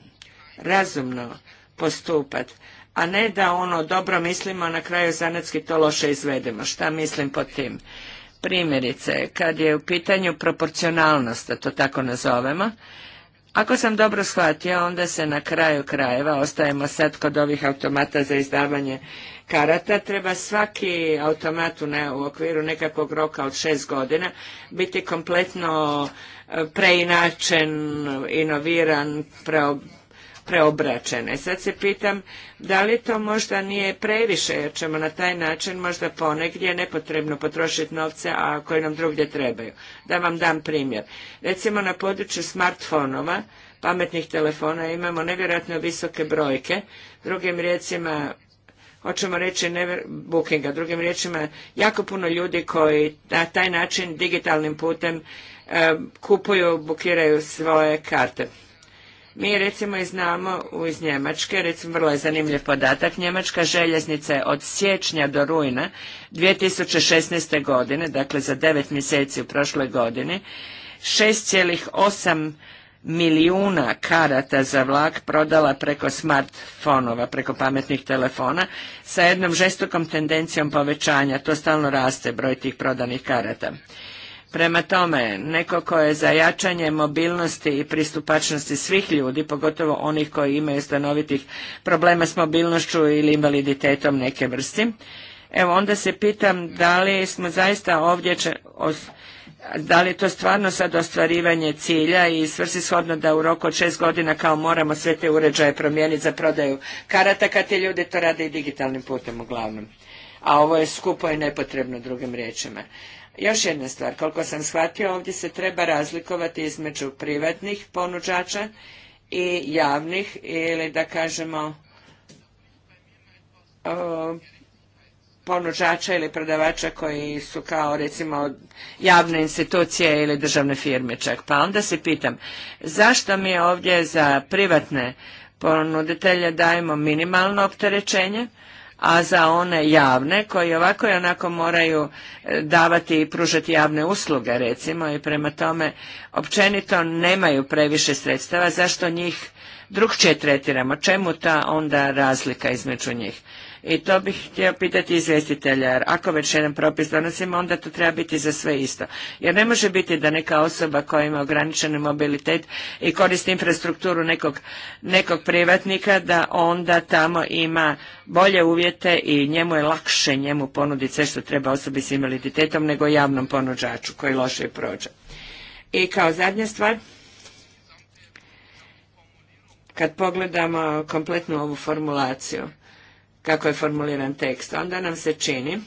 Speaker 2: razumno postupati, a ne da ono dobro mislimo, a na kraju zanetski to loše izvedemo. Šta mislim pod tim? Primjerice, kad je u pitanju proporcionalnost, da to tako nazovemo, ako sam dobro shvatio, onda se na kraju krajeva, ostajemo sad kod ovih automata za izdavanje karata, treba svaki automat u okviru nekakvog roka od šest godina biti kompletno e, preinačen, inoviran, preobračene. Sad se pitam da li to možda nije previše jer ćemo na taj način možda ponegdje nepotrebno potrošiti novce a koji nam drugdje trebaju. Da vam dam primjer. Recimo na području smartfonova, pametnih telefona imamo nevjerojatno visoke brojke. Drugim riječima hoćemo reći never, bookinga, drugim riječima jako puno ljudi koji na taj način digitalnim putem eh, kupuju, bukiraju svoje karte. Mi recimo i znamo iz Njemačke, recimo vrlo je zanimljiv podatak, Njemačka željeznica je od siječnja do rujna 2016. godine, dakle za devet mjeseci u prošloj godini, 6,8 milijuna karata za vlak prodala preko smartfonova, preko pametnih telefona, sa jednom žestokom tendencijom povećanja, to stalno raste broj tih prodanih karata. Prema tome, neko ko je za jačanje mobilnosti i pristupačnosti svih ljudi, pogotovo onih koji imaju stanovitih problema s mobilnošću ili invaliditetom neke vrsti, evo onda se pitam da li smo zaista ovdje da li je to stvarno sad ostvarivanje cilja i shodno da u roku od šest godina kao moramo sve te uređaje promijeniti za prodaju karata kad ti ljudi to rade i digitalnim putem uglavnom. A ovo je skupo i nepotrebno drugim riječima. Još jedna stvar, koliko sam shvatio, ovdje se treba razlikovati između privatnih ponuđača i javnih ili da kažemo ponuđača ili prodavača koji su kao recimo javne institucije ili državne firme čak. Pa onda se pitam zašto mi ovdje za privatne ponuditelje dajemo minimalno opterećenje, a za one javne koji ovako i onako moraju e, davati i pružati javne usluge recimo i prema tome općenito nemaju previše sredstava zašto njih drukčije tretiramo, čemu ta onda razlika između njih. I to bih htio pitati izvjestitelja, jer ako već jedan propis donosimo, onda to treba biti za sve isto. Jer ne može biti da neka osoba koja ima ograničen mobilitet i koristi infrastrukturu nekog, nekog privatnika, da onda tamo ima bolje uvjete i njemu je lakše njemu ponuditi sve što treba osobi s invaliditetom nego javnom ponuđaču koji loše prođe. I kao zadnja stvar, kad pogledamo kompletnu ovu formulaciju, kako je formuliran tekst. Onda nam se čini,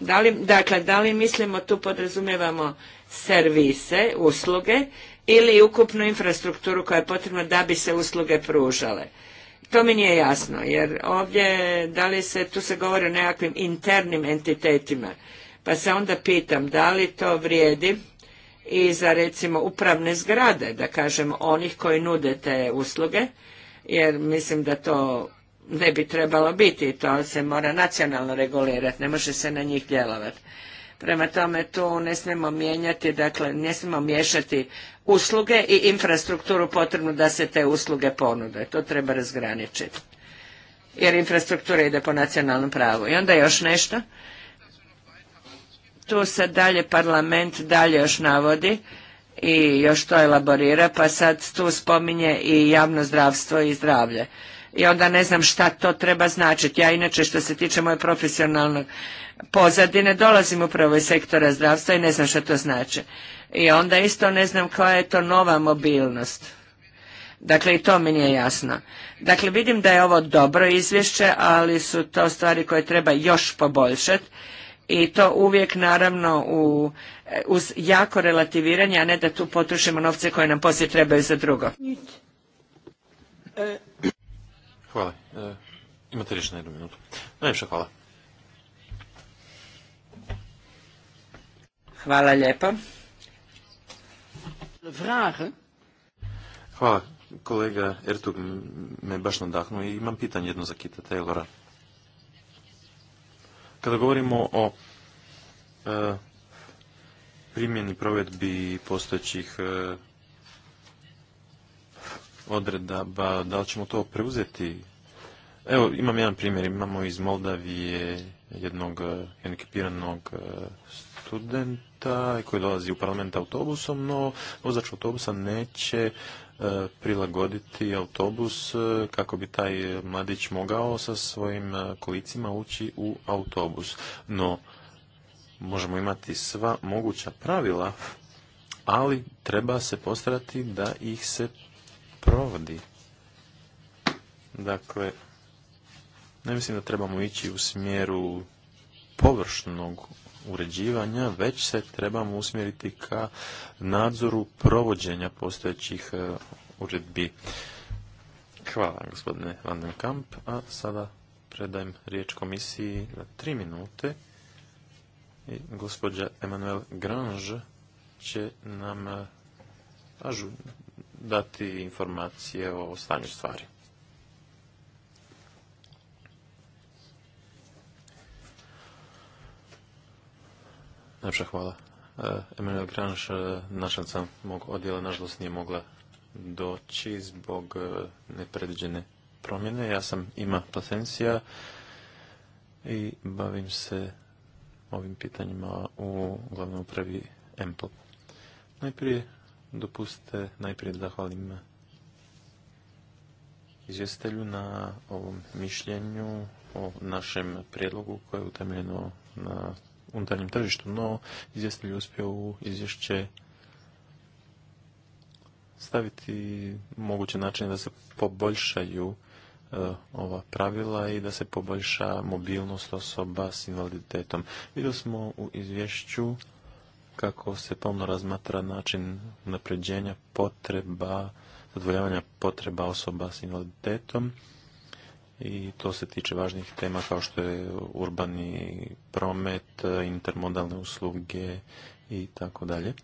Speaker 2: da li, dakle, da li mislimo tu podrazumijevamo servise, usluge ili ukupnu infrastrukturu koja je potrebna da bi se usluge pružale. To mi nije jasno, jer ovdje da li se, tu se govori o nekakvim internim entitetima, pa se onda pitam da li to vrijedi i za recimo upravne zgrade, da kažem, onih koji nude te usluge, jer mislim da to ne bi trebalo biti. To se mora nacionalno regulirati, ne može se na njih djelovati. Prema tome tu ne smijemo mijenjati, dakle ne smijemo miješati usluge i infrastrukturu potrebnu da se te usluge ponude. To treba razgraničiti. Jer infrastruktura ide po nacionalnom pravu. I onda još nešto. Tu se dalje parlament dalje još navodi i još to elaborira, pa sad tu spominje i javno zdravstvo i zdravlje i onda ne znam šta to treba značiti. Ja inače što se tiče moje profesionalne pozadine dolazim upravo iz sektora zdravstva i ne znam šta to znači. I onda isto ne znam koja je to nova mobilnost. Dakle, i to mi nije jasno. Dakle, vidim da je ovo dobro izvješće, ali su to stvari koje treba još poboljšati i to uvijek naravno u, uz jako relativiranje, a ne da tu potrošimo novce koje nam poslije trebaju za drugo.
Speaker 3: Hvala. E, imate riječ na jednu minutu. Najljepša hvala.
Speaker 2: Hvala lijepo.
Speaker 3: Hvala. Kolega Ertug me baš nadahnuo i imam pitanje jedno za Kita Taylora. Kada govorimo o e, primjeni provedbi postojećih e, odredaba, da li ćemo to preuzeti? Evo, imam jedan primjer, imamo iz Moldavije jednog enkipiranog eh, eh, studenta koji dolazi u parlament autobusom, no vozač autobusa neće eh, prilagoditi autobus kako bi taj mladić mogao sa svojim kolicima ući u autobus. No, možemo imati sva moguća pravila, ali treba se postarati da ih se provodi. Dakle, ne mislim da trebamo ići u smjeru površnog uređivanja, već se trebamo usmjeriti ka nadzoru provođenja postojećih e, uredbi. Hvala gospodine Van Kamp, a sada predajem riječ komisiji za tri minute i gospođa Emanuel Grange će nam e, ažurno dati informacije o stanju stvari. Najpša hvala. Emanuel Granš, e, našaca mog odjela, nažalost nije mogla doći zbog e, nepredviđene promjene. Ja sam ima Plasencija i bavim se ovim pitanjima u glavnom upravi Empl. Najprije Dopustite najprije da zahvalim izvjestitelju na ovom mišljenju o našem prijedlogu koje je utemeljeno na unutarnjem tržištu, no izvjestitelj je uspio u izvješće staviti moguće načine da se poboljšaju e, ova pravila i da se poboljša mobilnost osoba s invaliditetom. Vidio smo u izvješću kako se pomno razmatra način napređenja potreba, zadvojavanja potreba osoba s invaliditetom i to se tiče važnih tema kao što je urbani promet, intermodalne usluge i tako dalje.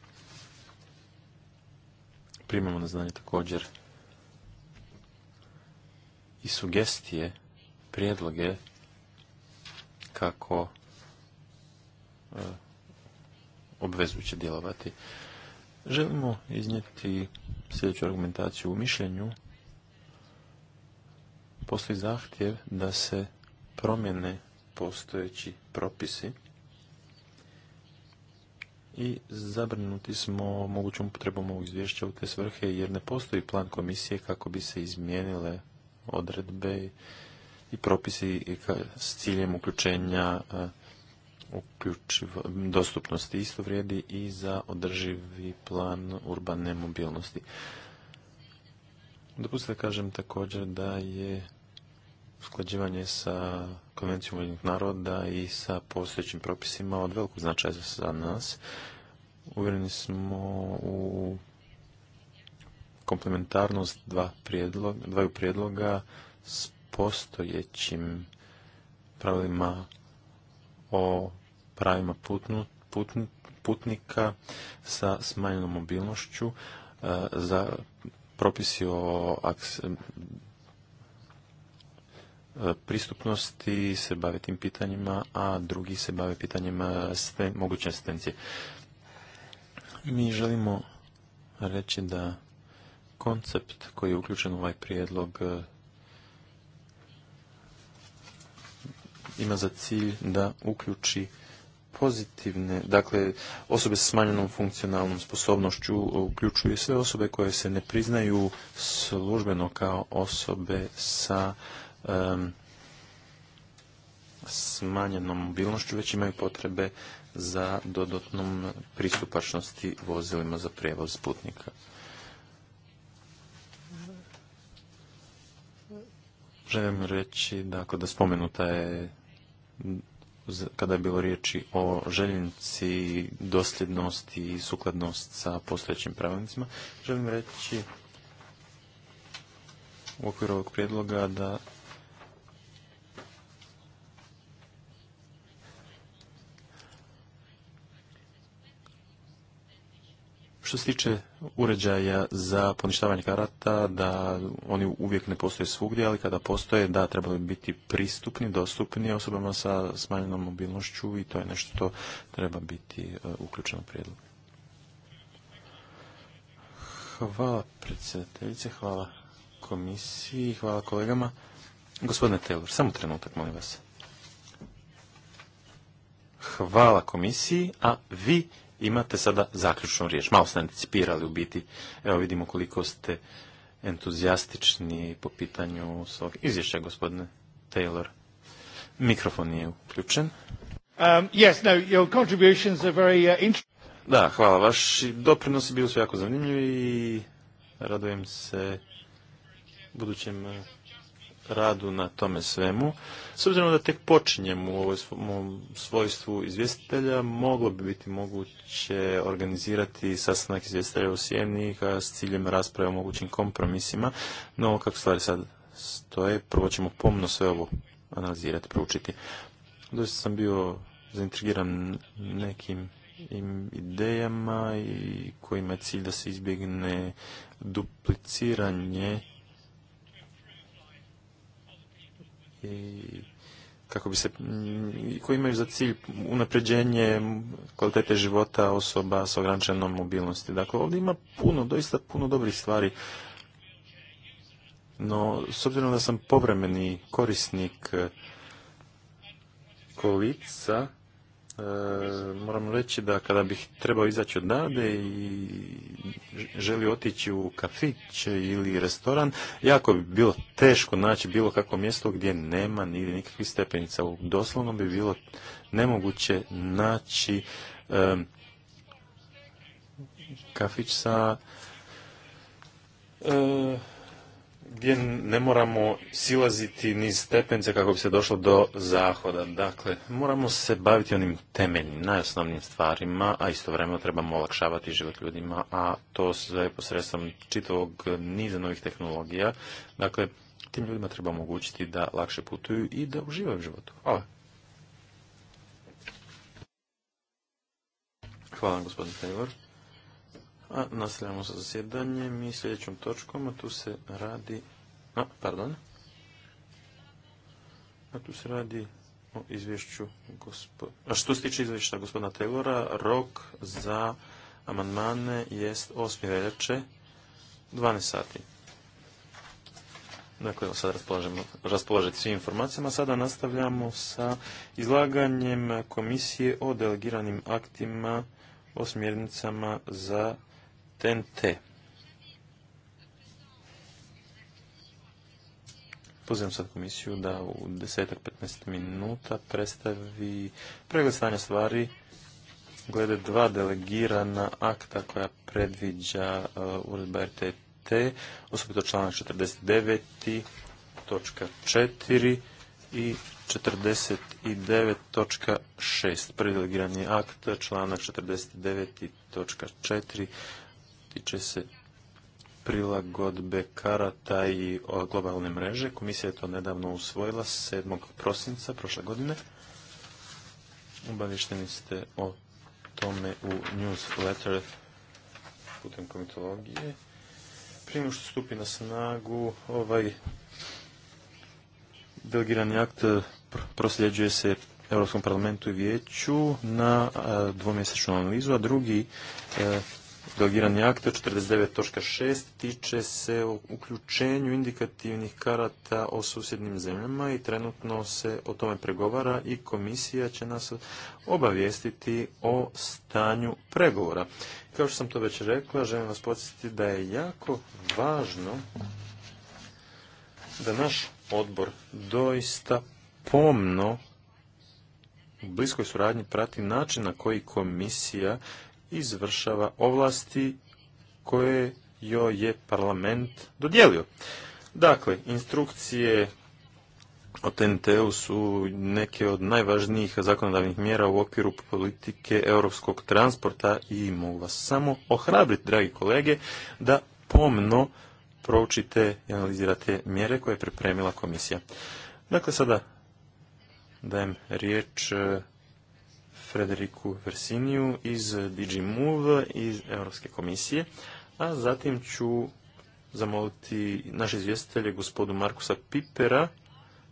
Speaker 3: Primamo na znanje također i sugestije, prijedloge kako e, obvezujuće djelovati. Želimo iznijeti sljedeću argumentaciju u mišljenju. Postoji zahtjev da se promjene postojeći propisi i zabrinuti smo mogućom potrebom ovog izvješća u te svrhe jer ne postoji plan komisije kako bi se izmijenile odredbe i propisi s ciljem uključenja e, uključivo, dostupnosti. Isto vrijedi i za održivi plan urbane mobilnosti. Dopustite da kažem također da je usklađivanje sa Konvencijom vojnih naroda i sa postojećim propisima od velikog značaja za nas. Uvjereni smo u komplementarnost dva dvaju prijedloga s postojećim pravilima o pravima putnu, putnika sa smanjenom mobilnošću e, za propisi o aks, e, pristupnosti se bave tim pitanjima, a drugi se bave pitanjima sve moguće asistencije. Mi želimo reći da koncept koji je uključen u ovaj prijedlog ima za cilj da uključi pozitivne, dakle osobe sa smanjenom funkcionalnom sposobnošću uključuju sve osobe koje se ne priznaju službeno kao osobe sa smanjenom mobilnošću, već imaju potrebe za dodatnom pristupačnosti vozilima za prijevoz putnika. Želim reći dakle, da spomenuta je kada je bilo riječi o željenici dosljednosti i sukladnost sa postojećim pravilnicima, želim reći u okviru ovog prijedloga da Što se tiče uređaja za poništavanje karata, da oni uvijek ne postoje svugdje, ali kada postoje, da trebaju biti pristupni, dostupni osobama sa smanjenom mobilnošću i to je nešto što treba biti e, uključeno u prijedlog. Hvala predsjedateljice, hvala komisiji, hvala kolegama. Gospodine Taylor, samo trenutak, molim vas. Hvala komisiji, a vi imate sada zaključnu riječ. Malo ste anticipirali u biti. Evo vidimo koliko ste entuzijastični po pitanju svog izvješća, gospodine Taylor. Mikrofon je uključen. Um, yes, no, your contributions are uh, Da, hvala. Vaši doprinosi bili su jako zanimljivi i radujem se budućem uh, radu na tome svemu. S obzirom da tek počinjem u ovom svojstvu izvjestitelja, moglo bi biti moguće organizirati sastanak izvjestitelja u Sjeni s ciljem rasprave o mogućim kompromisima, no kako stvari sad stoje, prvo ćemo pomno sve ovo analizirati, proučiti. Doista sam bio zaintrigiran nekim idejama i kojima je cilj da se izbjegne dupliciranje i kako bi se, koji imaju za cilj unapređenje kvalitete života osoba sa ograničenom mobilnosti. Dakle, ovdje ima puno, doista puno dobrih stvari. No, s obzirom da sam povremeni korisnik e, kolica, E, moram reći da kada bih trebao izaći odavde i želio otići u kafić ili restoran, jako bi bilo teško naći bilo kakvo mjesto gdje nema nikakvih stepenica. Doslovno bi bilo nemoguće naći e, kafić sa e, gdje ne moramo silaziti ni stepence kako bi se došlo do zahoda. Dakle, moramo se baviti onim temeljnim, najosnovnim stvarima, a istovremeno trebamo olakšavati život ljudima, a to sve posredstvom čitavog niza novih tehnologija. Dakle, tim ljudima treba omogućiti da lakše putuju i da uživaju u životu. Hvala. Hvala, gospodin Taylor. A nastavljamo sa zasjedanjem i sljedećom točkom, a tu se radi... A, pardon. A tu se radi o izvješću... gospod... A što se tiče izvješća gospodina Tegora, rok za amandmane jest 8. veljače, 12 sati. Dakle, sad raspolažemo, raspolažete svim informacijama. Sada nastavljamo sa izlaganjem komisije o delegiranim aktima o smjernicama za TNT. Pozivam sad komisiju da u desetak 15 minuta predstavi pregled stanja stvari glede dva delegirana akta koja predviđa uh, uredba RTT, osobito članak 49. točka i 49.6. Predelegirani akt, članak 49.4 tiče se prilagodbe karata i globalne mreže. Komisija je to nedavno usvojila 7. prosinca prošle godine. Obavješteni ste o tome u newsletter putem komitologije. Prije što stupi na snagu ovaj delegirani akt eh, prosljeđuje se Europskom parlamentu i vijeću na eh, dvomjesečnu analizu, a drugi eh, Delegirani akt 49.6 tiče se o uključenju indikativnih karata o susjednim zemljama i trenutno se o tome pregovara i komisija će nas obavijestiti o stanju pregovora. Kao što sam to već rekla, želim vas podsjetiti da je jako važno da naš odbor doista pomno u bliskoj suradnji prati način na koji komisija izvršava ovlasti koje joj je parlament dodijelio. Dakle, instrukcije o TNT-u su neke od najvažnijih zakonodavnih mjera u okviru politike europskog transporta i mogu vas samo ohrabriti, dragi kolege, da pomno proučite i analizirate mjere koje je pripremila komisija. Dakle, sada dajem riječ Frederiku Versiniju iz DigiMove iz Europske komisije, a zatim ću zamoliti naše izvjestitelje gospodu Markusa Pipera,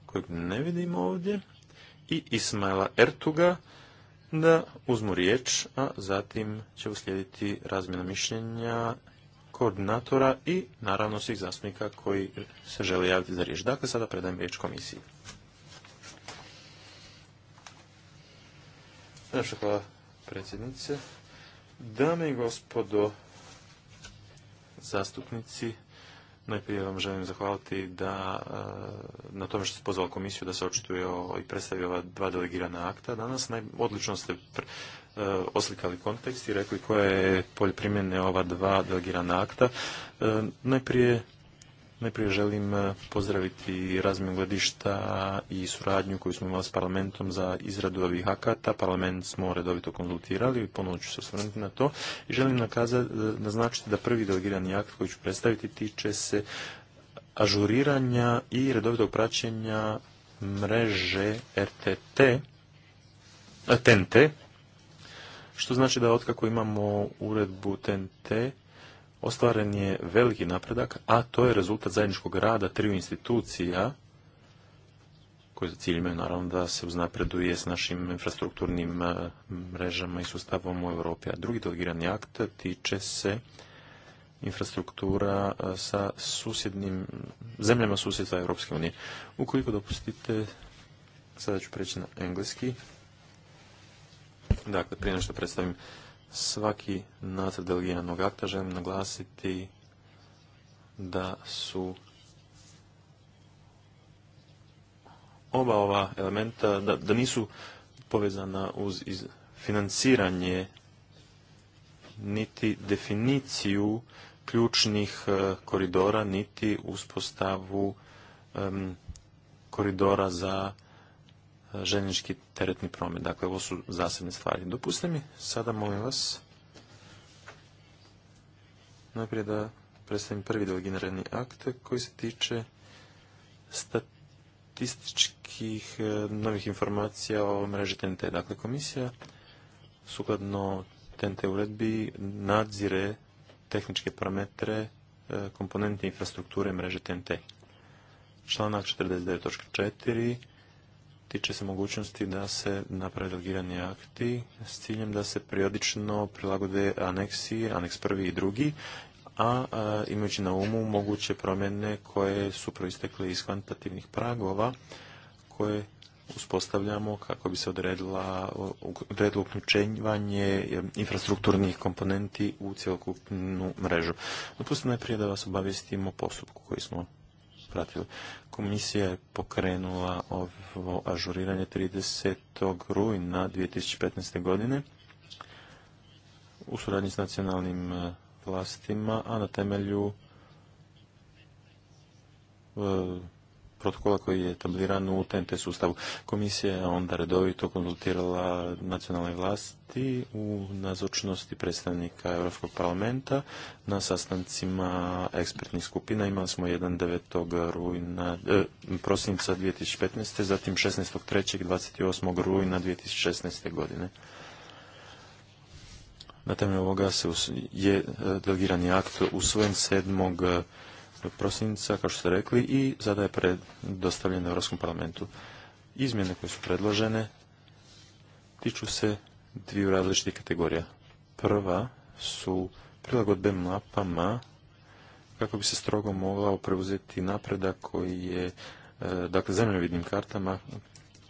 Speaker 3: kojeg ne vidimo ovdje, i Ismaila Ertuga da uzmu riječ, a zatim će uslijediti razmjena mišljenja koordinatora i naravno svih zastupnika koji se žele javiti za riječ. Dakle, sada predajem riječ komisiji. hvala predsjednice. Dame i gospodo zastupnici, najprije vam želim zahvaliti da e, na tome što ste pozvali komisiju da se očituje i predstavi ova dva delegirana akta. Danas odlično ste e, oslikali kontekst i rekli koja je polje ova dva delegirana akta. E, najprije Najprije želim eh, pozdraviti razmjenu gledišta i suradnju koju smo imali s parlamentom za izradu ovih akata. Parlament smo redovito konzultirali i ponovno ću se osvrnuti na to. I želim eh, naznačiti da prvi delegirani akt koji ću predstaviti tiče se ažuriranja i redovitog praćenja mreže RTT, TNT, eh, što znači da otkako imamo uredbu TNT, ostvaren je veliki napredak, a to je rezultat zajedničkog rada triju institucija, koje za cilj imaju naravno da se uznapreduje s našim infrastrukturnim eh, mrežama i sustavom u Europi. A drugi delegirani akt tiče se infrastruktura eh, sa susjednim, zemljama susjedstva Europske unije. Ukoliko dopustite, sada ću preći na engleski. Dakle, prije što predstavim svaki nacrt delegiranog akta želim naglasiti da su oba ova elementa, da, nisu povezana uz iz, financiranje niti definiciju ključnih e, koridora, niti uspostavu koridora za željeznički teretni promet. Dakle, ovo su zasebne stvari. Dopustite mi, sada molim vas, najprije da predstavim prvi generalni akt koji se tiče statističkih e, novih informacija o mreži TNT. Dakle, komisija sukladno TNT uredbi nadzire tehničke parametre e, komponente infrastrukture mreže TNT. Članak 49.4 tiče se mogućnosti da se naprave delegirani akti s ciljem da se periodično prilagode aneksi, aneks prvi i drugi, a, imajući na umu moguće promjene koje su proistekle iz kvantitativnih pragova koje uspostavljamo kako bi se odredila, odredilo uključenjivanje infrastrukturnih komponenti u cjelokupnu mrežu. Dopustite najprije da vas obavestimo o postupku koji smo pratili. Komisija je pokrenula ovo ažuriranje 30. rujna 2015. godine u suradnji s nacionalnim e, vlastima, a na temelju e, protokola koji je etabliran u TNT sustavu. komisije, je onda redovito konzultirala nacionalne vlasti u nazočnosti predstavnika Europskog parlamenta na sastancima ekspertnih skupina. Imali smo jedan 9. Eh, rujna, dvije 2015. zatim 16.3. i 28. rujna 2016. godine. Na temelju ovoga se je eh, delegirani akt usvojen 7 prosinca, kao što ste rekli, i zada je pred, u Europskom parlamentu. Izmjene koje su predložene tiču se dviju različitih kategorija. Prva su prilagodbe mapama kako bi se strogo mogao preuzeti napredak koji je, e, dakle, zemljovidnim kartama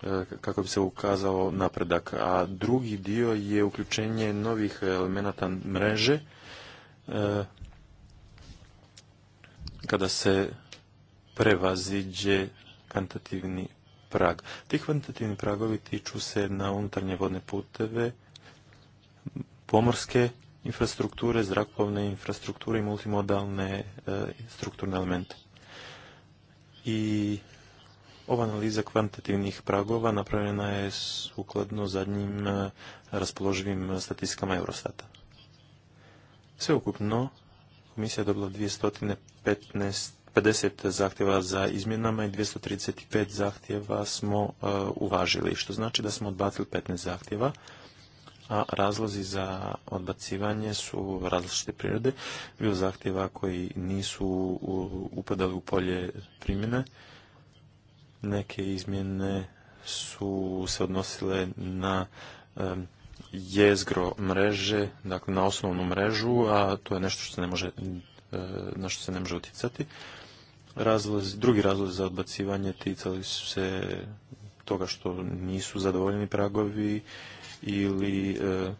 Speaker 3: e, kako bi se ukazao napredak. A drugi dio je uključenje novih elemenata mreže e, kada se prevaziđe kvantitativni prag. Ti kvantitativni pragovi tiču se na unutarnje vodne puteve, pomorske infrastrukture, zrakovne infrastrukture i multimodalne e, strukturne elemente. I ova analiza kvantitativnih pragova napravljena je sukladno zadnjim e, raspoloživim statistikama Eurostata. Sveukupno, Komisija je dobila 250 zahtjeva za izmjenama i 235 zahtjeva smo e, uvažili, što znači da smo odbacili 15 zahtjeva, a razlozi za odbacivanje su različite prirode. Bilo zahtjeva koji nisu upadali u polje primjene, neke izmjene su se odnosile na jezgro mreže, dakle na osnovnu mrežu, a to je nešto što se ne može, e, na što se ne može utjecati. Razlozi, drugi razlozi za odbacivanje ticali su se toga što nisu zadovoljeni pragovi ili e,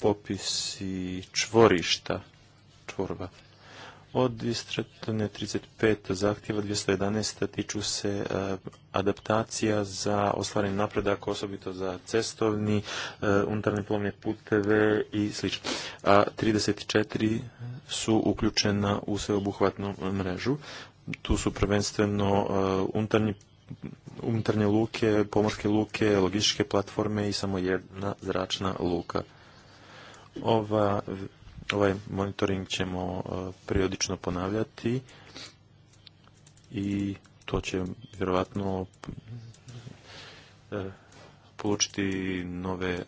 Speaker 3: popisi čvorišta čvorba. Od 235 zahtjeva 211 tiču se e, adaptacija za ostvaren napredak, osobito za cestovni, e, unutarnje plovne puteve i sl. A 34 su uključena u sveobuhvatnu mrežu. Tu su prvenstveno e, unutarnje luke, pomorske luke, logističke platforme i samo jedna zračna luka. Ova Ovaj monitoring ćemo e, periodično ponavljati i to će vjerojatno e, polučiti nove e,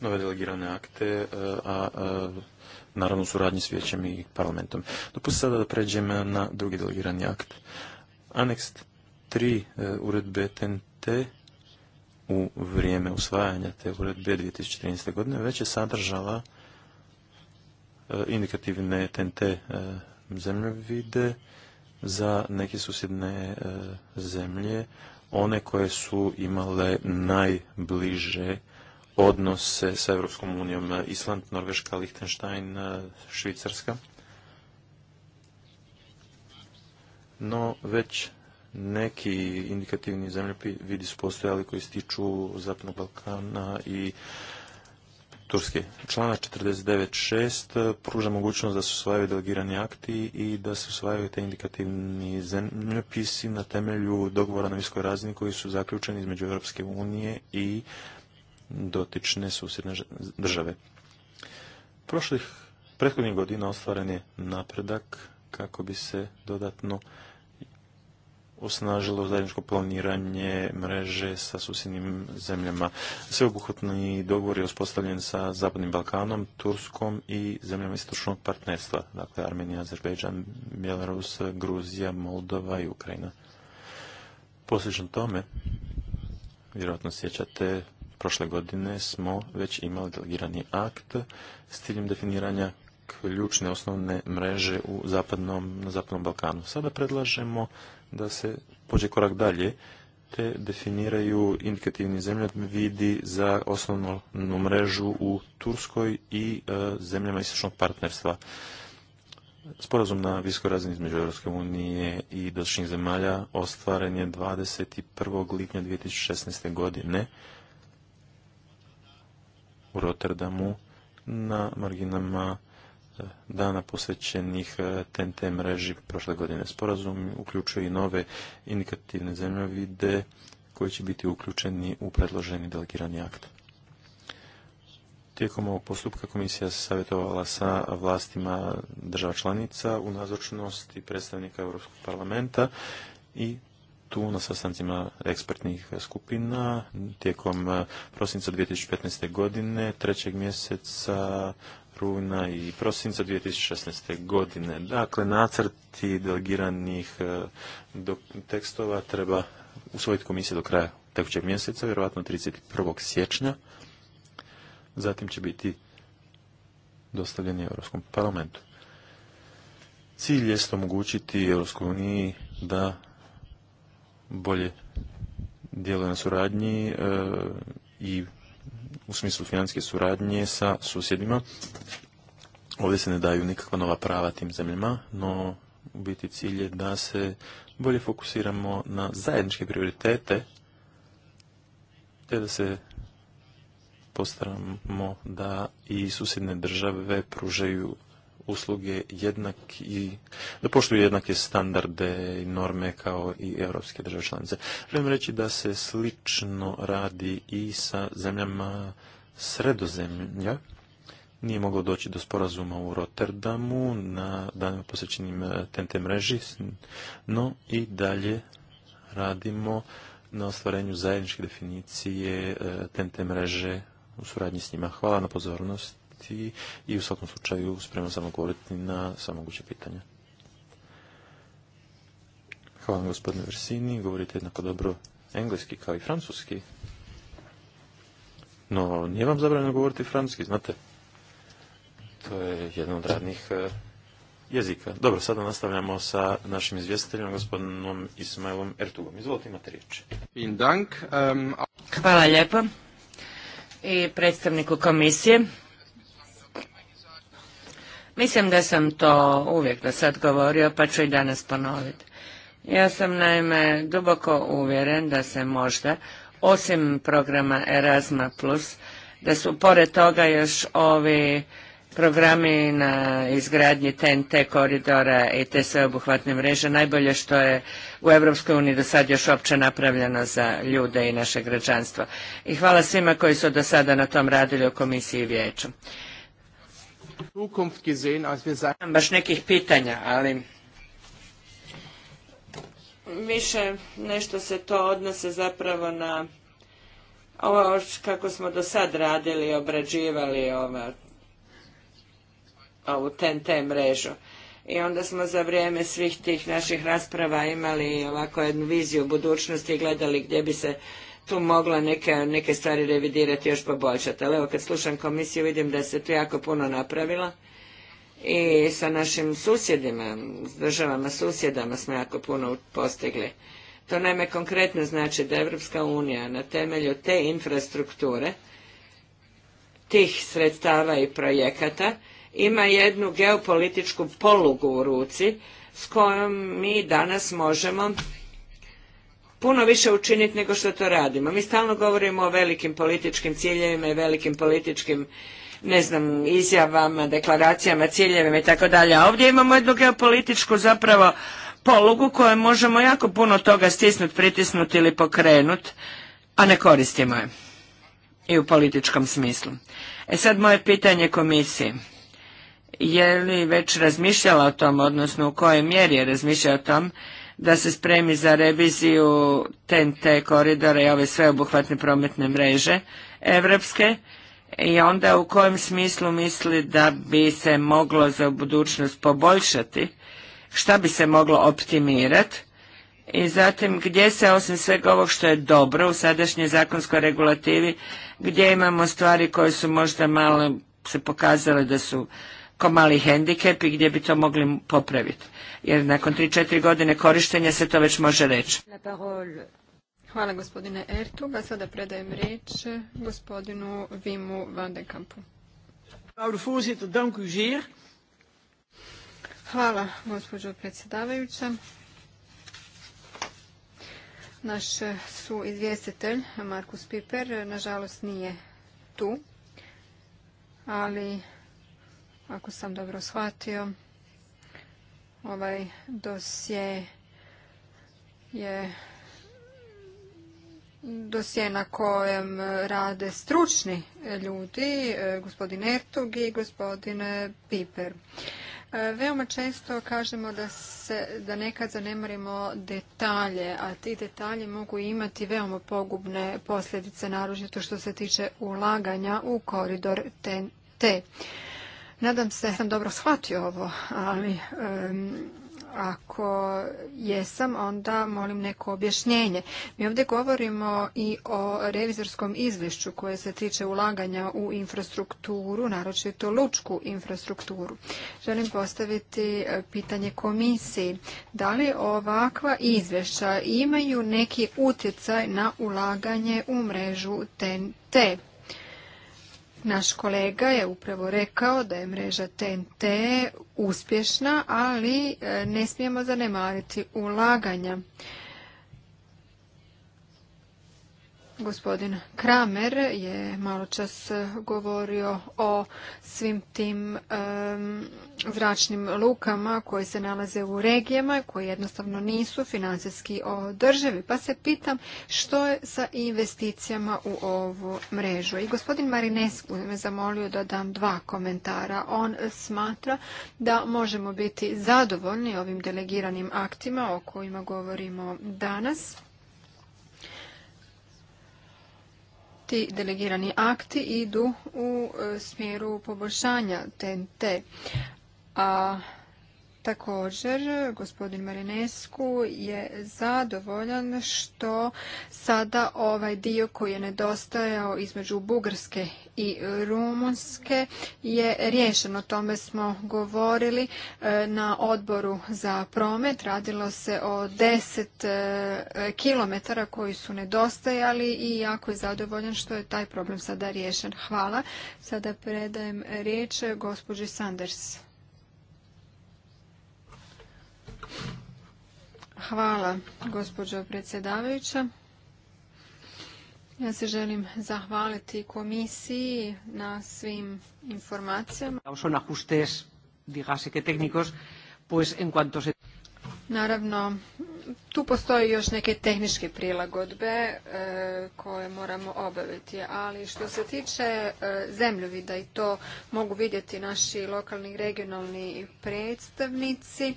Speaker 3: nove delegirane akte, a, naravno u suradnji s vijećem i parlamentom. Dopustite sada da pređem na drugi delegirani akt. Aneks tri e, uredbe TNT u vrijeme usvajanja te uredbe 2013. godine već je sadržala e, indikativne TNT e, zemljevide za neke susjedne zemlje, one koje su imale najbliže odnose sa Europskom unijom, Island, Norveška, Liechtenstein, Švicarska. No, već neki indikativni vidi su postojali koji se tiču Zapadnog Balkana i Turske. Članak 49.6 pruža mogućnost da se usvajaju delegirani akti i da se usvajaju te indikativni zemljopisi na temelju dogovora na viskoj razini koji su zaključeni između Europske unije i dotične susjedne države. Prošlih prethodnih godina ostvaren je napredak kako bi se dodatno osnažilo zajedničko planiranje mreže sa susjednim zemljama. Sveobuhvatni dogovor je uspostavljen sa Zapadnim Balkanom, Turskom i zemljama istočnog partnerstva, dakle Armenija, Azerbejdžan, Bjelarus, Gruzija, Moldova i Ukrajina. Posljedno tome, vjerojatno sjećate, prošle godine smo već imali delegirani akt s ciljem definiranja ključne osnovne mreže u na Zapadnom Balkanu. Sada predlažemo da se pođe korak dalje, te definiraju indikativni vidi za osnovnu mrežu u Turskoj i e, zemljama istočnog partnerstva. Sporazum na visokoj razini između Europske unije i dotičnih zemalja ostvaren je 21. lipnja 2016. godine u Rotterdamu na marginama dana posvećenih TNT e, mreži prošle godine. Sporazum uključuje i nove indikativne zemljovide koji će biti uključeni u predloženi delegirani akt. Tijekom ovog postupka komisija se savjetovala sa vlastima država članica u nazočnosti predstavnika Europskog parlamenta i tu na sastancima ekspertnih skupina tijekom e, prosinca 2015. godine, trećeg mjeseca rujna i prosinca 2016. godine. Dakle, nacrti delegiranih e, tekstova treba usvojiti komisija do kraja tekućeg mjeseca, vjerojatno 31. siječnja. Zatim će biti dostavljeni Europskom parlamentu. Cilj je omogućiti Europskoj uniji da bolje djeluje na suradnji e, i u smislu financijske suradnje sa susjedima. Ovdje se ne daju nikakva nova prava tim zemljama, no u biti cilj je da se bolje fokusiramo na zajedničke prioritete, te da se postaramo da i susjedne države pružaju usluge jednaki i da poštuju jednake standarde i norme kao i europske države članice. Želim reći da se slično radi i sa zemljama sredozemlja. Nije moglo doći do sporazuma u Rotterdamu na danima posvećenim TNT eh, mreži, no i dalje radimo na ostvarenju zajedničke definicije TNT eh, mreže u suradnji s njima. Hvala na pozornost i u svakom slučaju spreman sam odgovoriti na sva moguće pitanja. Hvala vam gospodine Versini, govorite jednako dobro engleski kao i francuski. No, nije vam zabranjeno govoriti francuski, znate. To je jedan od radnih e, jezika. Dobro, sada nastavljamo sa našim izvjestiteljom, gospodinom Ismailom Ertugom. Izvolite, imate riječ. Ehm, Hvala lijepo i
Speaker 2: predstavniku komisije. Mislim da sam to uvijek do sad govorio, pa ću i danas ponoviti. Ja sam naime duboko uvjeren da se možda, osim programa Erasma+, da su pored toga još ovi programi na izgradnji TNT koridora i te sveobuhvatne mreže najbolje što je u EU do sad još opće napravljeno za ljude i naše građanstvo. I hvala svima koji su do sada na tom radili u komisiji i vijeću. Imam baš nekih pitanja, ali više nešto se to odnose zapravo na ovo kako smo do sad radili, obrađivali ova, ovu TNT mrežu. I onda smo za vrijeme svih tih naših rasprava imali ovako jednu viziju budućnosti i gledali gdje bi se tu mogla neke, neke stvari revidirati još poboljšati. Ali evo kad slušam komisiju vidim da se tu jako puno napravila i sa našim susjedima, s državama susjedama smo jako puno postigli. To naime konkretno znači da Evropska unija na temelju te infrastrukture, tih sredstava i projekata, ima jednu geopolitičku polugu u ruci s kojom mi danas možemo puno više učiniti nego što to radimo. Mi stalno govorimo o velikim političkim ciljevima i velikim političkim ne znam, izjavama, deklaracijama, ciljevima i tako dalje. A ovdje imamo jednu geopolitičku zapravo polugu koju možemo jako puno toga stisnuti, pritisnuti ili pokrenuti, a ne koristimo je i u političkom smislu. E sad moje pitanje komisiji. Je li već razmišljala o tom, odnosno u kojoj mjeri je razmišljala o tom, da se spremi za reviziju TNT koridora i ove sveobuhvatne prometne mreže evropske i onda u kojem smislu misli da bi se moglo za budućnost poboljšati, šta bi se moglo optimirati i zatim gdje se osim svega ovog što je dobro u sadašnjoj zakonskoj regulativi, gdje imamo stvari koje su možda malo se pokazale da su ko mali hendikep i gdje bi to mogli popraviti jer nakon 3-4 godine korištenja se to već može reći.
Speaker 1: Hvala gospodine a Sada predajem riječ gospodinu Vimu van de Kampu. Hvala gospođo predsjedavajuća. Naš su izvjestitelj Markus Piper nažalost nije tu, ali ako sam dobro shvatio, Ovaj dosje je dosje na kojem rade stručni ljudi, e, gospodin Ertug i gospodin e, Piper. E, veoma često kažemo da, se, da nekad zanemarimo detalje, a ti detalji mogu imati veoma pogubne posljedice, naročito što se tiče ulaganja u koridor TNT. Nadam se da sam dobro shvatio ovo, ali ako jesam, onda molim neko objašnjenje. Mi ovdje govorimo i o revizorskom izvješću koje se tiče ulaganja u infrastrukturu, naročito lučku infrastrukturu. Želim postaviti e, pitanje komisiji. Da li ovakva izvješća imaju neki utjecaj na ulaganje u mrežu TNT? Naš kolega je upravo rekao da je mreža TNT uspješna, ali e, ne smijemo zanemariti ulaganja. Gospodin Kramer je malo čas govorio o svim tim zračnim lukama koji se nalaze u regijama koji jednostavno nisu financijski održivi. Pa se pitam što je sa investicijama u ovu mrežu. I gospodin Marinescu me zamolio da dam dva komentara. On smatra da možemo biti zadovoljni ovim delegiranim aktima o kojima govorimo danas ti delegirani akti idu u e, smjeru poboljšanja TNT. A Također, gospodin Marinescu je zadovoljan što sada ovaj dio koji je nedostajao između Bugarske i Rumunske je riješen. O tome smo govorili e, na odboru za promet. Radilo se o 10 e, kilometara koji su nedostajali i jako je zadovoljan što je taj problem sada riješen. Hvala. Sada predajem riječ gospođi Sanders. Hvala, gospođo predsjedavajuća. Ja se želim zahvaliti komisiji na svim informacijama. digase Naravno, tu postoji još neke tehničke prilagodbe e, koje moramo obaviti, ali što se tiče e, zemljovida i to mogu vidjeti naši lokalni i regionalni predstavnici,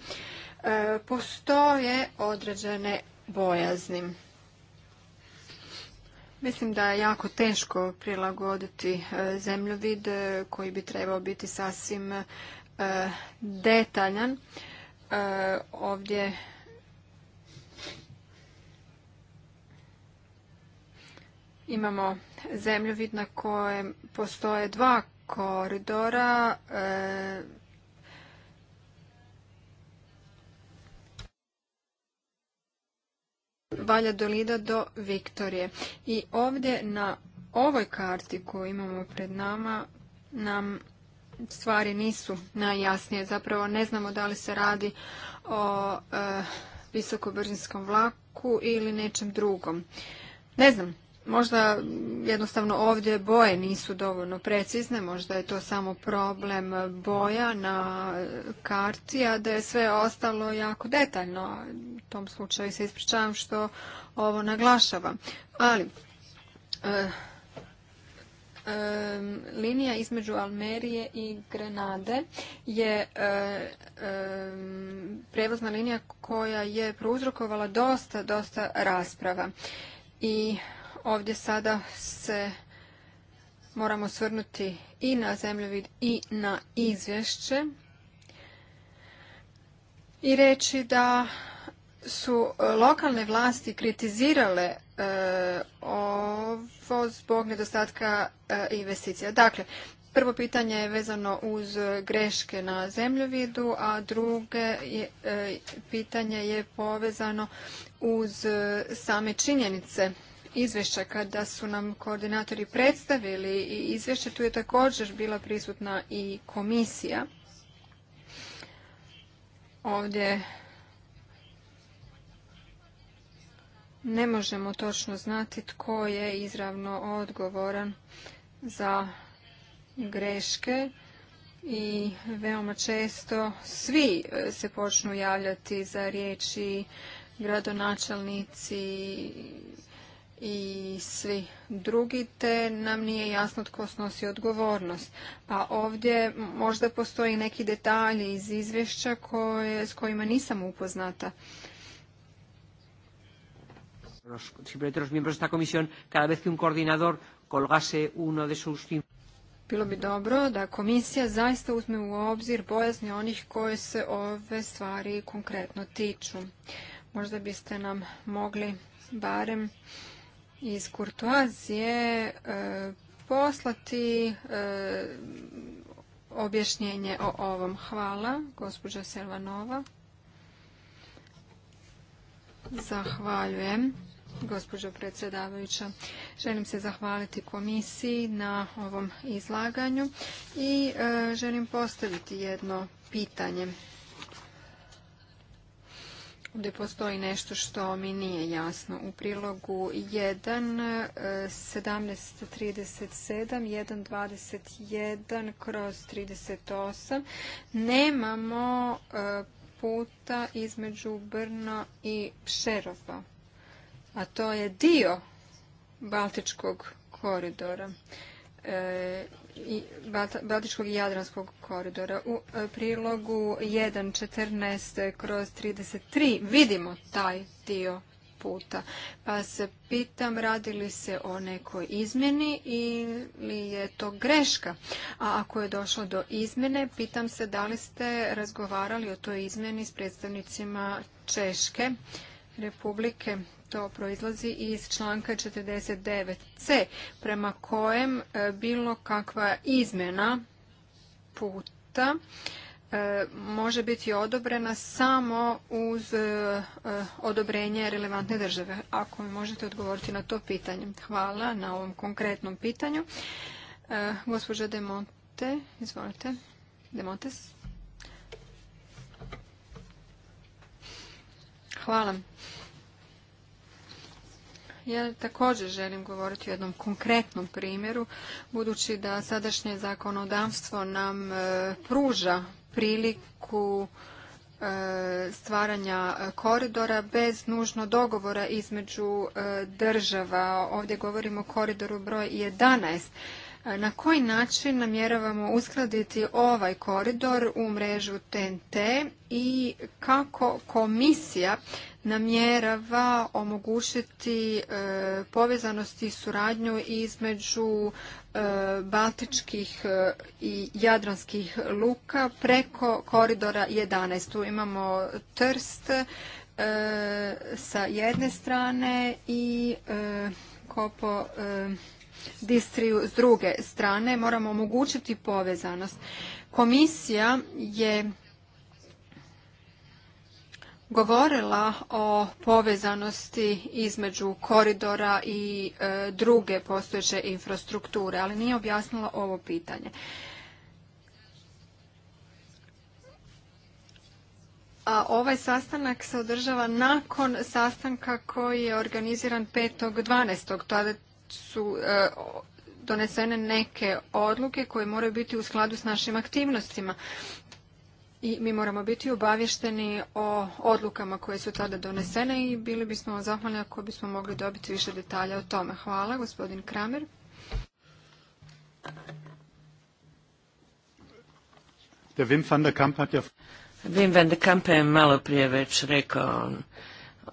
Speaker 1: E, postoje određene bojazni. Mislim da je jako teško prilagoditi e, zemljovid e, koji bi trebao biti sasvim detaljan. Ovdje imamo zemljovid na kojem postoje dva koridora Valjadolida do Viktorije. I ovdje na ovoj karti koju imamo pred nama nam stvari nisu najjasnije. Zapravo ne znamo da li se radi o eh, visokobrzinskom vlaku ili nečem drugom. Ne znam Možda jednostavno ovdje boje nisu dovoljno precizne, možda je to samo problem boja na karti, a da je sve ostalo jako detaljno. U tom slučaju se ispričavam što ovo naglašavam. Ali, eh, linija između Almerije i Grenade je eh, prevozna linija koja je prouzrokovala dosta, dosta rasprava. I ovdje sada se moramo svrnuti i na zemljovid i na izvješće i reći da su lokalne vlasti kritizirale e, ovo zbog nedostatka e, investicija. Dakle, prvo pitanje je vezano uz greške na zemljovidu, a druge e, pitanje je povezano uz same činjenice izvješća. Kada su nam koordinatori predstavili izvješće, tu je također bila prisutna i komisija. Ovdje ne možemo točno znati tko je izravno odgovoran za greške i veoma često svi e, se počnu javljati za riječi gradonačelnici i svi drugi, te nam nije jasno tko snosi odgovornost. Pa ovdje možda postoji neki detalji iz izvješća koje, s kojima nisam upoznata. bilo bi dobro da komisija zaista uzme u obzir bojazni onih koje se ove stvari konkretno tiču. Možda biste nam mogli barem iz Kurtoazije e, poslati e, objašnjenje o ovom. Hvala, gospođa Selvanova. Zahvaljujem, gospođo predsjedavajuća. Želim se zahvaliti komisiji na ovom izlaganju i e, želim postaviti jedno pitanje. Ovdje postoji nešto što mi nije jasno. U prilogu 1, 17.37, kroz 38 nemamo e, puta između Brno i Pšerova, a to je dio Baltičkog koridora. E, i Baltičkog i Jadranskog koridora. U e, prilogu 1.14 kroz 33 vidimo taj dio puta. Pa se pitam radi li se o nekoj izmjeni ili je to greška. A ako je došlo do izmjene, pitam se da li ste razgovarali o toj izmjeni s predstavnicima Češke Republike. To proizlazi iz članka 49c prema kojem e, bilo kakva izmjena puta e, može biti odobrena samo uz e, odobrenje relevantne države. Ako mi možete odgovoriti na to pitanje. Hvala na ovom konkretnom pitanju. Gospođa Demonte, izvolite. Demontes. Hvala. Ja također želim govoriti o jednom konkretnom primjeru, budući da sadašnje zakonodavstvo nam e, pruža priliku e, stvaranja koridora bez nužno dogovora između e, država. Ovdje govorimo o koridoru broj 11 E, na koji način namjeravamo uskladiti ovaj koridor u mrežu TNT i kako komisija namjerava omogućiti e, povezanost i suradnju između e, baltičkih i jadranskih luka preko koridora 11. Tu imamo Trst sa jedne strane i Kopo Distriju s druge strane. Moramo omogućiti povezanost. Komisija je govorila o povezanosti između koridora i e, druge postojeće infrastrukture, ali nije objasnila ovo pitanje. A ovaj sastanak se održava nakon sastanka koji je organiziran 5.12. Tada su e, donesene neke odluke koje moraju biti u skladu s našim aktivnostima i mi moramo biti obavješteni o odlukama koje su tada donesene i bili bismo zahvalni ako bismo mogli dobiti više detalja o tome. Hvala, gospodin Kramer.
Speaker 2: Wim van der Kamp je malo prije već rekao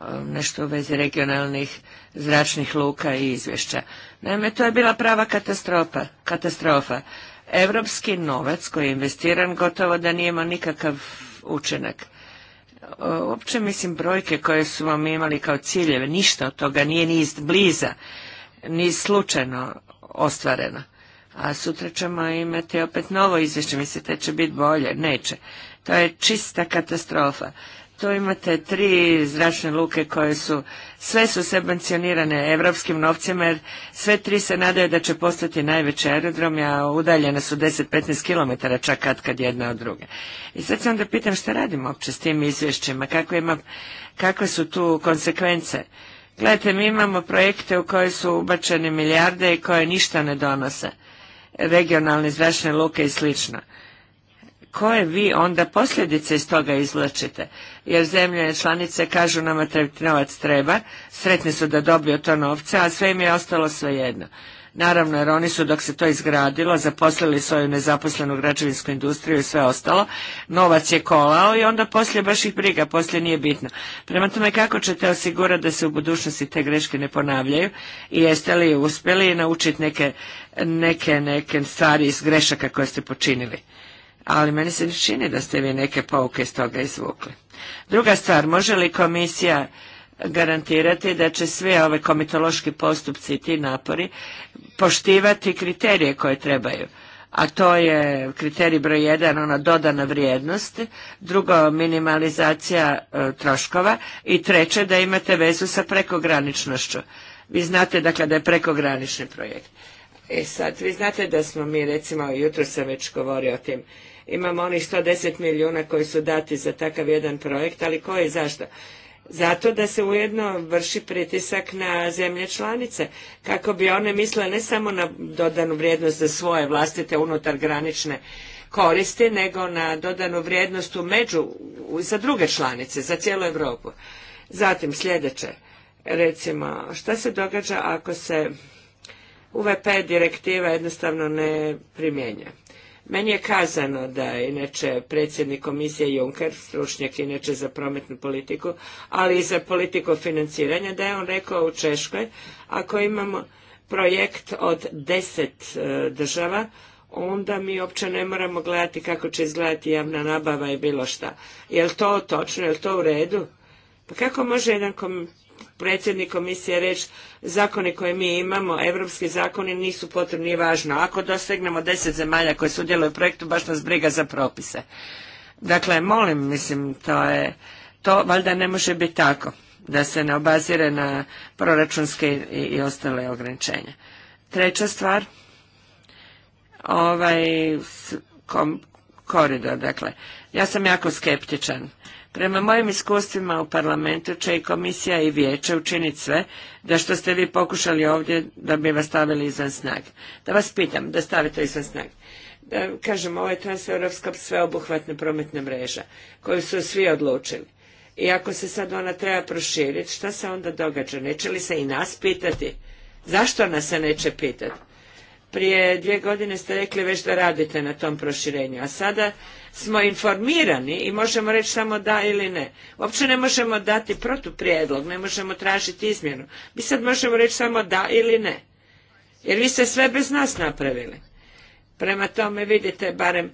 Speaker 2: um, nešto u vezi regionalnih zračnih luka i izvješća. Naime, to je bila prava katastrofa. katastrofa. Evropski novac koji je investiran gotovo da nije imao nikakav učinak. Uopće, mislim, brojke koje su vam imali kao ciljeve, ništa od toga nije ni bliza, ni slučajno ostvareno. A sutra ćemo imati opet novo izvješće, mislite, će biti bolje, neće. To je čista katastrofa. Tu imate tri zračne luke koje su, sve su subvencionirane evropskim novcima jer sve tri se nadaju da će postati najveći aerodrom, a udaljene su 10-15 km čak kad kad jedna od druge. I sad se onda pitam šta radimo opće s tim izvješćima, kakve, ima, kakve su tu konsekvence. Gledajte, mi imamo projekte u koje su ubačene milijarde i koje ništa ne donose, regionalne zračne luke i slično koje vi onda posljedice iz toga izvlačite. Jer zemlje članice kažu nama novac treba, sretni su da dobiju to novce, a sve im je ostalo svejedno. Naravno, jer oni su dok se to izgradilo, zaposlili svoju nezaposlenu građevinsku industriju i sve ostalo, novac je kolao i onda poslije baš ih briga, poslije nije bitno. Prema tome, kako ćete osigurati da se u budućnosti te greške ne ponavljaju i jeste li uspjeli naučiti neke, neke, neke stvari iz grešaka koje ste počinili? ali meni se ne čini da ste vi neke pouke iz toga izvukli. Druga stvar, može li komisija garantirati da će sve ove komitološki postupci i ti napori poštivati kriterije koje trebaju? a to je kriterij broj jedan, ona dodana vrijednost, drugo minimalizacija e, troškova i treće da imate vezu sa prekograničnošću. Vi znate dakle da je prekogranični projekt. E sad, vi znate da smo mi recimo, jutro sam već govorio o tim imamo onih 110 milijuna koji su dati za takav jedan projekt, ali koji i zašto? Zato da se ujedno vrši pritisak na zemlje članice, kako bi one misle ne samo na dodanu vrijednost za svoje vlastite unutar granične koristi, nego na dodanu vrijednost u među, za druge članice, za cijelu Europu. Zatim sljedeće, recimo, šta se događa ako se UVP direktiva jednostavno ne primjenja? Meni je kazano da je inače predsjednik komisije Juncker, stručnjak inače za prometnu politiku, ali i za politiku financiranja, da je on rekao u Češkoj, ako imamo projekt od deset e, država, onda mi uopće ne moramo gledati kako će izgledati javna nabava i bilo šta. Je li to točno, je li to u redu? Pa kako može jedan kom predsjednik komisije reći zakone koje mi imamo, evropski zakoni nisu potrebni i važno. Ako dosegnemo deset zemalja koje sudjeluju u projektu, baš nas briga za propise. Dakle, molim, mislim, to je, to valjda ne može biti tako, da se ne obazire na proračunske i, ostale ograničenja. Treća stvar, ovaj, kom, koridor, dakle, ja sam jako skeptičan Prema mojim iskustvima u parlamentu će i komisija i vijeće učiniti sve da što ste vi pokušali ovdje da bi vas stavili izvan snage. Da vas pitam, da stavite izvan snage. Da kažem, ovo je transeuropska sveobuhvatna prometna mreža koju su svi odlučili. I ako se sad ona treba proširiti, šta se onda događa? Neće li se i nas pitati? Zašto nas se neće pitati? Prije dvije godine ste rekli već da radite na tom proširenju, a sada smo informirani i možemo reći samo da ili ne. Uopće ne možemo dati protuprijedlog, ne možemo tražiti izmjenu. Mi sad možemo reći samo da ili ne. Jer vi ste sve bez nas napravili. Prema tome vidite barem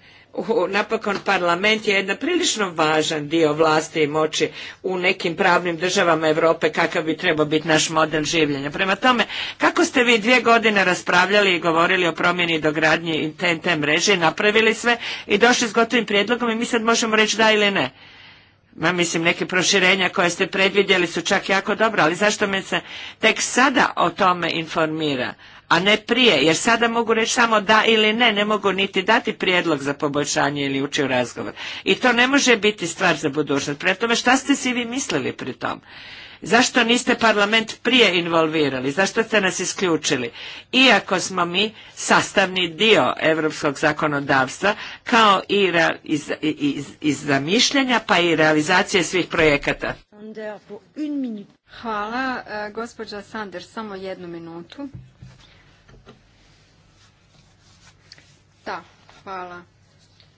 Speaker 2: napokon parlament je jedan prilično važan dio vlasti i moći u nekim pravnim državama Europe kakav bi trebao biti naš model življenja. Prema tome, kako ste vi dvije godine raspravljali i govorili o promjeni i dogradnji TNT mreže, napravili sve i došli s gotovim prijedlogom i mi sad možemo reći da ili ne? Ma mislim, neke proširenja koje ste predvidjeli su čak jako dobro, ali zašto me se tek sada o tome informira? a ne prije, jer sada mogu reći samo da ili ne, ne mogu niti dati prijedlog za poboljšanje ili ući u razgovor. I to ne može biti stvar za budućnost. Prema tome, šta ste si vi mislili pri tom? Zašto niste parlament prije involvirali? Zašto ste nas isključili? Iako smo mi sastavni dio europskog zakonodavstva, kao i iz, zamišljenja pa i realizacije svih projekata.
Speaker 1: Hvala, e, gospođa Sanders, samo jednu minutu. Da, hvala.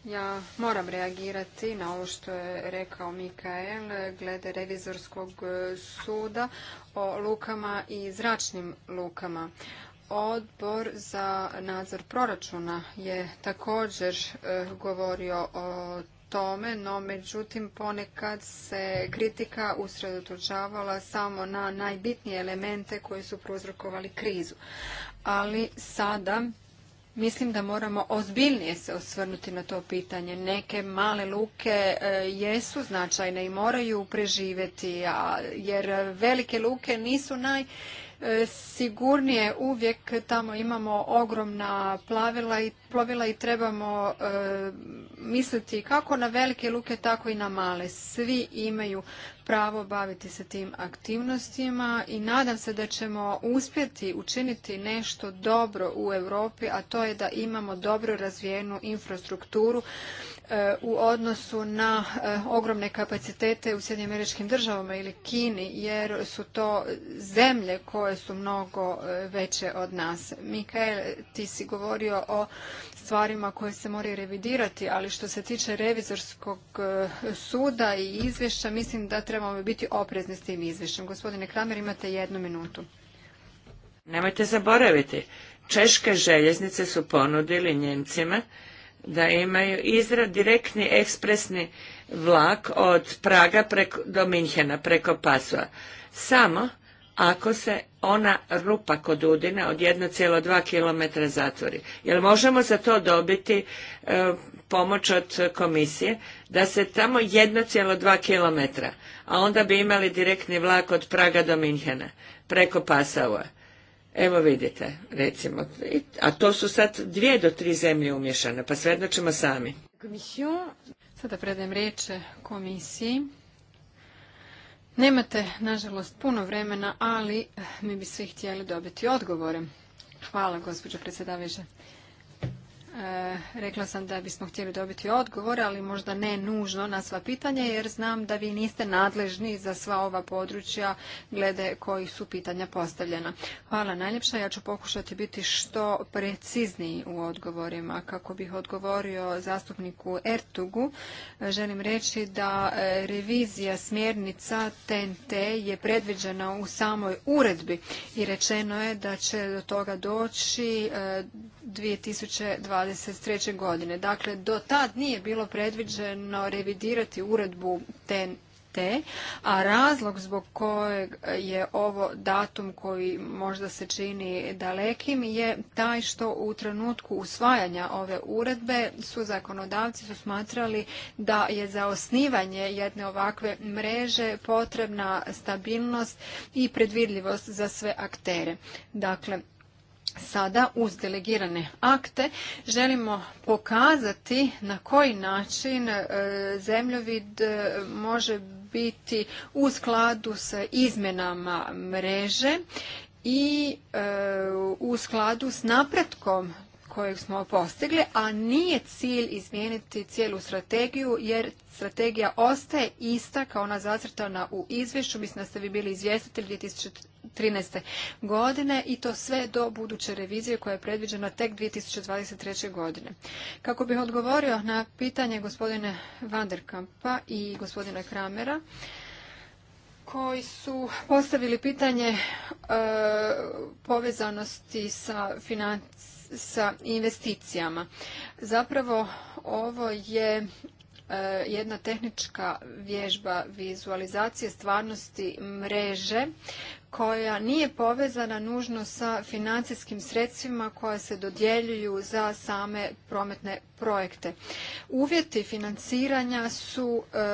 Speaker 1: Ja moram reagirati na ovo što je rekao Mikael glede revizorskog e, suda o lukama i zračnim lukama. Odbor za nadzor proračuna je također e, govorio o tome, no međutim ponekad se kritika usredotočavala samo na najbitnije elemente koji su prouzrokovali krizu. Ali sada Mislim da moramo ozbiljnije se osvrnuti na to pitanje. Neke male luke e, jesu značajne i moraju preživjeti, jer velike luke nisu naj E, sigurnije uvijek tamo imamo ogromna plavila i plovila i trebamo e, misliti kako na velike luke tako i na male. Svi imaju pravo baviti se tim aktivnostima i nadam se da ćemo uspjeti učiniti nešto dobro u Europi, a to je da imamo dobro razvijenu infrastrukturu E, u odnosu na e, ogromne kapacitete u Sjedinim američkim državama ili Kini, jer su to zemlje koje su mnogo e, veće od nas. Mikael, ti si govorio o stvarima koje se moraju revidirati, ali što se tiče revizorskog suda i izvješća, mislim da trebamo biti oprezni s tim izvješćem. Gospodine Kramer, imate jednu minutu.
Speaker 2: Nemojte zaboraviti, češke željeznice su ponudili Njemcima da imaju izrad direktni ekspresni vlak od Praga preko, do Minhena preko Pasova. Samo ako se ona rupa kod Udine od 1,2 km zatvori. Jel možemo za to dobiti e, pomoć od komisije da se tamo 1,2 km, a onda bi imali direktni vlak od Praga do Minhena preko Pasova. Evo vidite, recimo, a to su sad dvije do tri zemlje umješane, pa svejedno ćemo sami.
Speaker 1: Sada predajem riječ komisiji. Nemate, nažalost, puno vremena, ali eh, mi bi svi htjeli dobiti odgovore. Hvala, gospođo predsjedavajuća. E, rekla sam da bismo htjeli dobiti odgovor, ali možda ne nužno na sva pitanja, jer znam da vi niste nadležni za sva ova područja glede kojih su pitanja postavljena. Hvala najljepša, ja ću pokušati biti što precizniji u odgovorima. Kako bih odgovorio zastupniku Ertugu, želim reći da e, revizija smjernica TNT je predviđena u samoj uredbi i rečeno je da će do toga doći 2020 e, 2023. godine. Dakle, do tad nije bilo predviđeno revidirati uredbu TNT, a razlog zbog kojeg je ovo datum koji možda se čini dalekim je taj što u trenutku usvajanja ove uredbe su zakonodavci su smatrali da je za osnivanje jedne ovakve mreže potrebna stabilnost i predvidljivost za sve aktere. Dakle, sada uz delegirane akte želimo pokazati na koji način e, zemljovid e, može biti u skladu s izmenama mreže i e, u skladu s napretkom kojeg smo postigli, a nije cilj izmijeniti cijelu strategiju jer strategija ostaje ista kao ona zacrtana u izvješću. Mislim da ste vi bili izvjestitelj 2013. godine i to sve do buduće revizije koja je predviđena tek 2023. godine. Kako bih odgovorio na pitanje gospodine Vanderkampa i gospodina Kramera, koji su postavili pitanje e, povezanosti sa, sa investicijama. Zapravo ovo je E, jedna tehnička vježba vizualizacije stvarnosti mreže koja nije povezana nužno sa financijskim sredstvima koja se dodjeljuju za same prometne projekte. Uvjeti financiranja su e,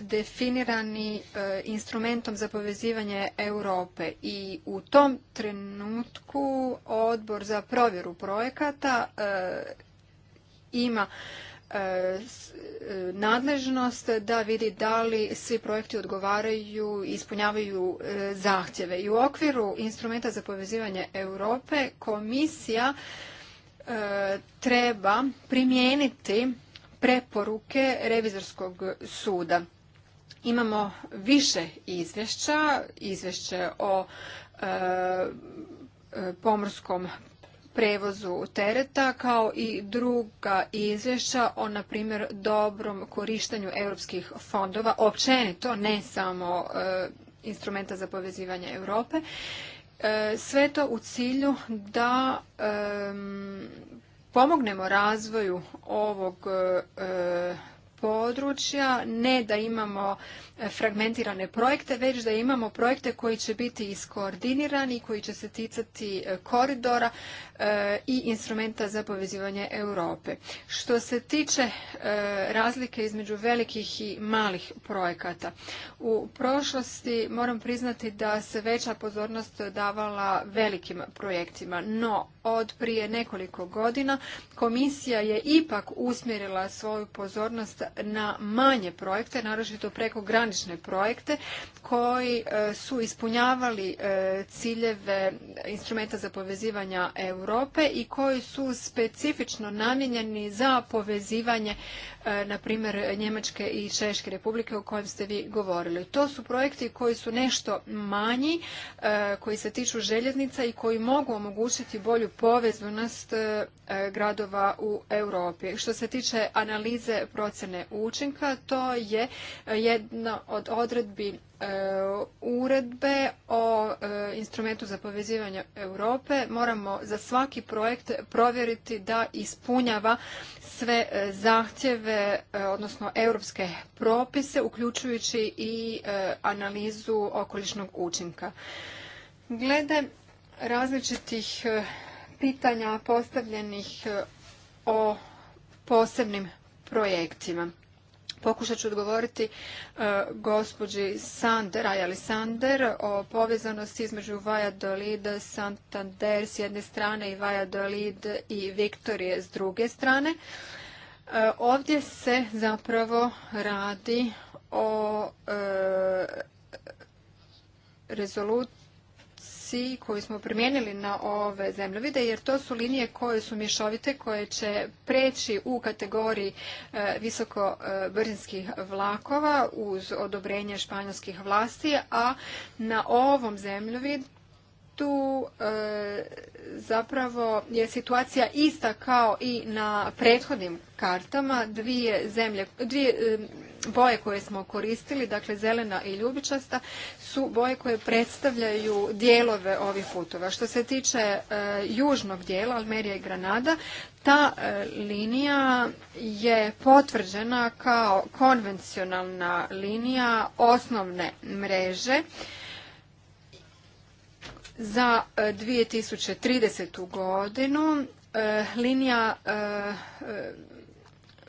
Speaker 1: definirani e, instrumentom za povezivanje Europe i u tom trenutku odbor za provjeru projekata ima E, e, nadležnost da vidi da li svi projekti odgovaraju i ispunjavaju e, zahtjeve. I u okviru instrumenta za povezivanje Europe komisija treba primijeniti preporuke revizorskog suda. Imamo više izvješća, izvješće o pomorskom prevozu tereta kao i druga izvješća o na primjer dobrom korištenju europskih fondova općenito ne samo e, instrumenta za povezivanje Europe e, sve to u cilju da pomognemo razvoju ovog e, područja, ne da imamo e, fragmentirane projekte, već da imamo projekte koji će biti iskoordinirani, koji će se ticati e, koridora e, i instrumenta za povezivanje Europe. Što se tiče razlike između velikih i malih projekata, u prošlosti moram priznati da se veća pozornost davala velikim projektima, no od prije nekoliko godina komisija je ipak usmjerila svoju pozornost na manje projekte, naročito prekogranične projekte koji e, su ispunjavali e, ciljeve instrumenta za povezivanja Europe i koji su specifično namijenjeni za povezivanje e, na primjer Njemačke i Češke republike o kojem ste vi govorili. To su projekti koji su nešto manji, koji se tiču željeznica i koji mogu omogućiti bolju povezanost gradova u Europi. Što se tiče analize procjene učinka. To je eh, jedna od odredbi eh, uredbe o eh, instrumentu za povezivanje Europe. Moramo za svaki projekt provjeriti da ispunjava sve zahtjeve, odnosno europske propise, uključujući i analizu okolišnog učinka. Glede različitih pitanja postavljenih o posebnim projektima. Pokušat ću odgovoriti e, gospođi Sander, Sander, o povezanosti između Valladolid, Santander s jedne strane i Valladolid i Viktorije s druge strane. E, ovdje se zapravo radi o e, rezoluciji, koji koju smo primijenili na ove zemljovide, jer to su linije koje su mješovite, koje će preći u kategoriji e, visokobrzinskih e, vlakova uz odobrenje španjolskih vlasti, a na ovom zemljovidu tu e, zapravo je situacija ista kao i na prethodnim kartama. Dvije zemlje, dvije boje koje smo koristili, dakle zelena i ljubičasta, su boje koje predstavljaju dijelove ovih putova. Što se tiče e, južnog dijela, Almerija i Granada, ta e, linija je potvrđena kao konvencionalna linija osnovne mreže za 2030. E, godinu. linija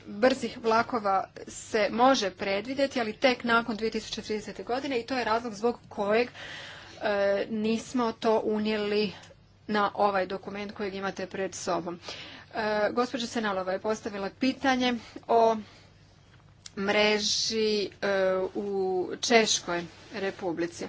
Speaker 1: brzih vlakova se može predvidjeti, ali tek nakon 2030. godine i to je razlog zbog kojeg e, nismo to unijeli na ovaj dokument kojeg imate pred sobom. E, gospođa Senalova je postavila pitanje o mreži e, u Češkoj republici.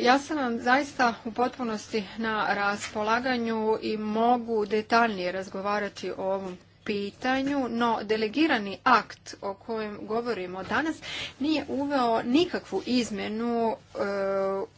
Speaker 1: Ja sam vam zaista u potpunosti na raspolaganju i mogu detaljnije razgovarati o ovom pitanju, no delegirani akt o kojem govorimo danas nije uveo nikakvu izmjenu e,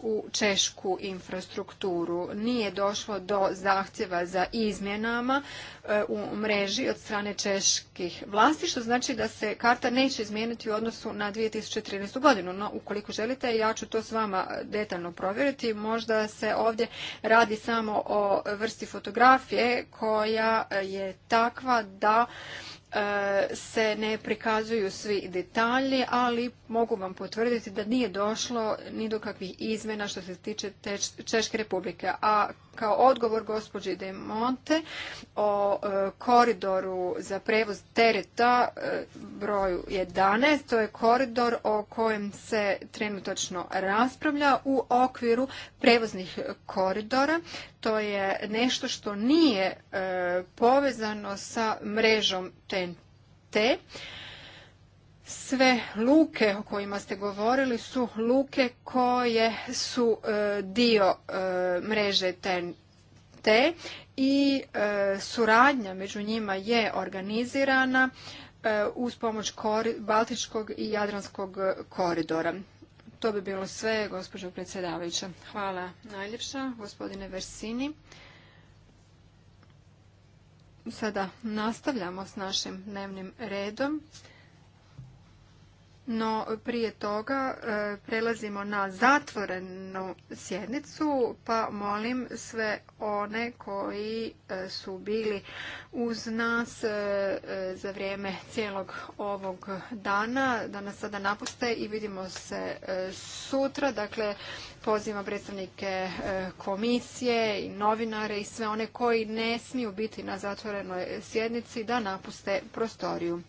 Speaker 1: u češku infrastrukturu. Nije došlo do zahtjeva za izmjenama E, u mreži od strane čeških vlasti, što znači da se karta neće izmijeniti u odnosu na 2013. godinu. No, ukoliko želite, ja ću to s vama detaljno provjeriti. Možda se ovdje radi samo o vrsti fotografije koja je takva da e, se ne prikazuju svi detalji, ali mogu vam potvrditi da nije došlo ni do kakvih izmjena što se tiče Češke republike. A kao odgovor gospođi De Monte o e, koridoru za prevoz tereta e, broju 11. To je koridor o kojem se trenutočno raspravlja u okviru prevoznih koridora. To je nešto što nije e, povezano sa mrežom TNT sve luke o kojima ste govorili su luke koje su e, dio e, mreže TNT i e, suradnja među njima je organizirana uz pomoć Baltičkog i Jadranskog koridora. To bi bilo sve, gospođo predsjedavajuća. Hvala najljepša, gospodine Versini. Sada nastavljamo s našim dnevnim redom. No prije toga e, prelazimo na zatvorenu sjednicu, pa molim sve one koji e, su bili uz nas e, za vrijeme cijelog ovog dana, da nas sada napuste i vidimo se sutra. Dakle, pozivam predstavnike komisije i novinare i sve one koji ne smiju biti na zatvorenoj sjednici da napuste prostoriju.